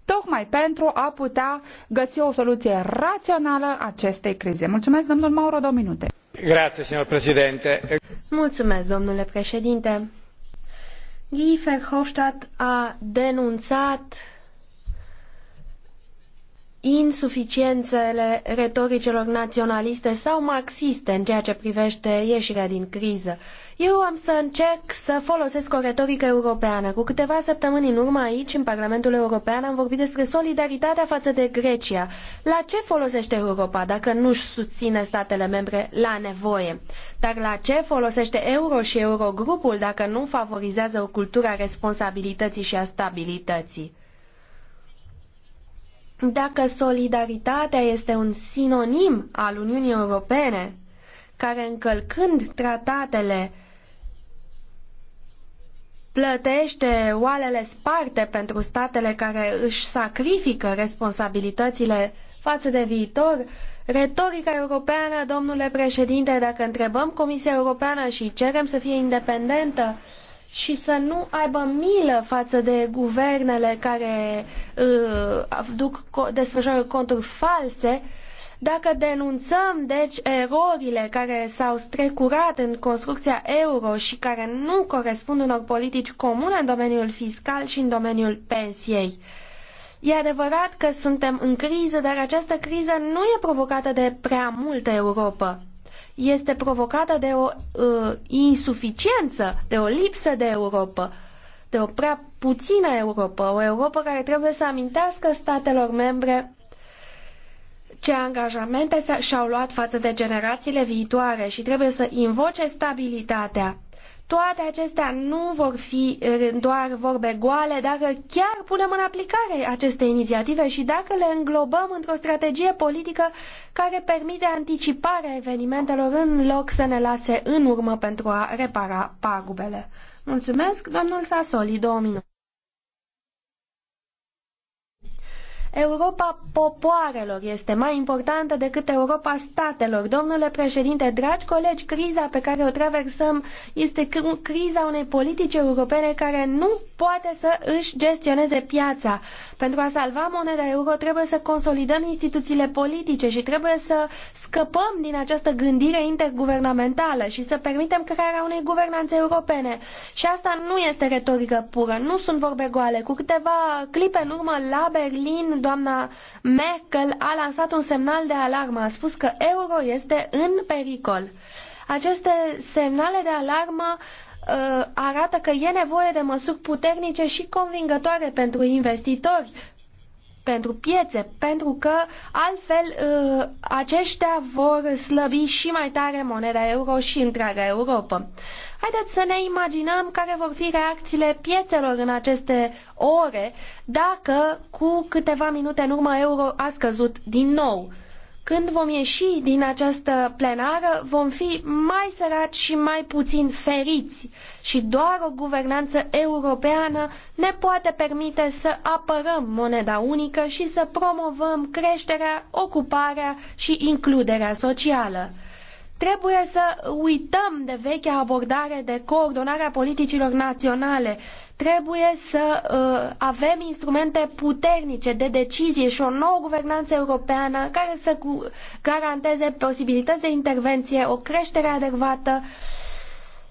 tocmai pentru a putea găsi o soluție rațională acestei crize. Mulțumesc, domnul Mauro, două minute. Grazie, signor președinte. Mulțumesc, domnule președinte. Guy Verhofstadt a denunțat insuficiențele retoricelor naționaliste sau marxiste în ceea ce privește ieșirea din criză. Eu am să încerc să folosesc o retorică europeană. Cu câteva săptămâni în urmă aici, în Parlamentul European, am vorbit despre solidaritatea față de Grecia. La ce folosește Europa dacă nu-și susține statele membre la nevoie? Dar la ce folosește euro și eurogrupul dacă nu favorizează o cultură a responsabilității și a stabilității? Dacă solidaritatea este un sinonim al Uniunii Europene, care încălcând tratatele plătește oalele sparte pentru statele care își sacrifică responsabilitățile față de viitor, retorica europeană, domnule președinte, dacă întrebăm Comisia Europeană și cerem să fie independentă, și să nu aibă milă față de guvernele care uh, duc, desfășoară conturi false, dacă denunțăm, deci, erorile care s-au strecurat în construcția euro și care nu corespund unor politici comune în domeniul fiscal și în domeniul pensiei. E adevărat că suntem în criză, dar această criză nu e provocată de prea multă Europa este provocată de o uh, insuficiență, de o lipsă de Europa, de o prea puțină Europa, o Europa care trebuie să amintească statelor membre ce angajamente și-au luat față de generațiile viitoare și trebuie să invoce stabilitatea toate acestea nu vor fi eh, doar vorbe goale dacă eh, chiar punem în aplicare aceste inițiative și dacă le înglobăm într-o strategie politică care permite anticiparea evenimentelor în loc să ne lase în urmă pentru a repara pagubele. Mulțumesc, domnul Sasoli, două minute. Europa popoarelor este mai importantă decât Europa statelor. Domnule președinte, dragi colegi, criza pe care o traversăm este criza unei politici europene care nu poate să își gestioneze piața. Pentru a salva moneda euro trebuie să consolidăm instituțiile politice și trebuie să scăpăm din această gândire interguvernamentală și să permitem crearea unei guvernanțe europene. Și asta nu este retorică pură, nu sunt vorbe goale. Cu câteva clipe în urmă la Berlin, doamna Merkel a lansat un semnal de alarmă. A spus că euro este în pericol. Aceste semnale de alarmă uh, arată că e nevoie de măsuri puternice și convingătoare pentru investitori, pentru piețe, pentru că altfel uh, aceștia vor slăbi și mai tare moneda euro și întreaga Europa. Haideți să ne imaginăm care vor fi reacțiile piețelor în aceste ore dacă cu câteva minute în urmă euro a scăzut din nou. Când vom ieși din această plenară, vom fi mai săraci și mai puțin feriți și doar o guvernanță europeană ne poate permite să apărăm moneda unică și să promovăm creșterea, ocuparea și includerea socială. Trebuie să uităm de vechea abordare de coordonare a politicilor naționale. Trebuie să uh, avem instrumente puternice de decizie și o nouă guvernanță europeană care să garanteze posibilități de intervenție, o creștere adecvată uh,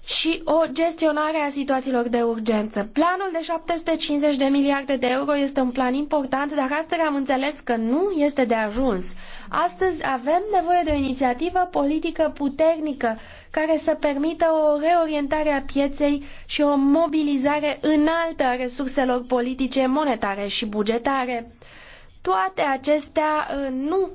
și o gestionare a situațiilor de urgență. Planul de 750 de miliarde de euro este un plan important, dar astăzi am înțeles că nu este de ajuns. Astăzi avem nevoie de o inițiativă politică puternică care să permită o reorientare a pieței și o mobilizare înaltă a resurselor politice, monetare și bugetare. Toate acestea uh, nu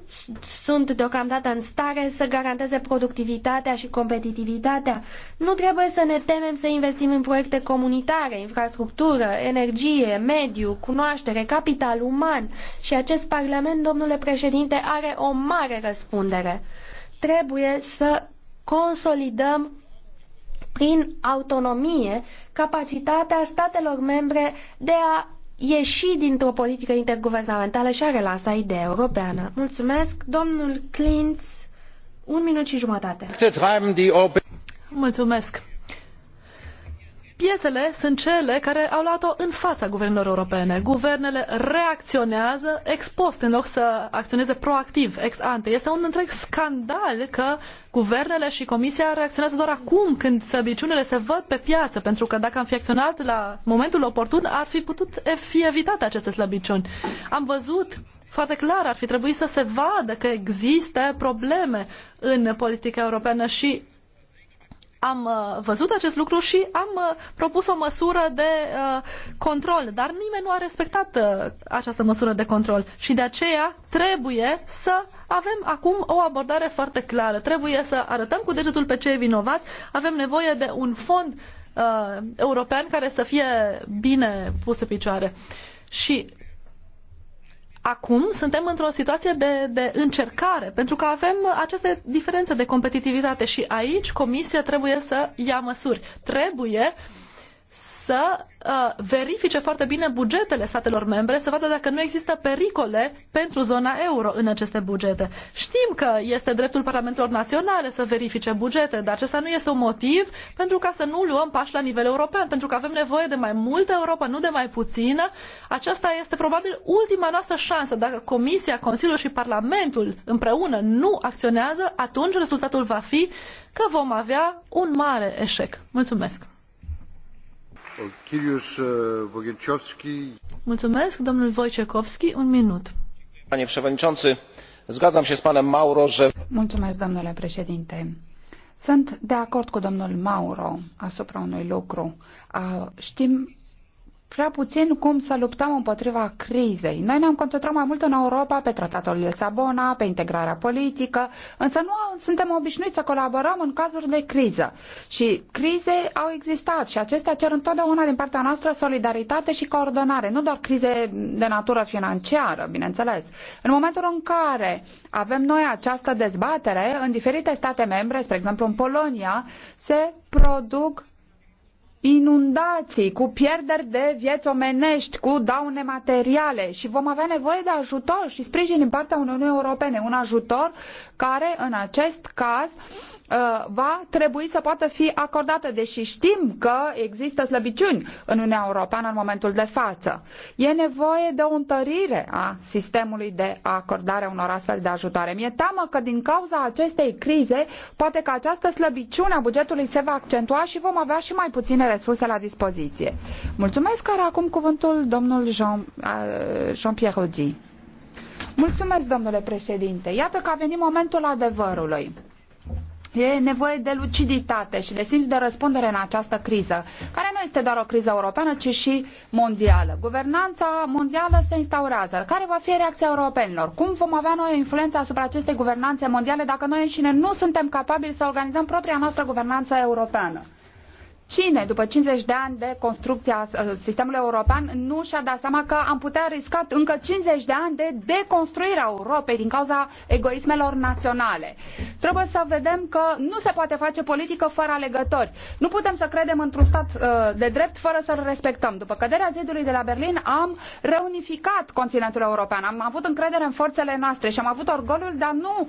sunt deocamdată în stare să garanteze productivitatea și competitivitatea. Nu trebuie să ne temem să investim în proiecte comunitare, infrastructură, energie, mediu, cunoaștere, capital uman și acest Parlament, domnule președinte, are o mare răspundere. Trebuie să consolidăm prin autonomie capacitatea statelor membre de a ieși dintr-o politică interguvernamentală și a relansa ideea europeană. Mulțumesc, domnul Klintz, un minut și jumătate. Mulțumesc piesele sunt cele care au luat-o în fața guvernelor europene. Guvernele reacționează ex post în loc să acționeze proactiv, ex ante. Este un întreg scandal că guvernele și comisia reacționează doar acum când slăbiciunile se văd pe piață, pentru că dacă am fi acționat la momentul oportun, ar fi putut fi evitate aceste slăbiciuni. Am văzut foarte clar, ar fi trebuit să se vadă că există probleme în politica europeană și am uh, văzut acest lucru și am uh, propus o măsură de uh, control, dar nimeni nu a respectat această măsură de control și de aceea trebuie să avem acum o abordare foarte clară. Trebuie să arătăm cu degetul pe cei vinovați, avem nevoie de un fond european care să fie bine pus pe picioare. Și acum suntem într-o situație de, de încercare, pentru că avem aceste diferențe de competitivitate și aici Comisia trebuie să ia măsuri. Trebuie uh, să uh, verifice foarte bine bugetele statelor membre, să vadă dacă nu există pericole pentru zona euro în aceste bugete. Știm că este dreptul parlamentelor naționale să verifice bugete, dar acesta nu este un motiv pentru ca să nu luăm pași la nivel european, pentru că avem nevoie de mai multă Europa, nu de mai puțină. Aceasta este probabil ultima noastră șansă. Dacă Comisia, Consiliul și Parlamentul împreună nu acționează, atunci rezultatul va fi că vom avea un mare eșec. Mulțumesc! Mulțumesc, Wojciechowski, un minut. Panie przewodniczący, zgadzam się z panem Mauro, że... Mulțumesc, domnule președinte. Sunt de acord cu domnul Mauro asupra unui lucru. Știm prea puțin cum să luptăm împotriva crizei. Noi ne-am concentrat mai mult în Europa pe tratatul Lisabona, pe integrarea politică, însă nu suntem obișnuiți să colaborăm în cazuri de criză. Și crize au existat și acestea cer întotdeauna din partea noastră solidaritate și coordonare, nu doar crize de natură financiară, bineînțeles. În momentul în care avem noi această dezbatere, în diferite state membre, spre exemplu în Polonia, se produc inundații, cu pierderi de vieți omenești, cu daune materiale și vom avea nevoie de ajutor și sprijin din partea Uniunii Europene. Un ajutor care, în acest caz, Uh, va trebui să poată fi acordată, deși știm că există slăbiciuni în Uniunea Europeană în momentul de față. E nevoie de o întărire a sistemului de acordare a unor astfel de ajutoare. Mi-e teamă că din cauza acestei crize, poate că această slăbiciune a bugetului se va accentua și vom avea și mai puține resurse la dispoziție. Mulțumesc, are acum cuvântul domnul Jean, uh, pierre Audi. Mulțumesc, domnule președinte. Iată că a venit momentul adevărului. E nevoie de luciditate și de simț de răspundere în această criză, care nu este doar o criză europeană, ci și mondială. Guvernanța mondială se instaurează. Care va fi reacția europenilor? Cum vom avea noi o influență asupra acestei guvernanțe mondiale dacă noi înșine nu suntem capabili să organizăm propria noastră guvernanță europeană? Cine, după 50 de ani de construcția uh, sistemului european, nu și-a dat seama că am putea risca încă 50 de ani de deconstruirea Europei din cauza egoismelor naționale? Trebuie să vedem că nu se poate face politică fără alegători. Nu putem să credem într-un stat uh, de drept fără să-l respectăm. După căderea zidului de la Berlin am reunificat continentul european, am avut încredere în forțele noastre și am avut orgolul de a nu uh,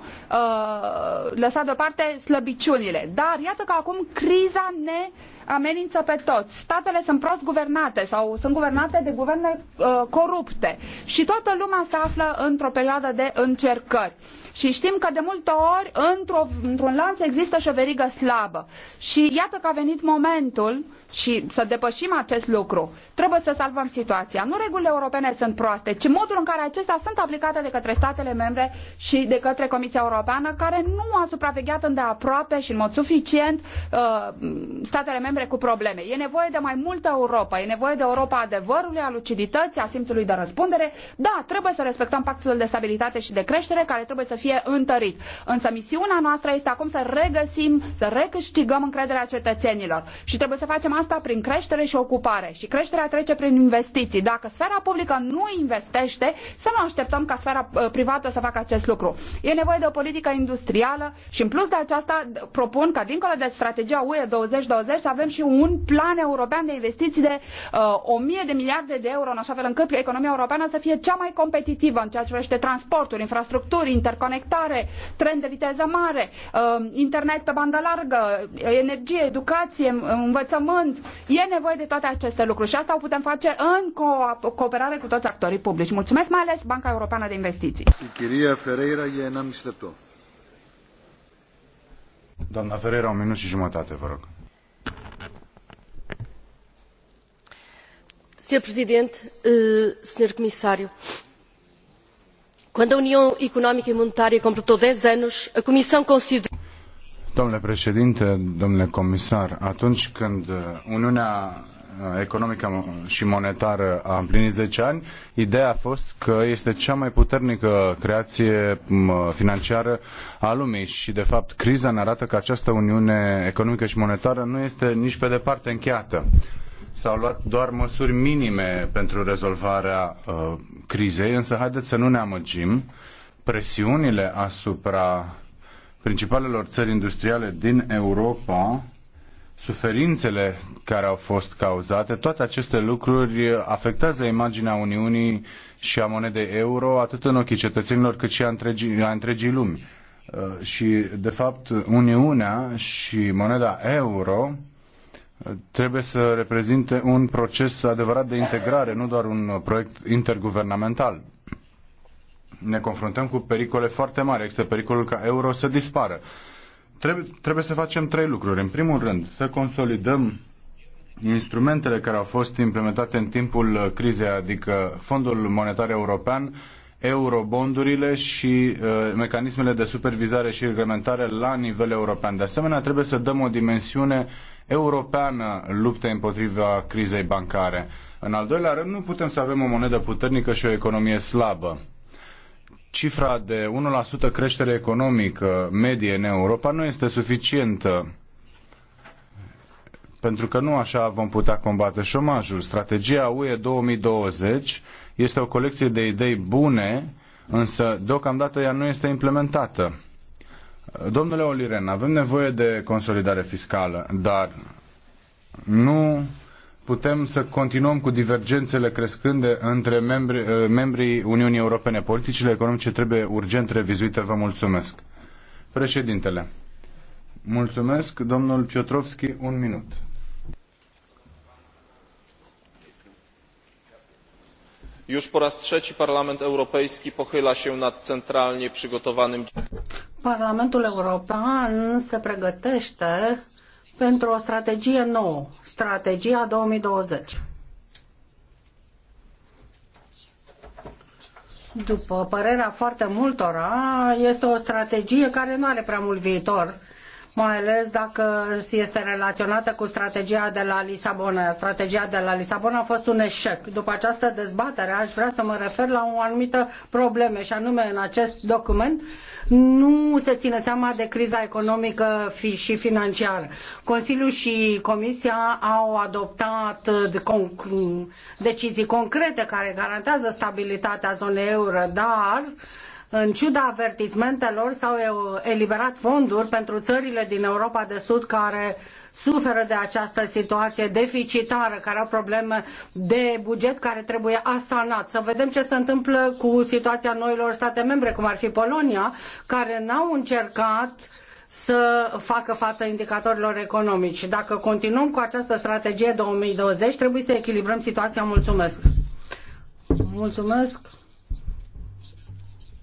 lăsa deoparte slăbiciunile. Dar iată că acum criza ne amenință pe toți. Statele sunt prost guvernate sau sunt guvernate de guverne uh, corupte și toată lumea se află într-o perioadă de încercări. Uh, și știm că de multe ori într-un într lanț există și o verigă slabă. Și iată că a venit momentul și să depășim acest lucru. Trebuie să salvăm situația. Nu regulile europene sunt proaste, ci modul în care acestea sunt aplicate de către statele membre și de către Comisia Europeană, care nu a supravegheat îndeaproape și în mod suficient uh, statele membre cu probleme. E nevoie de mai multă Europa, e nevoie de Europa a adevărului, a lucidității, a simțului de răspundere. Da, trebuie să respectăm pactul de stabilitate și de creștere, care trebuie să fie întărit. Însă misiunea noastră este acum să regăsim, să recâștigăm încrederea cetățenilor. Și trebuie să facem asta prin creștere și ocupare. Și creșterea trece prin investiții. Dacă sfera publică nu investește, să nu așteptăm ca sfera uh, privată să facă acest lucru. E nevoie de o politică industrială și în plus de aceasta propun ca dincolo de strategia UE 2020 să avem și un plan european de investiții de uh, o uh, mie de miliarde de euro în așa fel încât economia europeană să fie cea mai competitivă în ceea ce privește transporturi, infrastructuri, interconectare interconectare, tren de viteză mare, um, internet pe bandă largă, energie, educație, învățământ. E nevoie de toate aceste lucruri și asta o putem face în co- cooperare cu toți actorii publici. Mulțumesc mai ales Banca Europeană de Investiții. Chiria Ferreira e n Doamna Ferreira, un minut și jumătate, vă rog. Sr. Presidente, eh, Sr. Comissário, Quando a União Económica e Monetária completou 10 anos, a Comissão considerou. Domnule președinte, domnule comisar, atunci când Uniunea economică și monetară a împlinit 10 ani, ideea a fost că este cea mai puternică creație financiară a lumii și, de fapt, criza ne arată că această uniune economică și monetară nu este nici pe departe încheiată s-au luat doar măsuri minime pentru rezolvarea uh, crizei, însă haideți să nu ne amăgim. Presiunile asupra principalelor țări industriale din Europa, suferințele care au fost cauzate, toate aceste lucruri afectează imaginea Uniunii și a monedei euro, atât în ochii cetățenilor cât și a întregii, a întregii lumi. Uh, și, de fapt, Uniunea și moneda euro trebuie să reprezinte un proces adevărat de integrare, nu doar un proiect interguvernamental. Ne confruntăm cu pericole foarte mari. Există pericolul ca euro să dispară. Trebuie, trebuie să facem trei lucruri. În primul rând, să consolidăm instrumentele care au fost implementate în timpul crizei, adică Fondul Monetar European, eurobondurile și uh, mecanismele de supervizare și reglementare la nivel european. De asemenea, trebuie să dăm o dimensiune europeană lupte împotriva crizei bancare. În al doilea rând, nu putem să avem o monedă puternică și o economie slabă. Cifra de 1% creștere economică medie în Europa nu este suficientă pentru că nu așa vom putea combate șomajul. Strategia UE 2020 este o colecție de idei bune, însă deocamdată ea nu este implementată. Domnule Oliren, avem nevoie de consolidare fiscală, dar nu putem să continuăm cu divergențele crescânde între membri, eh, membrii Uniunii Europene. Politicile economice trebuie urgent revizuite. Vă mulțumesc. Președintele, mulțumesc. Domnul Piotrovski un minut. już po raz trzeci parlament europejski pochyla się nad centralnie przygotowanym Parlamentul European se pregătește pentru o strategie nouă, strategia 2020. După părerea foarte multora, este o strategie care nu are prea mult viitor mai ales dacă este relaționată cu strategia de la Lisabona. Strategia de la Lisabona a fost un eșec. După această dezbatere aș vrea să mă refer la o anumită probleme și anume în acest document nu se ține seama de criza economică și financiară. Consiliul și Comisia au adoptat uh, decizii concrete care garantează stabilitatea zonei euro, dar în ciuda avertismentelor s-au eliberat fonduri pentru țările din Europa de Sud care suferă de această situație deficitară, care au probleme de buget care trebuie asanat. Să vedem ce se întâmplă cu situația noilor state membre, cum ar fi Polonia, care n-au încercat să facă față indicatorilor economici. Dacă continuăm cu această strategie 2020, trebuie să echilibrăm situația. Mulțumesc! Mulțumesc!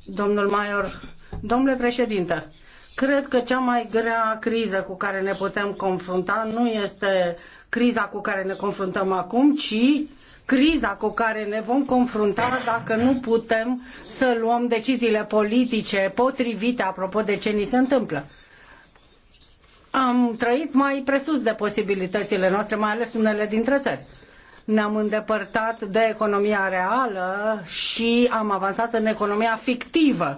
Domnul Maior, domnule președinte, cred că cea mai grea criză cu care ne putem confrunta nu este criza cu care ne confruntăm acum, ci criza cu care ne vom confrunta dacă nu putem să luăm deciziile politice potrivite apropo de ce ni se întâmplă. Am trăit mai presus de posibilitățile noastre, mai ales unele dintre țări ne-am îndepărtat de economia reală și am avansat în economia fictivă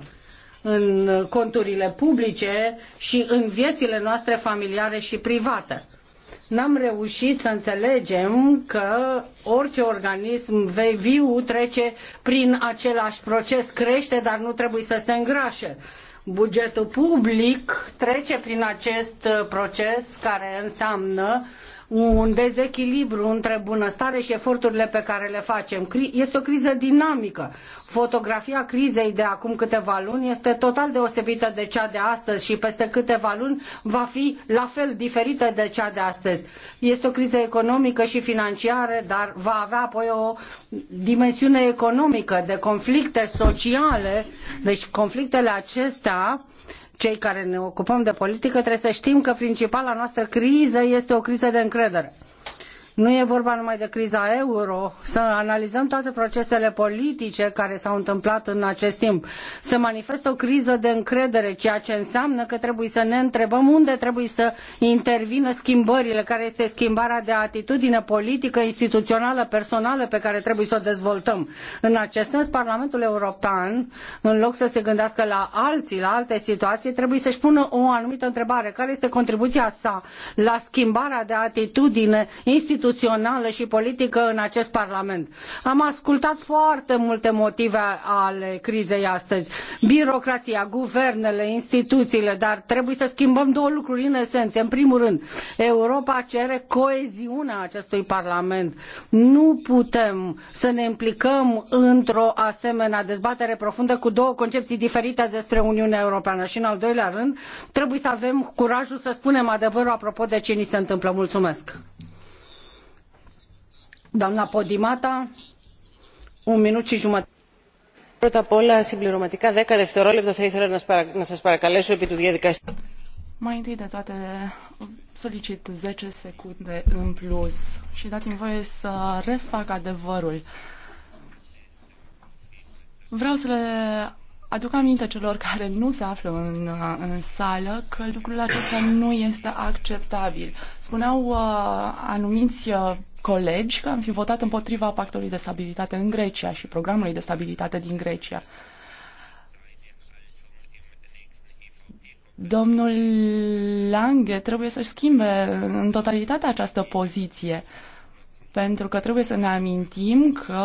în conturile publice și în viețile noastre familiale și private. N-am reușit să înțelegem că orice organism viu trece prin același proces, crește, dar nu trebuie să se îngrașe. Bugetul public trece prin acest proces care înseamnă un dezechilibru între bunăstare și eforturile pe care le facem. Este o criză dinamică. Fotografia crizei de acum câteva luni este total deosebită de cea de astăzi și peste câteva luni va fi la fel diferită de cea de astăzi. Este o criză economică și financiară, dar va avea apoi o dimensiune economică de conflicte sociale. Deci conflictele acestea cei care ne ocupăm de politică, trebuie să știm că principala noastră criză este o criză de încredere. Nu e vorba numai de criza euro, să analizăm toate procesele politice care s-au întâmplat în acest timp. Se manifestă o criză de încredere, ceea ce înseamnă că trebuie să ne întrebăm unde trebuie să intervină schimbările, care este schimbarea de atitudine politică, instituțională, personală pe care trebuie să o dezvoltăm. În acest sens, Parlamentul European, în loc să se gândească la alții, la alte situații, trebuie să-și pună o anumită întrebare. Care este contribuția sa la schimbarea de atitudine instituțională instituțională și politică în acest Parlament. Am ascultat foarte multe motive ale crizei astăzi. Birocrația, guvernele, instituțiile, dar trebuie să schimbăm două lucruri în esență. În primul rând, Europa cere coeziunea acestui Parlament. Nu putem să ne implicăm într-o asemenea dezbatere profundă cu două concepții diferite despre Uniunea Europeană. Și în al doilea rând, trebuie să avem curajul să spunem adevărul apropo de ce ni se întâmplă. Mulțumesc! un minut și jumătate. Πρώτα απ' όλα, συμπληρωματικά 10 δευτερόλεπτα θα ήθελα να σας παρακαλέσω επί του διαδικαστικού. Mai întâi de toate, solicit 10 secunde în plus și dați-mi voie să refac adevărul. Vreau să le aduc aminte celor care nu se află în, în sală că lucrul acesta nu este acceptabil. Spuneau uh, anumiți uh, colegi că am fi votat împotriva pactului de stabilitate în Grecia și programului de stabilitate din Grecia. Domnul Lange trebuie să-și schimbe în totalitate această poziție. Uh, pentru că trebuie să ne amintim că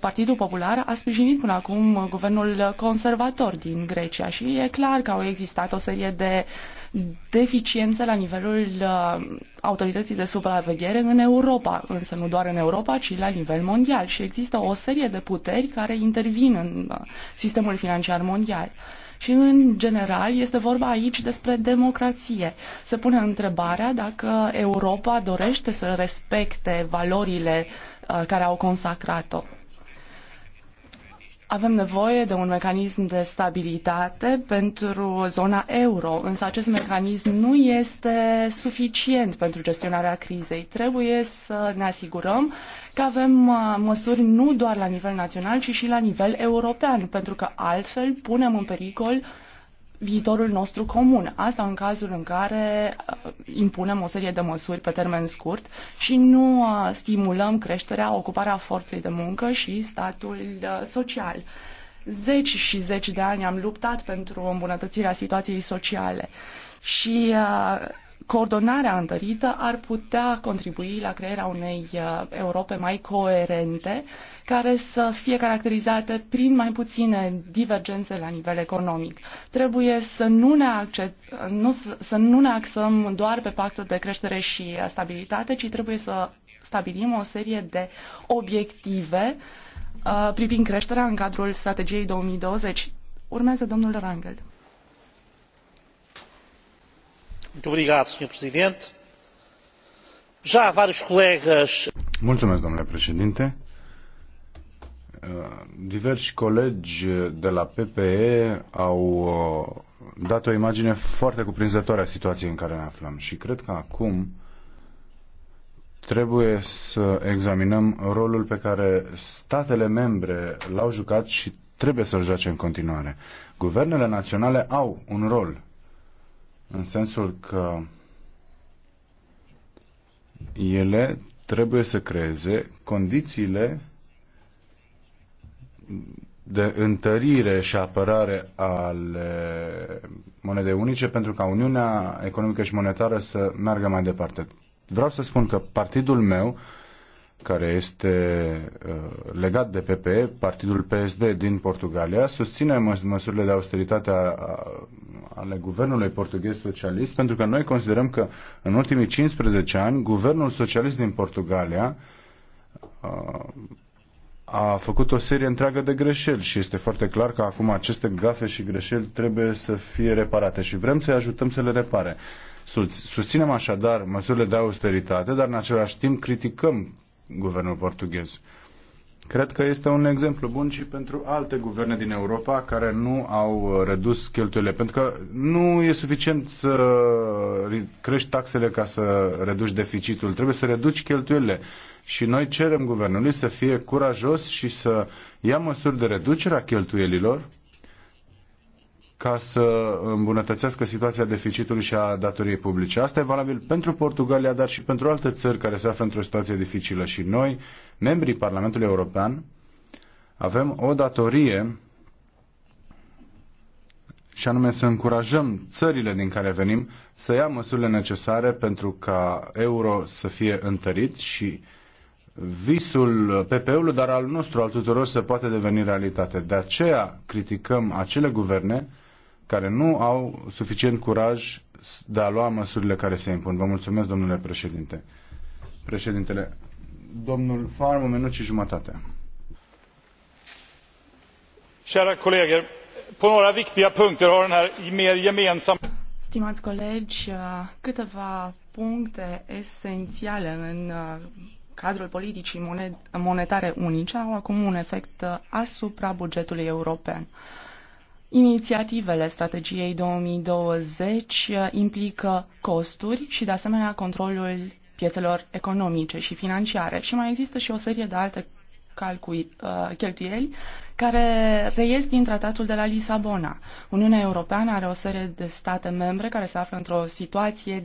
Partidul Popular a sprijinit până acum guvernul conservator din Grecia și e clar că au existat o serie de deficiențe la nivelul uh, autorității de supraveghere în Europa, însă nu doar în Europa, ci la nivel mondial și există o serie de puteri care intervin în uh, sistemul financiar mondial. Și, în general, este vorba aici despre democrație. Se pune întrebarea dacă Europa dorește să respecte valorile uh, care au consacrat-o avem nevoie de un mecanism de stabilitate pentru zona euro, însă acest mecanism nu este suficient pentru gestionarea crizei. Trebuie să ne asigurăm că avem uh, măsuri nu doar la nivel național, ci și la nivel european, pentru că altfel punem în pericol viitorul nostru comun. Asta în cazul în care uh, impunem o serie de măsuri pe termen scurt și nu uh, stimulăm creșterea, ocuparea forței de muncă și statul social zeci și zeci de ani am luptat pentru îmbunătățirea situației sociale. Și uh, coordonarea întărită ar putea contribui la crearea unei uh, Europe mai coerente, care să fie caracterizate prin mai puține divergențe la nivel economic. Trebuie să nu ne, accept, nu, să nu ne axăm doar pe pactul de creștere și uh, stabilitate, ci trebuie să stabilim o serie de obiective uh, privind creșterea în cadrul strategiei 2020. Urmează domnul Rangel domnule președinte uh, diversi colegi de la ppe au uh, dat o imagine foarte cuprinzătoare a situației în care ne aflăm și cred că acum trebuie să examinăm rolul pe care statele membre l-au jucat și trebuie să-l joace în continuare. Guvernele naționale au un rol în sensul că ele trebuie să creeze condițiile de întărire și apărare ale monedei unice pentru ca Uniunea Economică și Monetară să meargă mai departe. Vreau să spun că partidul meu care este uh, legat de PPE, partidul PSD din Portugalia, susține măs măsurile de austeritate a, a, ale guvernului portughez socialist, pentru că noi considerăm că în ultimii 15 ani guvernul socialist din Portugalia a, uh, a făcut o serie întreagă de greșeli și este foarte clar că acum aceste gafe și greșeli trebuie să fie reparate și vrem să-i ajutăm să le repare. Susținem așadar măsurile de austeritate, dar în același timp criticăm guvernul portughez. Cred că este un exemplu bun și pentru alte guverne din Europa care nu au uh, redus cheltuielile, pentru că nu e suficient să crești taxele ca să reduci deficitul, trebuie să reduci cheltuielile. Și noi cerem guvernului să fie curajos și să ia măsuri de reducere a cheltuielilor ca să îmbunătățească situația deficitului și a datoriei publice. Asta e valabil pentru Portugalia, dar și pentru alte țări care se află într-o situație dificilă. Și noi, membrii Parlamentului European, avem o datorie și anume să încurajăm țările din care venim să ia măsurile necesare pentru ca euro să fie întărit și visul PP-ului, dar al nostru, al tuturor, să poate deveni realitate. De aceea criticăm acele guverne care nu au suficient curaj de a lua măsurile care se impun. Vă mulțumesc, domnule președinte. Președintele, domnul Farm, un minut și jumătate. Kära kollegor, på några viktiga punkter har den här mer gemensam... Stimați colegi, uh, câteva puncte esențiale în uh, cadrul politicii monetare unice au acum un efect uh, asupra bugetului european. Inițiativele strategiei 2020 uh, implică costuri și, de asemenea, controlul piețelor economice și financiare. Și mai există și o serie de alte calcui, uh, cheltuieli care reiesc din tratatul de la Lisabona. Uniunea Europeană are o serie de state membre care se află într-o situație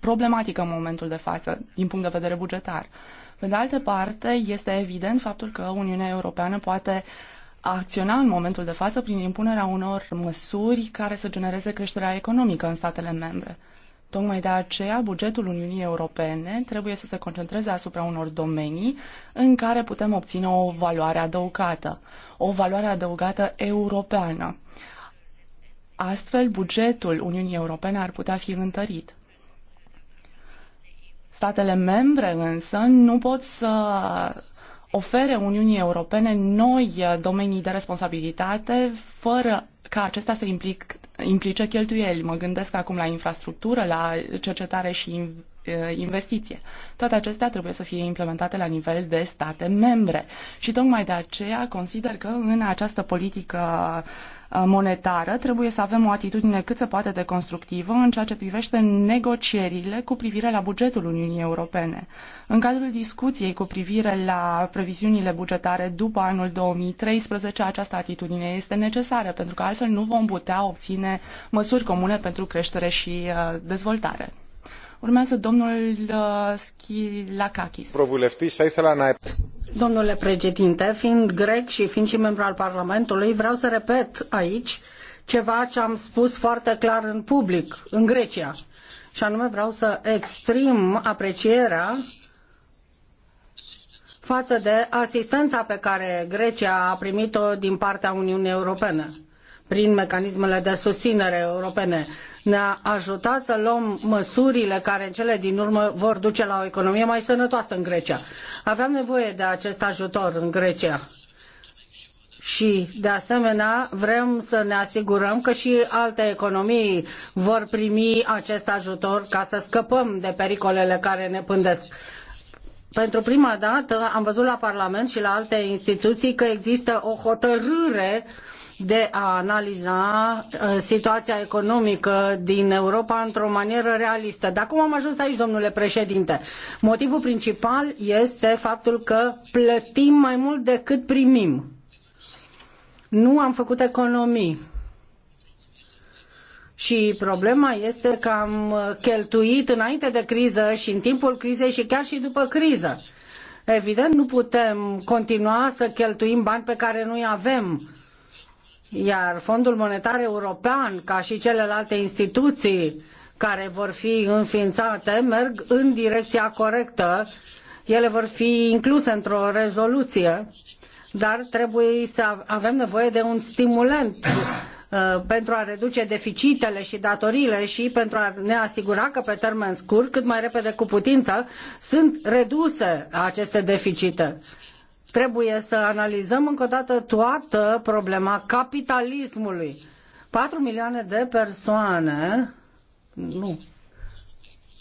problematică în momentul de față, din punct de vedere bugetar. Pe de altă parte, este evident faptul că Uniunea Europeană poate uh, acționa în momentul de față prin impunerea unor măsuri care să genereze creșterea economică în statele membre. Tocmai de aceea, bugetul Uniunii Europene trebuie să se concentreze asupra unor domenii în care putem obține o valoare adăugată, o valoare adăugată europeană. Astfel, bugetul Uniunii Europene ar putea fi întărit. Statele membre însă nu pot să ofere Uniunii Europene noi uh, domenii de responsabilitate fără ca acestea să implic, implice cheltuieli. Mă gândesc acum la infrastructură, la cercetare și uh, investiție. Toate acestea trebuie să fie implementate la nivel de state membre. Și tocmai de aceea consider că în această politică Uh, monetară, trebuie să avem o atitudine cât se poate de constructivă în ceea ce privește negocierile cu privire la bugetul Uniunii Europene. În cadrul discuției cu privire la previziunile bugetare după anul 2013, această atitudine este necesară, pentru că altfel nu vom putea obține măsuri comune pentru creștere și uh, dezvoltare. Urmează domnul uh, Schilakakis. Domnule președinte, fiind grec și fiind și membru al Parlamentului, vreau să repet aici ceva ce am spus foarte clar în public, în Grecia. Și anume vreau să exprim aprecierea față de asistența pe care Grecia a primit-o din partea Uniunii Europene prin mecanismele de susținere europene. Ne-a ajutat să luăm măsurile care în cele din urmă vor duce la o economie mai sănătoasă în Grecia. Aveam nevoie de acest ajutor în Grecia. Și, de asemenea, vrem să ne asigurăm că și alte economii vor primi acest ajutor ca să scăpăm de pericolele care ne pândesc. Pentru prima dată am văzut la Parlament și la alte instituții că există o hotărâre uh, de a analiza uh, situația economică din Europa într-o manieră realistă. Dar cum am ajuns aici, domnule președinte? Motivul principal este faptul că plătim mai mult decât primim. Nu am făcut economii. Și problema este că am cheltuit înainte de criză și în timpul crizei și chiar și după criză. Evident, nu putem continua să cheltuim bani pe care nu-i avem iar Fondul Monetar European, ca și celelalte instituții care vor fi înființate, merg în direcția corectă. Ele vor fi incluse într-o rezoluție, dar trebuie să avem nevoie de un stimulent uh, pentru a reduce deficitele și datoriile și pentru a ne asigura că pe termen scurt, cât mai repede cu putință, sunt reduse aceste deficite. Trebuie să analizăm încă o dată toată problema capitalismului. 4 milioane de persoane, nu,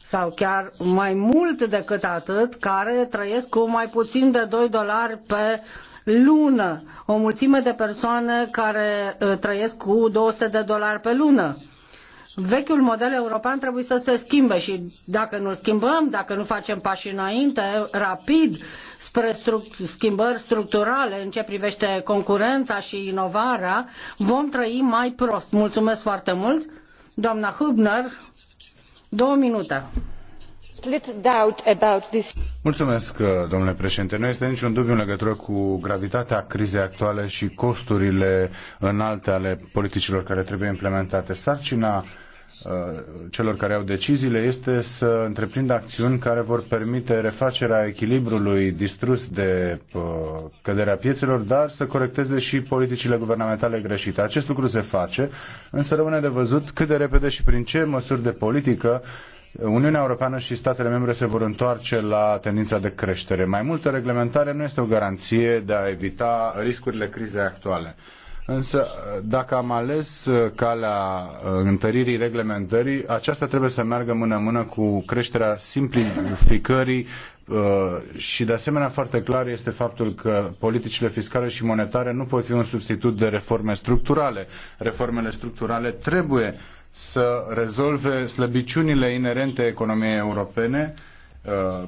sau chiar mai mult decât atât, care trăiesc cu mai puțin de 2 dolari pe lună. O mulțime de persoane care uh, trăiesc cu 200 de dolari pe lună vechiul model european trebuie să se schimbe și dacă nu schimbăm, dacă nu facem pași înainte rapid spre struct- schimbări structurale în ce privește concurența și inovarea, vom trăi mai prost. Mulțumesc foarte mult. Doamna Hubner. două minute. Mulțumesc, uh, domnule președinte. Nu este niciun dubiu în legătură cu gravitatea crizei actuale și costurile înalte ale politicilor care trebuie implementate. Sarcina Uh, celor care au deciziile este să întreprindă acțiuni care vor permite refacerea echilibrului distrus de uh, căderea piețelor, dar să corecteze și politicile guvernamentale greșite. Acest lucru se face, însă rămâne de văzut cât de repede și prin ce măsuri de politică Uniunea Europeană și statele membre se vor întoarce la tendința de creștere. Mai multă reglementare nu este o garanție de a evita riscurile crizei actuale. Însă, dacă am ales uh, calea uh, întăririi reglementării, aceasta trebuie să meargă mână-mână cu creșterea simplificării uh, și de asemenea foarte clar este faptul că politicile fiscale și monetare nu pot fi un substitut de reforme structurale. Reformele structurale trebuie să rezolve slăbiciunile inerente economiei europene Uh,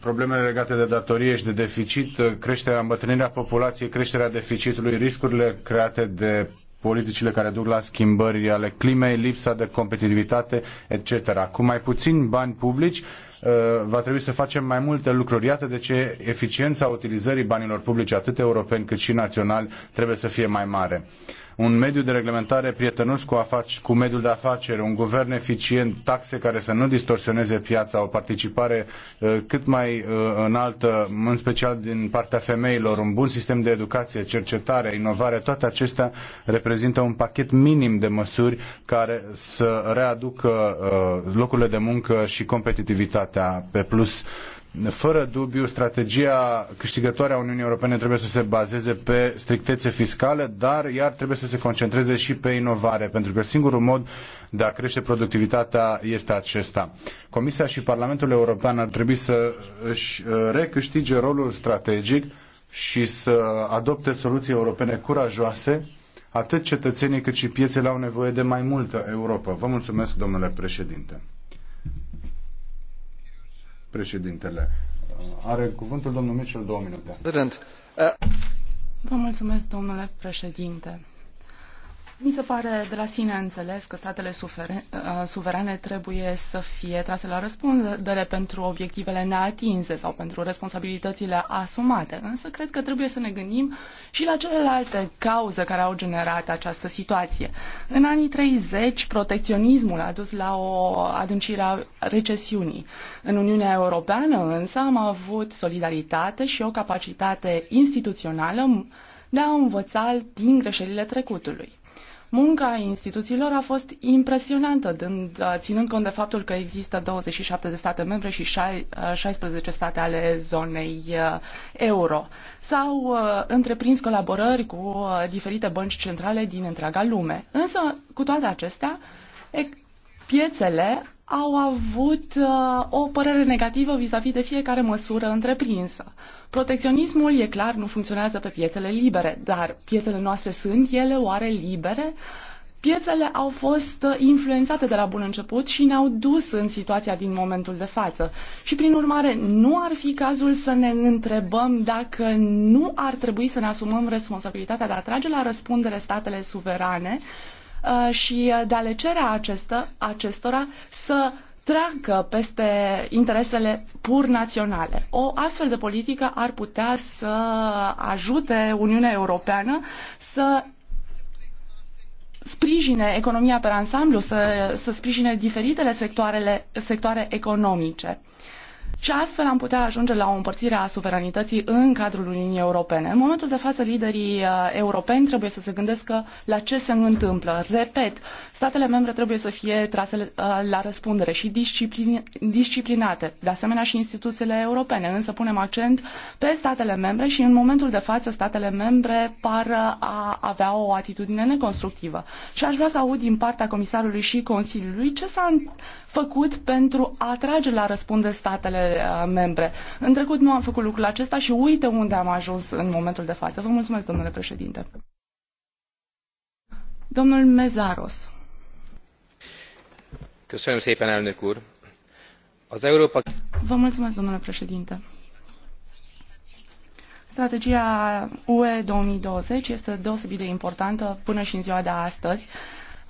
problemele legate de datorie și de deficit, uh, creșterea, îmbătrânirea populației, creșterea deficitului, riscurile create de politicile care duc la schimbări ale climei, lipsa de competitivitate, etc. Cu mai puțin bani publici, uh, va trebui să facem mai multe lucruri. Iată de ce eficiența utilizării banilor publici, atât europeni cât și naționali, trebuie să fie mai mare un mediu de reglementare prietenos cu, afac- cu mediul de afaceri, un guvern eficient, taxe care să nu distorsioneze piața, o participare uh, cât mai uh, înaltă, în special din partea femeilor, un bun sistem de educație, cercetare, inovare, toate acestea reprezintă un pachet minim de măsuri care să readucă uh, locurile de muncă și competitivitatea pe plus fără dubiu, strategia câștigătoare a Uniunii Europene trebuie să se bazeze pe strictețe fiscale, dar iar trebuie să se concentreze și pe inovare, pentru că singurul mod de a crește productivitatea este acesta. Comisia și Parlamentul European ar trebui să își uh, recâștige rolul strategic și să adopte soluții europene curajoase, atât cetățenii cât și piețele au nevoie de mai multă Europa. Vă mulțumesc, domnule președinte. Președintele, uh, are cuvântul domnul Mitchell două minute. Uh, Vă mulțumesc, domnule președinte. Mi se pare de la sine înțeles că statele uh, suverane trebuie să fie trase la răspundere pentru obiectivele neatinse sau pentru responsabilitățile asumate, însă cred că trebuie să ne gândim și la celelalte cauze care au generat această situație. În anii 30, protecționismul a dus la o adâncire a recesiunii. În Uniunea Europeană însă am avut solidaritate și o capacitate instituțională de a învăța din greșelile trecutului. Munca instituțiilor a fost impresionantă, dând, uh, ținând cont de faptul că există 27 de state membre și 16 uh, state ale zonei uh, euro. S-au întreprins colaborări cu diferite bănci centrale din întreaga lume. Însă, cu toate acestea, piețele au avut uh, o părere negativă vis-a-vis -vis de fiecare măsură întreprinsă. Protecționismul, e clar, nu funcționează pe piețele libere, dar piețele noastre sunt ele oare libere? Piețele au fost uh, influențate de la bun început și ne-au dus în situația din momentul de față. Și prin urmare, nu ar fi cazul să ne întrebăm dacă nu ar trebui să ne asumăm responsabilitatea de a trage la răspundere statele suverane Uh, și uh, de a le cere acestă, acestora să treacă peste interesele pur naționale. O astfel de politică ar putea să ajute Uniunea Europeană să sprijine economia pe ansamblu, să, să sprijine diferitele sectoarele, sectoare economice și astfel am putea ajunge la o împărțire a suveranității în cadrul Uniunii Europene. În momentul de față, liderii uh, europeni trebuie să se gândească la ce se întâmplă. Repet, statele membre trebuie să fie trase uh, la răspundere și disciplinate, de asemenea și instituțiile europene, însă punem accent pe statele membre și în momentul de față statele membre par uh, a avea o atitudine neconstructivă. Și aș vrea să aud din partea Comisarului și Consiliului ce s-a făcut pentru a trage la răspundere statele statele uh, membre. În trecut nu am făcut lucrul acesta și uite unde am ajuns în momentul de față. Vă mulțumesc, domnule președinte. Domnul Mezaros. Köszönöm szépen, elnök úr. Az Vă mulțumesc, domnule președinte. Strategia UE 2020 este deosebit de importantă până și în ziua de astăzi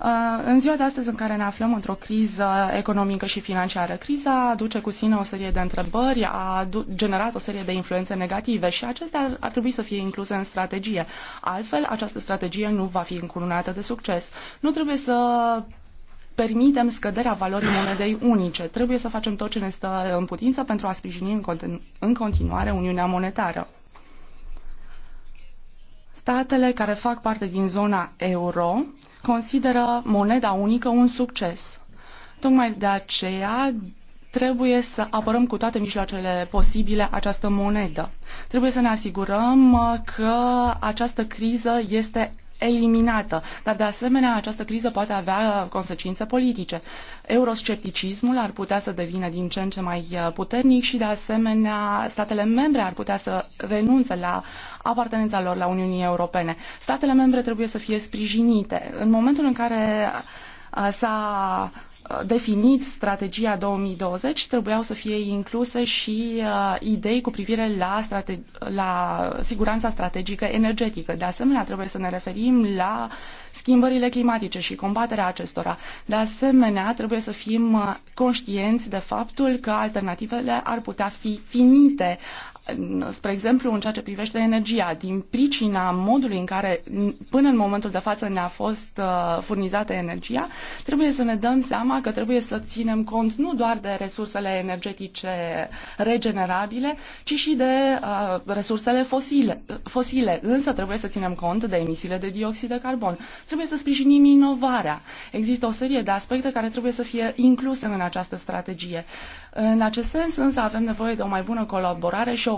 Uh, în ziua de astăzi în care ne aflăm într-o criză economică și financiară, criza aduce cu sine o serie de întrebări, a generat o serie de influențe negative și acestea ar trebui să fie incluse în strategie. Altfel, această strategie nu va fi încununată de succes. Nu trebuie să permitem scăderea valorii monedei unice. Trebuie să facem tot ce ne stă în putință pentru a sprijini în, în continuare Uniunea Monetară. Statele care fac parte din zona euro consideră moneda unică un succes. Tocmai de aceea trebuie să apărăm cu toate mijloacele posibile această monedă. Trebuie să ne asigurăm uh, că această criză este eliminată. Dar, de asemenea, această criză poate avea uh, consecințe politice. Euroscepticismul ar putea să devină din ce în ce mai uh, puternic și, de asemenea, statele membre ar putea să renunțe la apartenența lor la Uniunii Europene. Statele membre trebuie să fie sprijinite. În momentul în care uh, s-a uh, definit strategia 2020, trebuiau să fie incluse și uh, idei cu privire la, strate- la siguranța strategică energetică. De asemenea, trebuie să ne referim la schimbările climatice și combaterea acestora. De asemenea, trebuie să fim uh, conștienți de faptul că alternativele ar putea fi finite spre exemplu, în ceea ce privește energia, din pricina modului în care până în momentul de față ne-a fost uh, furnizată energia, trebuie să ne dăm seama că trebuie să ținem cont nu doar de resursele energetice regenerabile, ci și de uh, resursele fosile, fosile. Însă trebuie să ținem cont de emisiile de dioxid de carbon. Trebuie să sprijinim inovarea. Există o serie de aspecte care trebuie să fie incluse în această strategie. În acest sens, însă, avem nevoie de o mai bună colaborare și o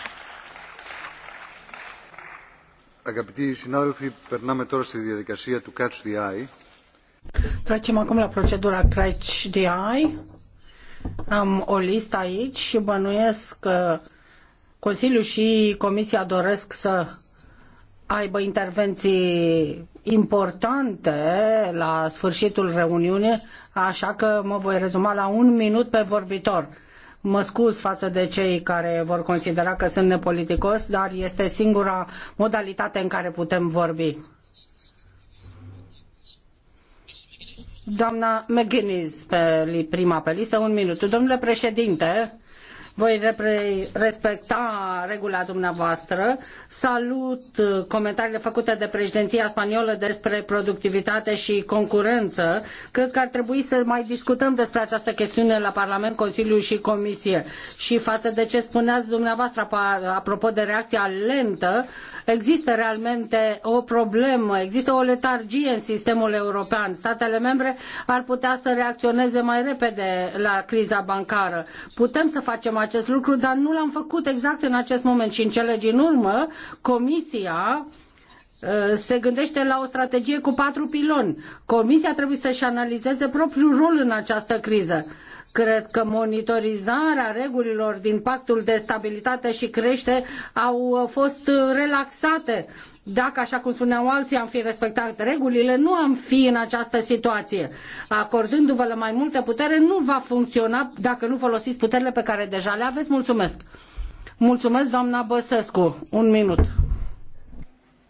Αγαπητοί συνάδελφοι, περνάμε τώρα στη διαδικασία του Catch the Eye. Trecem acum la procedura Catch the Eye. Am o listă aici și bănuiesc că Consiliul și Comisia doresc să aibă intervenții importante la sfârșitul reuniunii, așa că mă voi rezuma la un minut pe vorbitor. Mă scuz față de cei care vor considera că sunt nepoliticos, dar este singura modalitate în care putem vorbi. Doamna McGuinness, pe prima pe listă, un minut. Domnule președinte, voi respecta regula dumneavoastră. Salut uh, comentariile făcute de președinția spaniolă despre productivitate și concurență. Cred că ar trebui să mai discutăm despre această chestiune la Parlament, Consiliu și Comisie. Și față de ce spuneați dumneavoastră apropo de reacția lentă, există realmente o problemă, există o letargie în sistemul european. Statele membre ar putea să reacționeze mai repede la criza bancară. Putem să facem acest lucru, dar nu l-am făcut exact în acest moment și în cele din urmă Comisia Eh, se gândește la o strategie cu patru piloni. Comisia trebuie să-și analizeze propriul rol în această criză. Cred că monitorizarea regulilor din pactul de stabilitate și crește au fost relaxate. Dacă, așa cum spuneau alții, am fi respectat regulile, nu am fi în această situație. Acordându-vă la mai multă putere, nu va funcționa dacă nu folosiți puterile pe care deja le aveți. Mulțumesc! Mulțumesc, doamna Băsescu. Un minut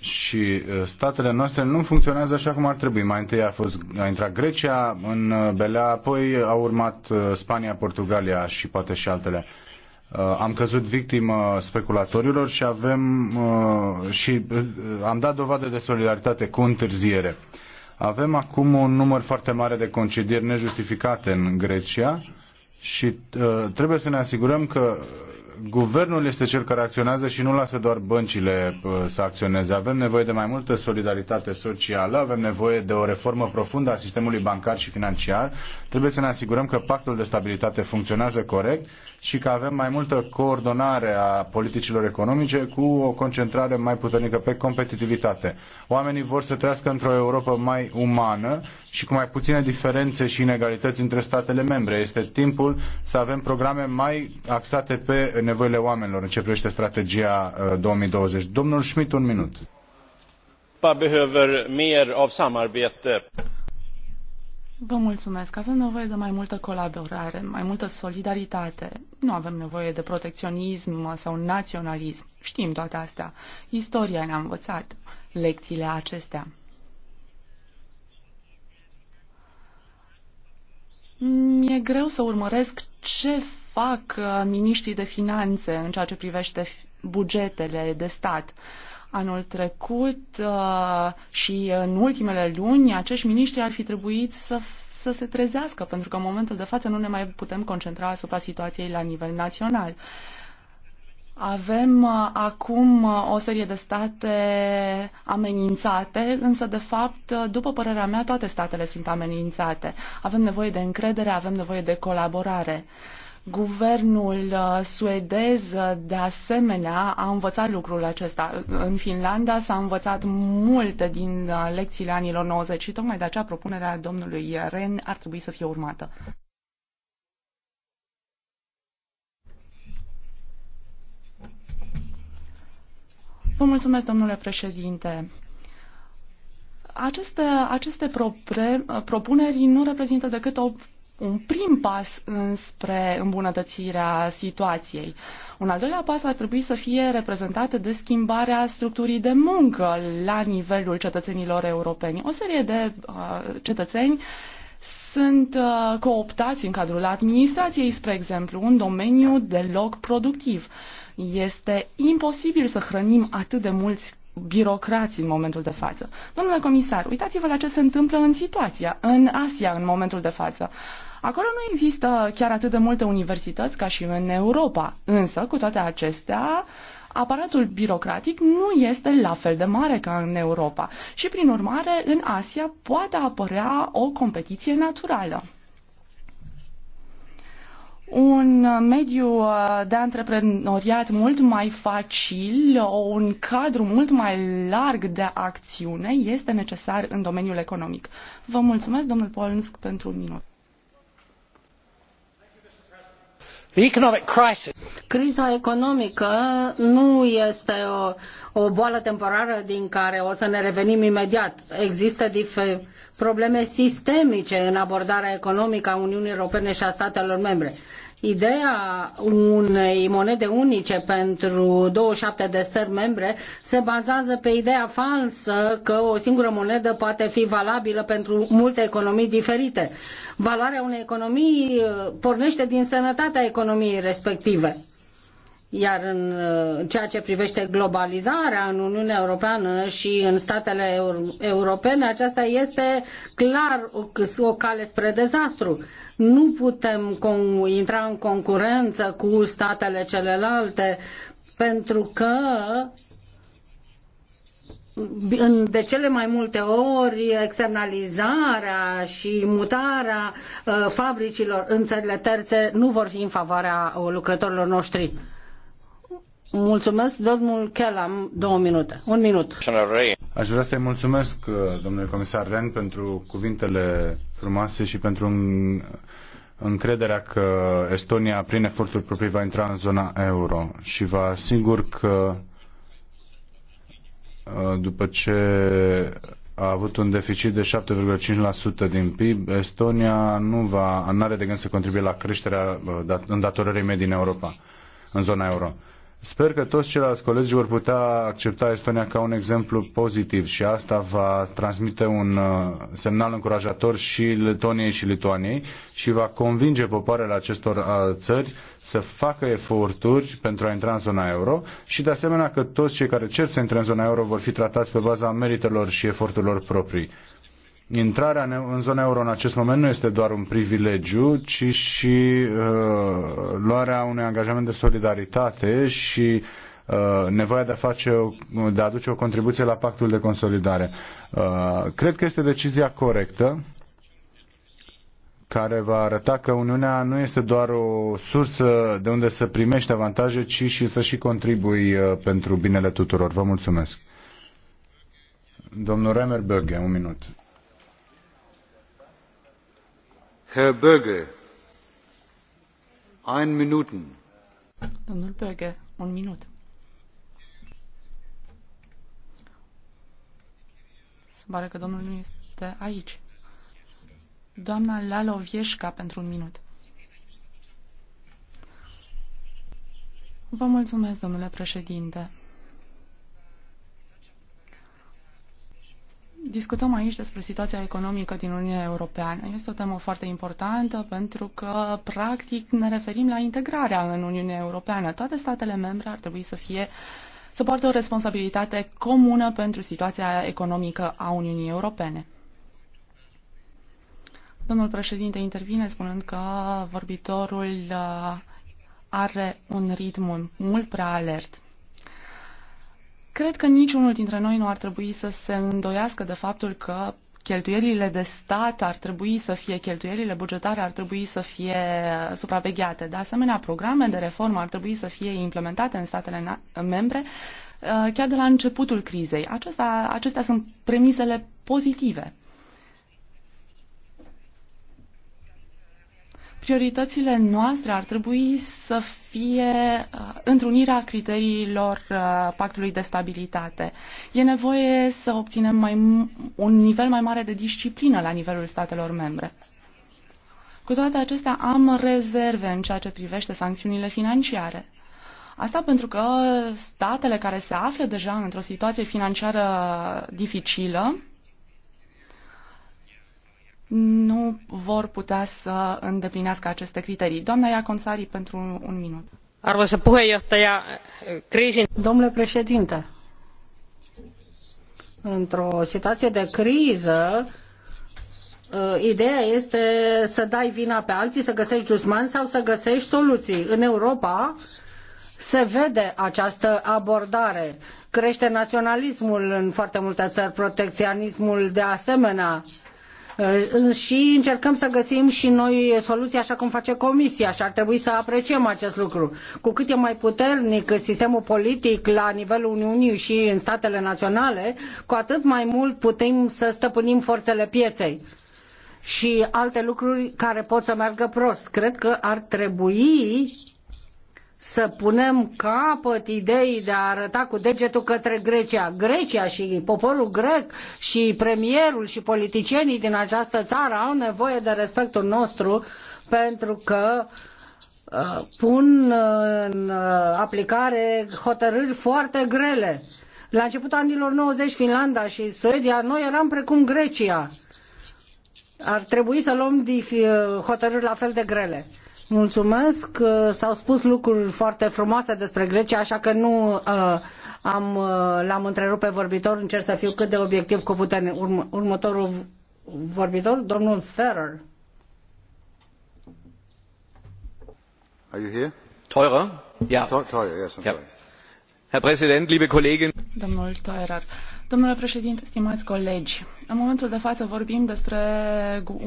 și uh, statele noastre nu funcționează așa cum ar trebui. Mai întâi a, fost, a intrat Grecia în uh, belea, apoi a urmat uh, Spania, Portugalia și poate și altele. Am căzut victimă speculatorilor și avem și am dat dovadă de solidaritate cu întârziere. Avem acum un număr foarte mare de concedieri nejustificate în Grecia și trebuie să ne asigurăm că guvernul este cel care acționează și nu lasă doar băncile uh, să acționeze. Avem nevoie de mai multă solidaritate socială, avem nevoie de o reformă profundă a sistemului bancar și financiar. Trebuie să ne asigurăm că pactul de stabilitate funcționează corect și că avem mai multă coordonare a politicilor economice cu o concentrare mai puternică pe competitivitate. Oamenii vor să trăiască într-o Europa mai umană și cu mai puține diferențe și inegalități între statele membre. Este timpul să avem programe mai axate pe nevoile oamenilor în ce privește strategia 2020. Uh, Domnul Schmidt, un minut. Vă mulțumesc. Avem nevoie de mai multă colaborare, mai multă solidaritate. Nu avem nevoie de protecționism sau naționalism. Știm toate astea. Istoria ne-a învățat lecțiile acestea. Mi-e greu să urmăresc ce fac uh, miniștrii de finanțe în ceea ce privește bugetele de stat. Anul trecut uh, și în ultimele luni, acești miniștri ar fi trebuit să să se trezească, pentru că în momentul de față nu ne mai putem concentra asupra situației la nivel național. Avem uh, acum o serie de state amenințate, însă, de fapt, după părerea mea, toate statele sunt amenințate. Avem nevoie de încredere, avem nevoie de colaborare. Guvernul uh, suedez, uh, de asemenea, a învățat lucrul acesta. În Finlanda s-a învățat multe din uh, lecțiile anilor 90 și tocmai de aceea propunerea domnului Ren ar trebui să fie urmată. Vă mulțumesc, domnule președinte aceste, aceste propre, propuneri nu reprezintă decât o un prim pas înspre îmbunătățirea situației. Un al doilea pas ar trebui să fie reprezentat de schimbarea structurii de muncă la nivelul cetățenilor europeni. O serie de uh, cetățeni sunt uh, cooptați în cadrul administrației, spre exemplu, un domeniu deloc productiv. Este imposibil să hrănim atât de mulți birocrați în momentul de față. Domnule comisar, uitați-vă la ce se întâmplă în situația, în Asia în momentul de față. Acolo nu există chiar atât de multe universități ca și în Europa, însă, cu toate acestea, aparatul birocratic nu este la fel de mare ca în Europa și, prin urmare, în Asia poate apărea o competiție naturală un mediu uh, de antreprenoriat mult mai facil, un cadru mult mai larg de acțiune este necesar în domeniul economic. Vă mulțumesc, domnul Polnsk, pentru un minut. Criza economică nu este o, o boală temporară din care o să ne revenim imediat. Există probleme sistemice în abordarea economică a Uniunii Europene și a statelor membre. Ideea unei monede unice pentru 27 de stări membre se bazează pe ideea falsă că o singură monedă poate fi valabilă pentru multe economii diferite. Valoarea unei economii uh, pornește din sănătatea economiei respective iar în ceea ce privește globalizarea în Uniunea Europeană și în statele europene, aceasta este clar o, o cale spre dezastru. Nu putem intra în concurență cu statele celelalte pentru că de cele mai multe ori externalizarea și mutarea uh, fabricilor în țările terțe nu vor fi în favoarea uh, lucrătorilor noștri. Mulțumesc, domnul Kellam, două minute. Un minut. Aș vrea să-i mulțumesc, uh, domnule comisar Ren, pentru cuvintele frumoase și pentru încrederea că Estonia, prin efortul proprii, va intra în zona euro și vă asigur că uh, după ce a avut un deficit de 7,5% din PIB, Estonia nu va, are de gând să contribuie la creșterea uh, îndatorării medii în Europa, în zona euro. Sper că toți ceilalți colegi vor putea accepta Estonia ca un exemplu pozitiv și asta va transmite un uh, semnal încurajator și Letoniei și Lituaniei și va convinge popoarele acestor uh, țări să facă eforturi pentru a intra în zona euro și de asemenea că toți cei care cer să intre în zona euro vor fi tratați pe baza meritelor și eforturilor proprii. Intrarea în zona euro în acest moment nu este doar un privilegiu, ci și uh, luarea unui angajament de solidaritate și uh, nevoia de a, face o, de a aduce o contribuție la pactul de consolidare. Uh, cred că este decizia corectă care va arăta că Uniunea nu este doar o sursă de unde să primești avantaje, ci și să și contribui uh, pentru binele tuturor. Vă mulțumesc. Domnul Remer Böge, un minut. Herr Böge, ein Minuten. Domnul Böge, un minut. Se că domnul nu este aici. Doamna Lalovieșca pentru un minut. Vă mulțumesc, domnule președinte. Discutăm aici despre situația economică din Uniunea Europeană. Este o temă foarte importantă pentru că, practic, ne referim la integrarea în Uniunea Europeană. Toate statele membre ar trebui să fie să poartă o responsabilitate comună pentru situația economică a Uniunii Europene. Domnul președinte intervine spunând că vorbitorul uh, are un ritm mult prea alert. Cred că niciunul dintre noi nu ar trebui să se îndoiască de faptul că cheltuielile de stat ar trebui să fie, cheltuielile bugetare ar trebui să fie supravegheate. De asemenea, programe de reformă ar trebui să fie implementate în statele membre uh, chiar de la începutul crizei. Acestea, acestea sunt premisele pozitive. prioritățile noastre ar trebui să fie uh, întrunirea criteriilor uh, pactului de stabilitate. E nevoie să obținem mai, un nivel mai mare de disciplină la nivelul statelor membre. Cu toate acestea, am rezerve în ceea ce privește sancțiunile financiare. Asta pentru că statele care se află deja într-o situație financiară dificilă nu vor putea să îndeplinească aceste criterii. Doamna Iaconsari, pentru un, un minut. Arvoisa puheenjohtaja, kriisin... Domnule președinte, într-o situație de criză, uh, ideea este să dai vina pe alții, să găsești dușmani sau să găsești soluții. În Europa se vede această abordare. Crește naționalismul în foarte multe țări, protecționismul de asemenea Uh, și încercăm să găsim și noi soluții așa cum face Comisia și ar trebui să apreciem acest lucru. Cu cât e mai puternic sistemul politic la nivelul Uniunii și în statele naționale, cu atât mai mult putem să stăpânim forțele pieței și alte lucruri care pot să meargă prost. Cred că ar trebui să punem capăt ideii de a arăta cu degetul către Grecia. Grecia și poporul grec și premierul și politicienii din această țară au nevoie de respectul nostru pentru că uh, pun în uh, aplicare hotărâri foarte grele. La începutul anilor 90, Finlanda și Suedia, noi eram precum Grecia. Ar trebui să luăm hotărâri la fel de grele. Mulțumesc. Uh, s-au spus lucruri foarte frumoase despre Grecia, așa că nu uh, am, uh, l-am întrerupt pe vorbitor. Încerc să fiu cât de obiectiv cu putere. Urm următorul vorbitor, domnul Ferrer. Are you here? Teurer? Ja. Teurer, yes, I'm sorry. Herr Präsident, liebe Kolleginnen. Domnul Teurer. Domnule președinte, stimați colegi, în momentul de față vorbim despre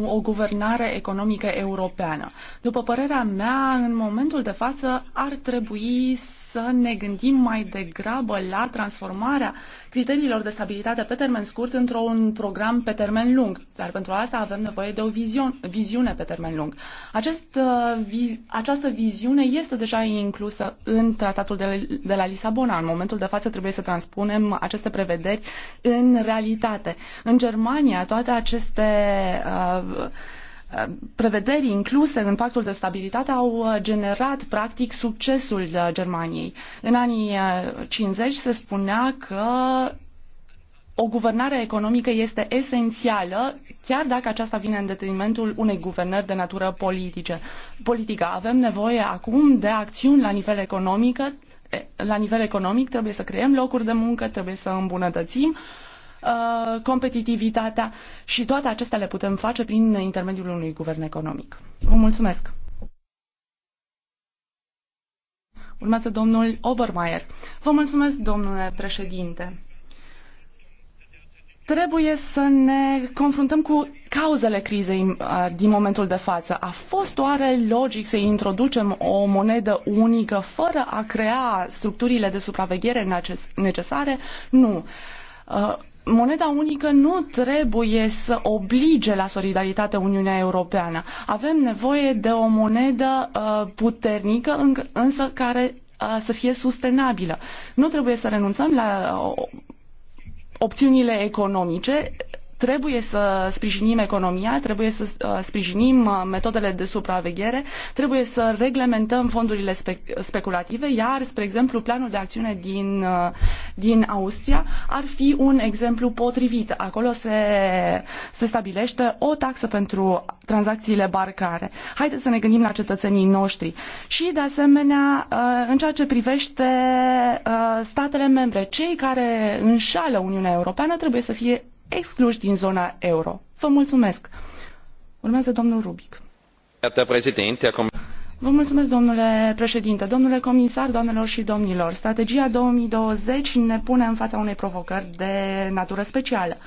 o guvernare economică europeană. După părerea mea, în momentul de față ar trebui să ne gândim mai degrabă la transformarea criteriilor de stabilitate pe termen scurt într-un program pe termen lung. Dar pentru asta avem nevoie de o vizion, viziune pe termen lung. Acest, uh, vi, această viziune este deja inclusă în tratatul de, de la Lisabona. În momentul de față trebuie să transpunem aceste prevederi în realitate. În Germania toate aceste uh, prevederii incluse în pactul de stabilitate au uh, generat practic succesul uh, Germaniei. În anii 50 uh, se spunea că o guvernare economică este esențială, chiar dacă aceasta vine în detrimentul unei guvernări de natură politice. politică. Avem nevoie acum de acțiuni la nivel economic, la nivel economic trebuie să creăm locuri de muncă, trebuie să îmbunătățim uh, Uh, competitivitatea și toate acestea le putem face prin intermediul unui guvern economic. Vă mulțumesc! Urmează domnul Obermeier. Vă mulțumesc, domnule președinte. Trebuie să ne confruntăm cu cauzele crizei uh, din momentul de față. A fost oare logic să introducem o monedă unică fără a crea structurile de supraveghere necesare? Nu uh, moneda unică nu trebuie să oblige la solidaritate Uniunea Europeană. Avem nevoie de o monedă uh, puternică, însă care uh, să fie sustenabilă. Nu trebuie să renunțăm la uh, opțiunile economice Trebuie să sprijinim economia, trebuie să uh, sprijinim uh, metodele de supraveghere, trebuie să reglementăm fondurile spe speculative, iar, spre exemplu, planul de acțiune din, uh, din Austria ar fi un exemplu potrivit. Acolo se, se stabilește o taxă pentru tranzacțiile barcare. Haideți să ne gândim la cetățenii noștri. Și, de asemenea, în ceea ce privește statele membre, cei care înșală Uniunea Europeană trebuie să fie excluși din zona euro. Vă mulțumesc. Urmează domnul Rubic. Vă mulțumesc, domnule președinte, domnule comisar, doamnelor și domnilor. Strategia 2020 ne pune în fața unei provocări de natură specială.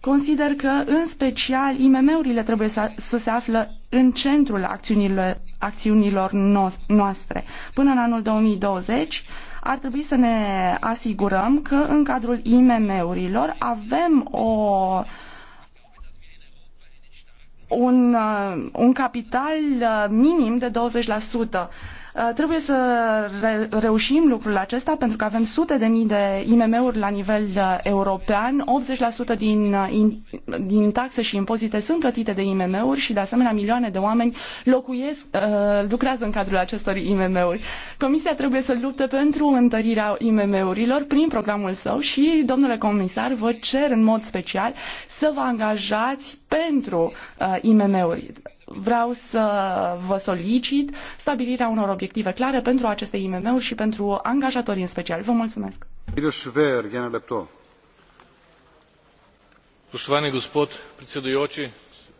Consider că, în special, IMM-urile trebuie să, să se află în centrul acțiunilor, acțiunilor noastre. Până în anul 2020, ar trebui să ne asigurăm că în cadrul IMM-urilor avem o un, un capital minim de 20%. Uh, trebuie să re- reușim lucrul acesta pentru că avem sute de mii de IMM-uri la nivel uh, european, 80% din, uh, din taxe și impozite sunt plătite de IMM-uri și de asemenea milioane de oameni locuiesc, lucrează în cadrul acestor IMM-uri. Comisia trebuie să lupte pentru întărirea IMM-urilor prin programul său și, domnule comisar, vă cer în mod special să vă angajați pentru IMM-uri vreau să vă solicit stabilirea unor obiective clare pentru aceste IMM-uri și pentru angajatorii în special. Vă mulțumesc. Spoštovani gospod predsedujoči,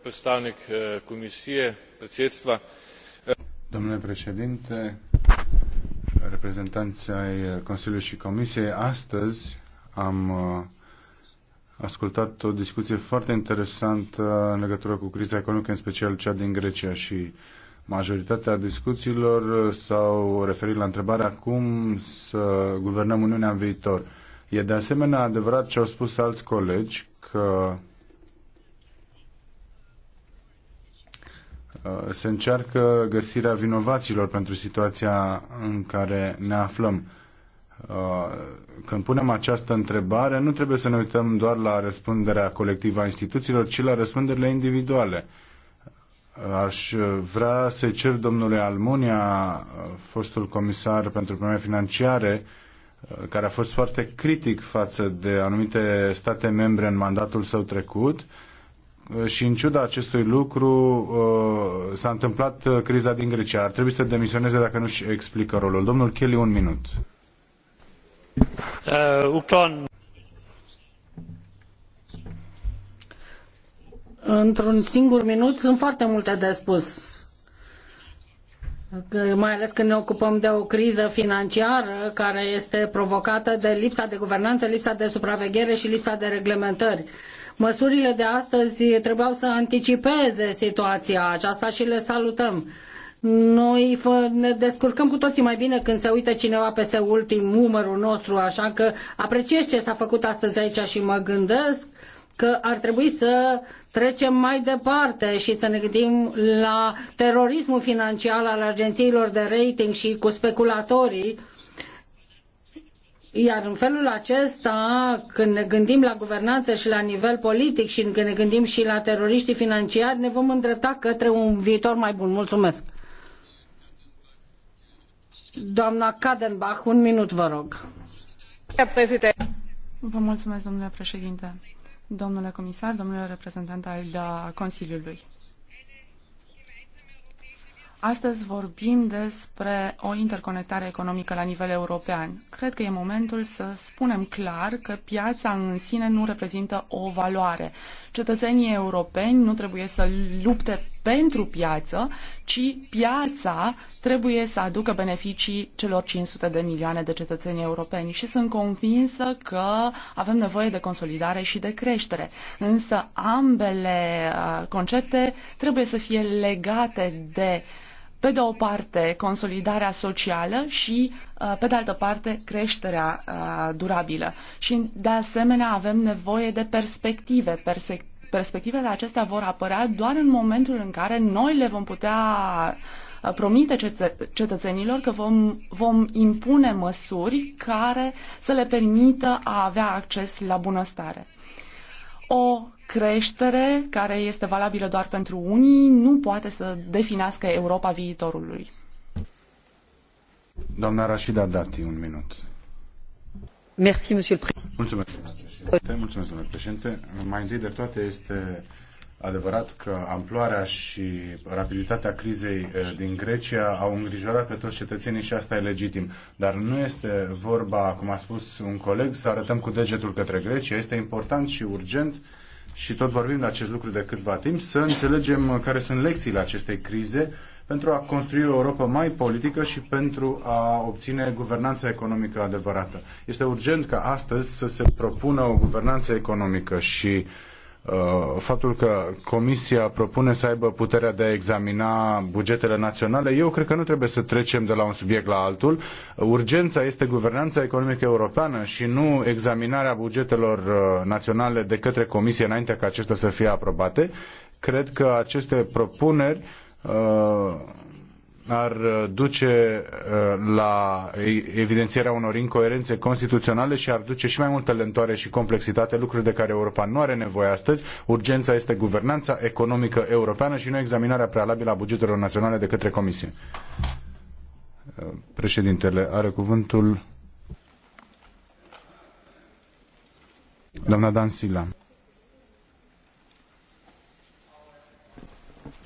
predstavnik eh, komisije, predsedstva. Domnule președinte, reprezentanții Consiliului și Comisiei, astăzi am eh, ascultat o discuție foarte interesantă în legătură cu criza economică, în special cea din Grecia și majoritatea discuțiilor s-au referit la întrebarea cum să guvernăm Uniunea în viitor. E de asemenea adevărat ce au spus alți colegi că uh, se încearcă găsirea vinovaților pentru situația în care ne aflăm. Uh, când punem această întrebare, nu trebuie să ne uităm doar la răspunderea colectivă a instituțiilor, ci la răspunderile individuale. Aș vrea să cer domnului Almunia, fostul comisar pentru probleme financiare, uh, care a fost foarte critic față de anumite state membre în mandatul său trecut, uh, și în ciuda acestui lucru s-a întâmplat criza din Grecia. Ar trebui să demisioneze dacă nu-și explică rolul. Domnul Kelly, un minut. Uh, într un singur minut sunt foarte multe de spus mai ales când ne ocupăm de o criză financiară care este provocată de lipsa de guvernanță, lipsa de supraveghere și lipsa de reglementări. Măsurile de astăzi trebuiau să anticipeze situația aceasta și le salutăm noi ne descurcăm cu toții mai bine când se uită cineva peste ultim umărul nostru, așa că apreciez ce s-a făcut astăzi aici și mă gândesc că ar trebui să trecem mai departe și să ne gândim la terorismul financiar al agențiilor de rating și cu speculatorii. Iar în felul acesta, când ne gândim la guvernanță și la nivel politic și când ne gândim și la teroriștii financiari, ne vom îndrepta către un viitor mai bun. Mulțumesc! Doamna Kadenbach, un minut, vă rog. Vă mulțumesc, domnule președinte, domnule comisar, domnule reprezentant al da, Consiliului. Astăzi vorbim despre o interconectare economică la nivel european. Cred că e momentul să spunem clar că piața în sine nu reprezintă o valoare. Cetățenii europeni nu trebuie să lupte pentru piață, ci piața trebuie să aducă beneficii celor 500 de milioane de cetățeni europeni și sunt convinsă că avem nevoie de consolidare și de creștere. Însă ambele uh, concepte trebuie să fie legate de pe de o parte consolidarea socială și uh, pe de altă parte creșterea uh, durabilă. Și de asemenea avem nevoie de perspective, perspective perspectivele acestea vor apărea doar în momentul în care noi le vom putea uh, promite cetă cetățenilor că vom, vom impune măsuri care să le permită a avea acces la bunăstare. O creștere care este valabilă doar pentru unii nu poate să definească Europa viitorului. Doamna Rashida Dati, un minut. Păi, mulțumesc, domnule președinte. Mai întâi de toate este adevărat că amploarea și rapiditatea crizei eh, din Grecia au îngrijorat pe toți cetățenii și asta e legitim. Dar nu este vorba, cum a spus un coleg, să arătăm cu degetul către Grecia. Este important și urgent și tot vorbim de acest lucru de câtva timp, să înțelegem care sunt lecțiile acestei crize pentru a construi o Europa mai politică și pentru a obține guvernanța economică adevărată. Este urgent ca astăzi să se propună o guvernanță economică și uh, faptul că Comisia propune să aibă puterea de a examina bugetele naționale, eu cred că nu trebuie să trecem de la un subiect la altul. Urgența este guvernanța economică europeană și nu examinarea bugetelor uh, naționale de către Comisie înainte ca acestea să fie aprobate. Cred că aceste propuneri Uh, ar duce uh, la evidențierea unor incoerențe constituționale și ar duce și mai multă lentoare și complexitate, lucruri de care Europa nu are nevoie astăzi. Urgența este guvernanța economică europeană și nu examinarea prealabilă a bugetelor naționale de către Comisie. Uh, președintele are cuvântul. Doamna Sila.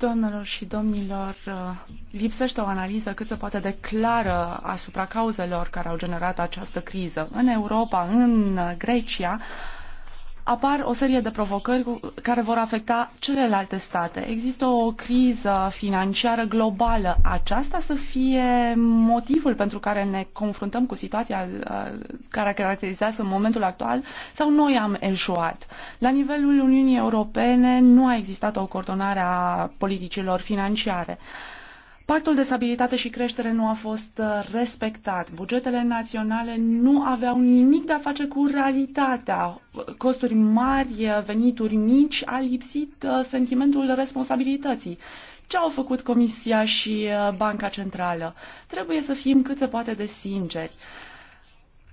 Doamnelor și domnilor, uh, lipsește o analiză cât se poate de clară asupra cauzelor care au generat această criză. În Europa, în Grecia, apar o serie de provocări care vor afecta celelalte state. Există o criză financiară globală. Aceasta să fie motivul pentru care ne confruntăm cu situația uh, care caracterizează momentul actual sau noi am eșuat? La nivelul Uniunii Europene nu a existat o coordonare a politicilor financiare. Pactul de stabilitate și creștere nu a fost uh, respectat. Bugetele naționale nu aveau nimic de a face cu realitatea. Costuri mari, uh, venituri mici, a lipsit uh, sentimentul responsabilității. Ce au făcut Comisia și Banca Centrală? Trebuie să fim cât se poate de sinceri.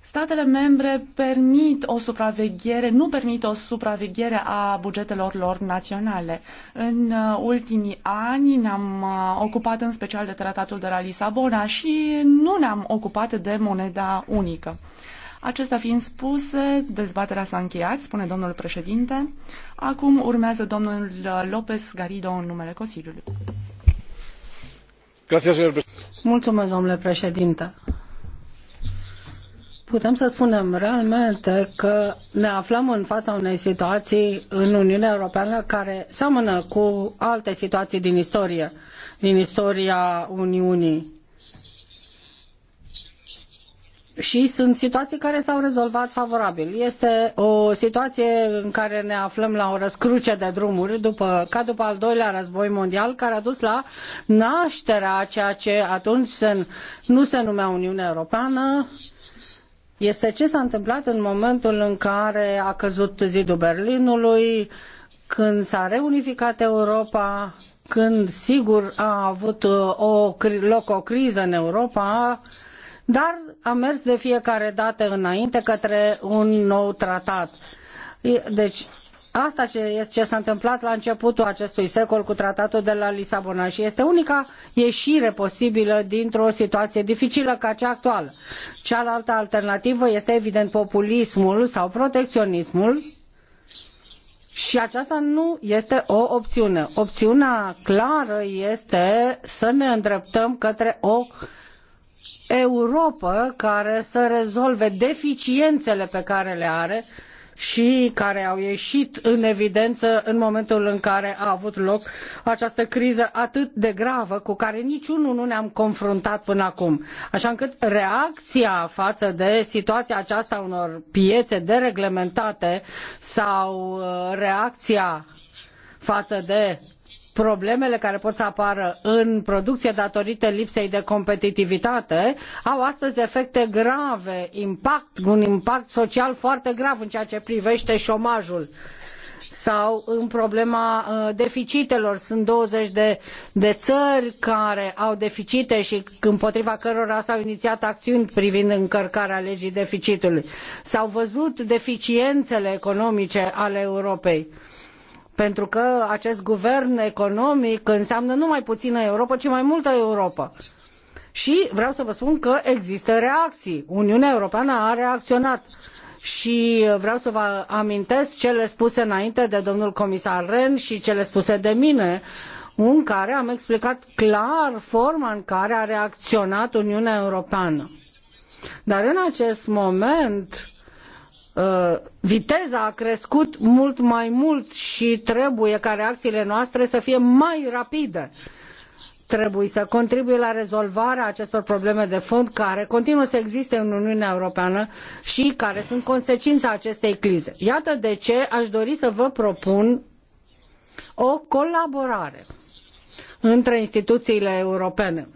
Statele membre permit o supraveghere, nu permit o supraveghere a bugetelor lor naționale. În uh, ultimii ani ne-am uh, ocupat în special de tratatul de la Lisabona și nu ne-am ocupat de moneda unică. Acestea fiind spuse, dezbaterea s-a încheiat, spune domnul președinte. Acum urmează domnul uh, López Garrido în numele Consiliului. Mulțumesc, domnule președinte. Putem să spunem realmente că ne aflăm în fața unei situații în Uniunea Europeană care seamănă cu alte situații din istorie, din istoria Uniunii. Și sunt situații care s-au rezolvat favorabil. Este o situație în care ne aflăm la o răscruce de drumuri, după, ca după al doilea război mondial, care a dus la nașterea ceea ce atunci se, nu se numea Uniunea Europeană, este ce s-a întâmplat în momentul în care a căzut zidul Berlinului, când s-a reunificat Europa, când sigur a avut uh, o, loc o criză în Europa, dar a mers de fiecare dată înainte către un nou tratat. Deci Asta ce, ce s-a întâmplat la începutul acestui secol cu tratatul de la Lisabona și este unica ieșire posibilă dintr-o situație dificilă ca cea actuală. Cealaltă alternativă este evident populismul sau protecționismul și aceasta nu este o opțiune. Opțiunea clară este să ne îndreptăm către o Europa care să rezolve deficiențele pe care le are și care au ieșit în evidență în momentul în care a avut loc această criză atât de gravă cu care niciunul nu ne-am confruntat până acum. Așa încât reacția față de situația aceasta unor piețe dereglementate sau uh, reacția față de problemele care pot să apară în producție datorită lipsei de competitivitate au astăzi efecte grave, impact, un impact social foarte grav în ceea ce privește omajul sau în problema uh, deficitelor. Sunt 20 de, de țări care au deficite și împotriva cărora s-au inițiat acțiuni privind încărcarea legii deficitului. S-au văzut deficiențele economice ale Europei pentru că acest guvern economic înseamnă nu mai puțină Europa, ci mai multă Europa. Și vreau să vă spun că există reacții. Uniunea Europeană a reacționat. Și vreau să vă amintesc cele spuse înainte de domnul comisar Ren și cele spuse de mine, în care am explicat clar forma în care a reacționat Uniunea Europeană. Dar în acest moment Uh, viteza a crescut mult mai mult și trebuie ca reacțiile noastre să fie mai rapide. Trebuie să contribuie la rezolvarea acestor probleme de fond care continuă să existe în Uniunea Europeană și care sunt consecința acestei crize. Iată de ce aș dori să vă propun o colaborare între instituțiile europene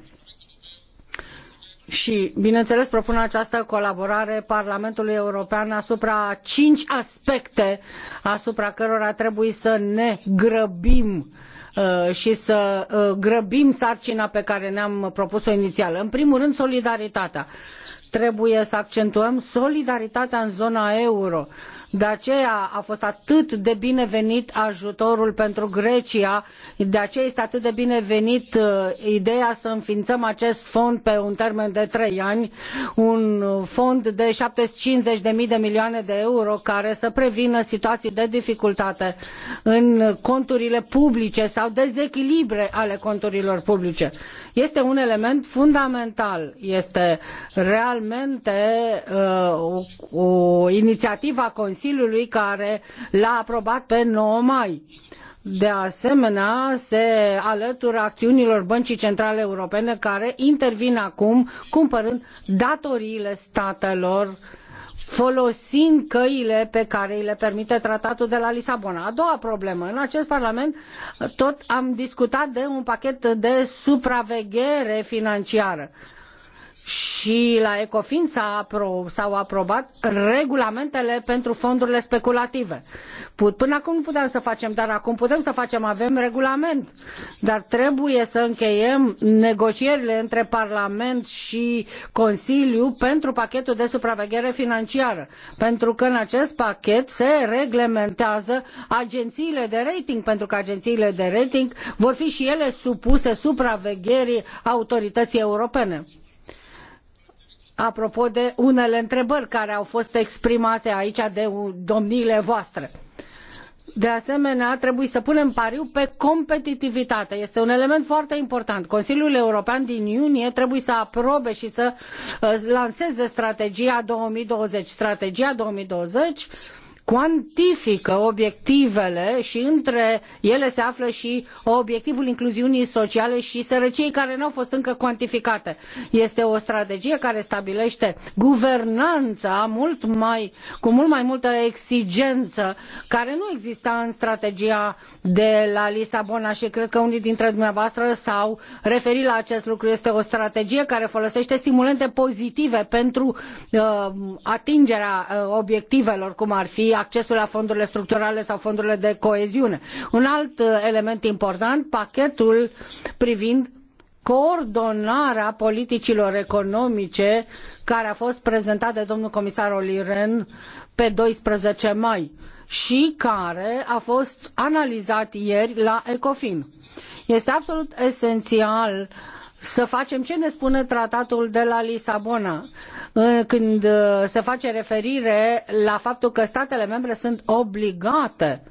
și, bineînțeles, propun această colaborare Parlamentului European asupra cinci aspecte asupra cărora trebuie să ne grăbim uh, și să uh, grăbim sarcina pe care ne-am propus-o inițial. În primul rând, solidaritatea. Trebuie să accentuăm solidaritatea în zona euro. De aceea a fost atât de binevenit ajutorul pentru Grecia, de aceea este atât de binevenit uh, ideea să înființăm acest fond pe un termen de trei ani, un fond de 750.000 de milioane de euro care să prevină situații de dificultate în conturile publice sau dezechilibre ale conturilor publice. Este un element fundamental, este real realmente uh, o, o inițiativă a Consiliului care l-a aprobat pe 9 mai. De asemenea, se alătură acțiunilor Băncii Centrale Europene care intervin acum cumpărând datoriile statelor folosind căile pe care îi le permite tratatul de la Lisabona. A doua problemă, în acest Parlament tot am discutat de un pachet de supraveghere financiară. Uh, și la ECOFIN s-au aprobat regulamentele pentru fondurile speculative. Până acum nu puteam să facem, dar acum putem să facem, avem regulament. Dar trebuie să încheiem negocierile între Parlament și Consiliu pentru pachetul de supraveghere financiară. Pentru că în acest pachet se reglementează agențiile de rating, pentru că agențiile de rating vor fi și ele supuse supravegherii autorității europene apropo de unele întrebări care au fost exprimate aici de domniile voastre. De asemenea, trebuie să punem pariu pe competitivitate. Este un element foarte important. Consiliul European din iunie trebuie să aprobe și să uh, lanseze strategia 2020. Strategia 2020 cuantifică obiectivele și între ele se află și obiectivul incluziunii sociale și sărăciei care nu au fost încă cuantificate. Este o strategie care stabilește guvernanța mult mai, cu mult mai multă exigență care nu exista în strategia de la Lisabona și cred că unii dintre dumneavoastră s-au referit la acest lucru. Este o strategie care folosește stimulente pozitive pentru uh, atingerea uh, obiectivelor, cum ar fi accesul la fondurile structurale sau fondurile de coeziune. Un alt uh, element important, pachetul privind coordonarea politicilor economice care a fost prezentat de domnul comisar Olli Rehn pe 12 mai și care a fost analizat ieri la Ecofin. Este absolut esențial uh, să facem ce ne spune tratatul de la Lisabona când uh, se face referire la faptul că statele membre sunt obligate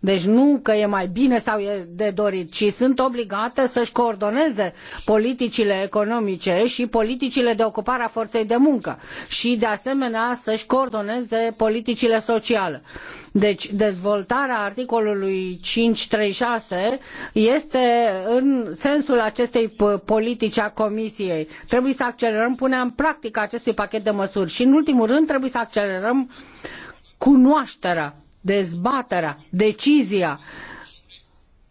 deci nu că e mai bine sau e de dorit, ci sunt obligate să-și coordoneze politicile economice și politicile de ocupare a forței de muncă și de asemenea să-și coordoneze politicile sociale. Deci dezvoltarea articolului 536 este în sensul acestei politici a Comisiei. Trebuie să accelerăm punerea în practică acestui pachet de măsuri și în ultimul rând trebuie să accelerăm cunoașterea dezbaterea, decizia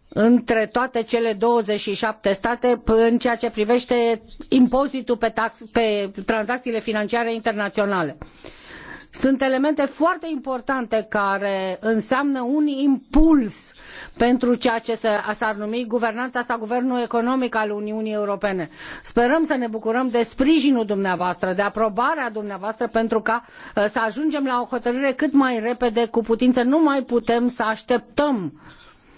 între toate cele 27 state în ceea ce privește impozitul pe, tax, pe tranzacțiile financiare internaționale. Uh, sunt elemente foarte importante care înseamnă un impuls pentru ceea ce s-ar numi guvernanța sau guvernul economic al Uniunii Europene. Sperăm să ne bucurăm de sprijinul dumneavoastră, de aprobarea dumneavoastră pentru ca uh, să ajungem la o hotărâre cât mai repede cu putință. Nu mai putem să așteptăm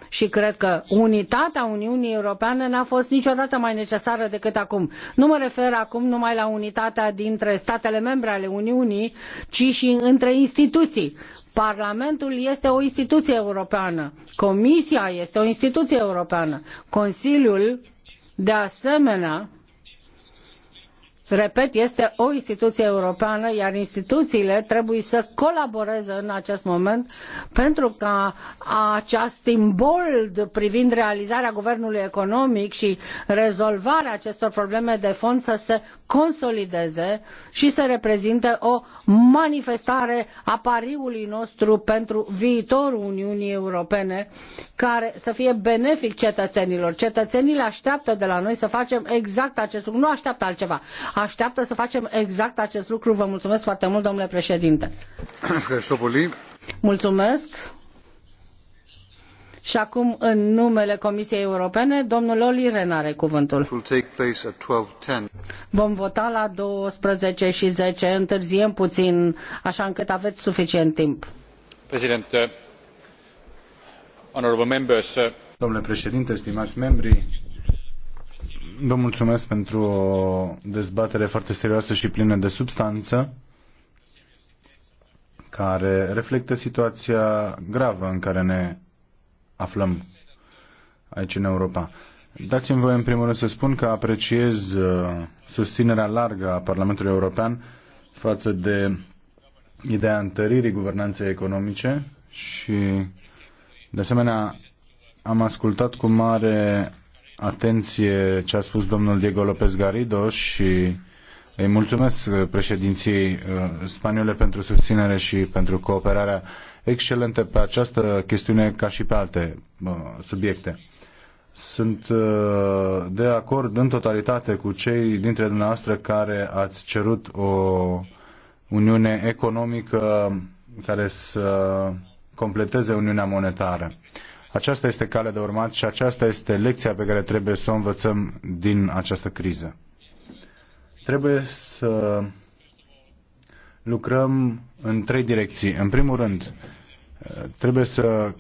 și cred că unitatea Uniunii Europene n-a fost niciodată mai necesară decât acum. Nu mă refer acum numai la unitatea dintre statele membre ale Uniunii, ci și între instituții. Parlamentul este o instituție europeană, Comisia este o instituție europeană, Consiliul de asemenea Repet, este o instituție europeană, iar instituțiile trebuie să colaboreze în acest moment pentru ca acest imbold privind realizarea guvernului economic și rezolvarea acestor probleme de fond să se consolideze și să reprezinte o manifestare a pariului nostru pentru viitorul Uniunii Europene care să fie benefic cetățenilor. Cetățenii le așteaptă de la noi să facem exact acest lucru, nu așteaptă altceva așteaptă să facem exact acest lucru. Vă mulțumesc foarte mult, domnule președinte. Mulțumesc. Și acum, în numele Comisiei Europene, domnul Olli Ren are cuvântul. Vom vota la 12 și 10, întârziem puțin, așa încât aveți suficient timp. Președinte, Domnule președinte, stimați membri, Vă mulțumesc pentru o dezbatere foarte serioasă și plină de substanță care reflectă situația gravă în care ne aflăm aici în Europa. Dați-mi voie în primul rând să spun că apreciez uh, susținerea largă a Parlamentului European față de ideea întăririi guvernanței economice și de asemenea am ascultat cu mare atenție ce a spus domnul Diego López Garrido și îi mulțumesc președinției uh, spaniole pentru susținere și pentru cooperarea excelentă pe această chestiune ca și pe alte uh, subiecte. Sunt uh, de acord în totalitate cu cei dintre dumneavoastră care ați cerut o uniune economică care să completeze uniunea monetară. Aceasta este calea de urmat și aceasta este lecția pe care trebuie să o învățăm din această criză. Trebuie să lucrăm în trei direcții. În primul rând, trebuie să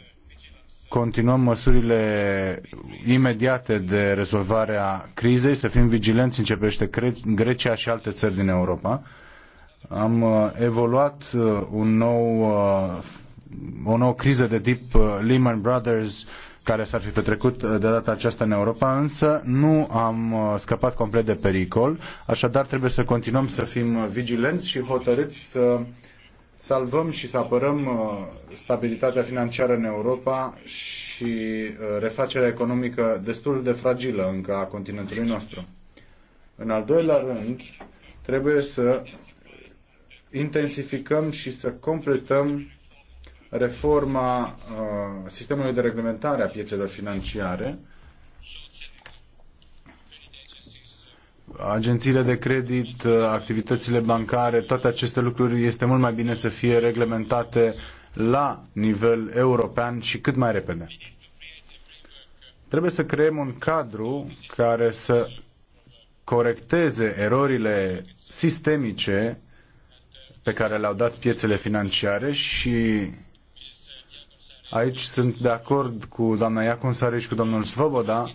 continuăm măsurile imediate de rezolvare a crizei, să fim vigilenți în ce privește Grecia și alte țări din Europa. Am uh, evoluat uh, un nou uh, o nouă criză de tip uh, Lehman Brothers care s-ar fi petrecut uh, de data aceasta în Europa, însă nu am uh, scăpat complet de pericol, așadar trebuie să continuăm să fim vigilenți și hotărâți să salvăm și să apărăm stabilitatea financiară în Europa și refacerea economică destul de fragilă încă a continentului nostru. În al doilea rând, trebuie să intensificăm și să completăm reforma uh, sistemului de reglementare a piețelor financiare, agențiile de credit, uh, activitățile bancare, toate aceste lucruri este mult mai bine să fie reglementate la nivel european și cât mai repede. Trebuie să creăm un cadru care să corecteze erorile sistemice pe care le-au dat piețele financiare și Aici sunt de acord cu doamna Iaconsari și cu domnul Svoboda.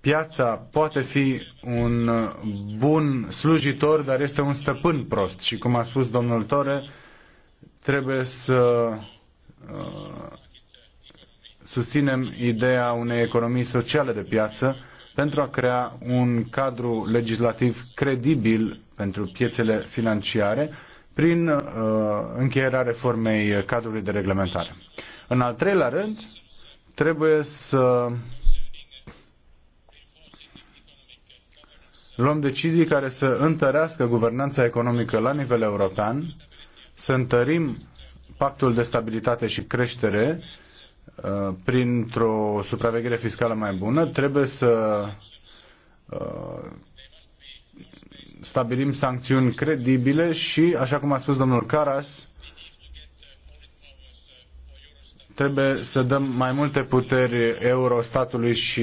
Piața poate fi un bun slujitor, dar este un stăpân prost. Și cum a spus domnul Tore, trebuie să uh, susținem ideea unei economii sociale de piață pentru a crea un cadru legislativ credibil pentru piețele financiare prin uh, încheierea reformei uh, cadrului de reglementare. În al treilea rând, trebuie să luăm decizii care să întărească guvernanța economică la nivel european, să întărim pactul de stabilitate și creștere uh, printr-o supraveghere fiscală mai bună, trebuie să uh, stabilim sancțiuni credibile și, așa cum a spus domnul Caras, trebuie să dăm mai multe puteri Eurostatului și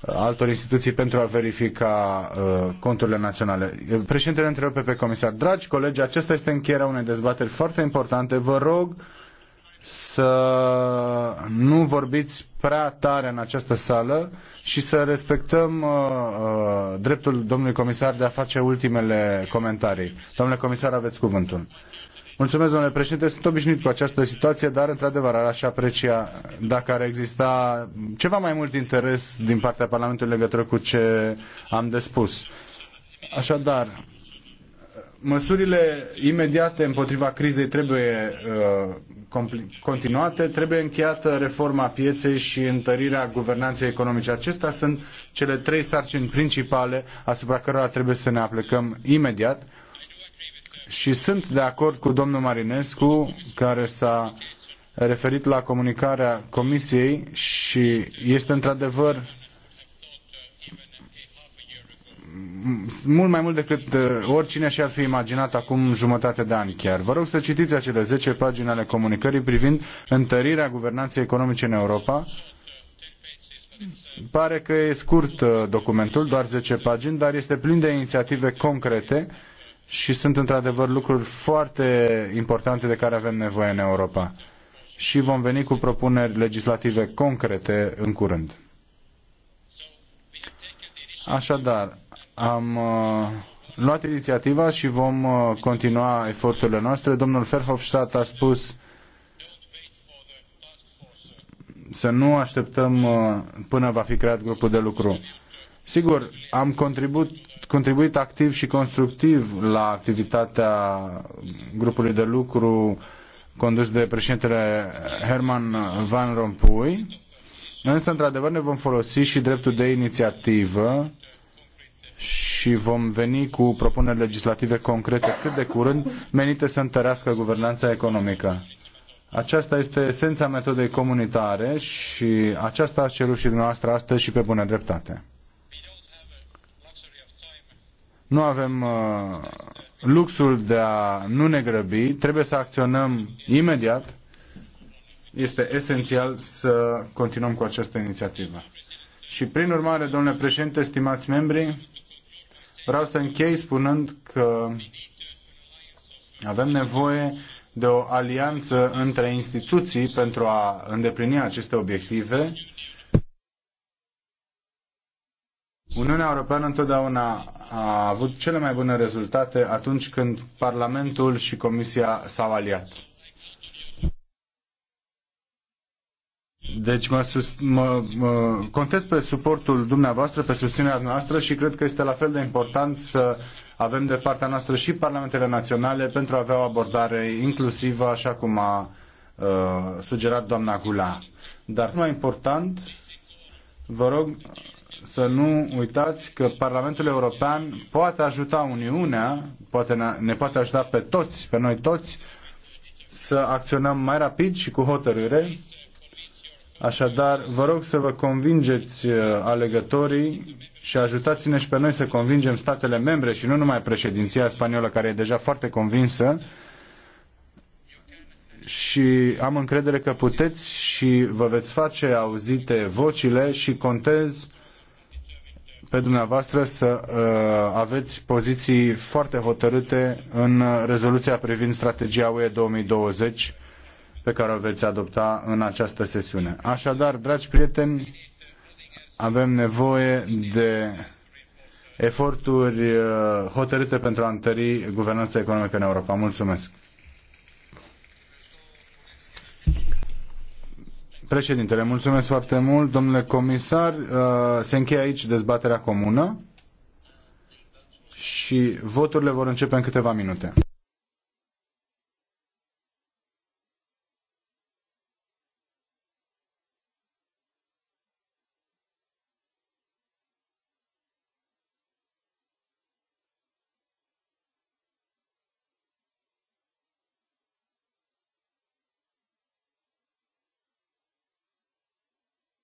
uh, altor instituții pentru a verifica uh, conturile naționale. Uh, președintele întrerupe pe comisar. Dragi colegi, aceasta este încheierea unei dezbateri foarte importante. Vă rog să nu vorbiți prea tare în această sală și să respectăm uh, uh, dreptul domnului comisar de a face ultimele comentarii. Domnule comisar, aveți cuvântul. Mulțumesc, domnule președinte. Sunt obișnuit cu această situație, dar, într-adevăr, aș aprecia dacă ar exista ceva mai mult interes din partea Parlamentului în legătură cu ce am de spus. Așadar, Măsurile imediate împotriva crizei trebuie uh, continuate, trebuie încheiată reforma pieței și întărirea guvernanței economice. Acestea sunt cele trei sarcini principale asupra cărora trebuie să ne aplicăm imediat. Și sunt de acord cu domnul Marinescu, care s-a referit la comunicarea Comisiei și este într-adevăr mult mai mult decât uh, oricine și-ar fi imaginat acum jumătate de ani chiar. Vă rog să citiți acele 10 pagini ale comunicării privind întărirea guvernanței economice în Europa. Pare că e scurt uh, documentul, doar 10 pagini, dar este plin de inițiative concrete și sunt într-adevăr lucruri foarte importante de care avem nevoie în Europa. Și vom veni cu propuneri legislative concrete în curând. Așadar, am uh, luat inițiativa și vom uh, continua eforturile noastre. Domnul Verhofstadt a spus să nu așteptăm uh, până va fi creat grupul de lucru. Sigur, am contribuit, contribuit activ și constructiv la activitatea grupului de lucru condus de președintele Herman Van Rompuy, însă, într-adevăr, ne vom folosi și dreptul de inițiativă și vom veni cu propuneri legislative concrete cât de curând menite să întărească guvernanța economică. Aceasta este esența metodei comunitare și aceasta a cerut și dumneavoastră astăzi și pe bună dreptate. Nu avem uh, luxul de a nu ne grăbi, trebuie să acționăm imediat. Este esențial să continuăm cu această inițiativă. Și prin urmare, domnule președinte, stimați membri, Vreau să închei spunând că avem nevoie de o alianță între instituții pentru a îndeplini aceste obiective. Uniunea Europeană întotdeauna a avut cele mai bune rezultate atunci când Parlamentul și Comisia s-au aliat. Deci mă, sus, mă, mă contez pe suportul dumneavoastră, pe susținerea noastră și cred că este la fel de important să avem de partea noastră și parlamentele naționale pentru a avea o abordare inclusivă, așa cum a uh, sugerat doamna Gula. Dar mai important, vă rog să nu uitați că Parlamentul European poate ajuta Uniunea, poate ne poate ajuta pe toți, pe noi toți, să acționăm mai rapid și cu hotărâre Așadar, vă rog să vă convingeți uh, alegătorii și ajutați-ne și pe noi să convingem statele membre și nu numai președinția spaniolă, care e deja foarte convinsă. Și am încredere că puteți și vă veți face auzite vocile și contez pe dumneavoastră să uh, aveți poziții foarte hotărâte în uh, rezoluția privind strategia UE 2020 pe care o veți adopta în această sesiune. Așadar, dragi prieteni, avem nevoie de eforturi uh, hotărâte pentru a întări guvernanța economică în Europa. Mulțumesc! Președintele, mulțumesc foarte mult. Domnule comisar, uh, se încheie aici dezbaterea comună și voturile vor începe în câteva minute.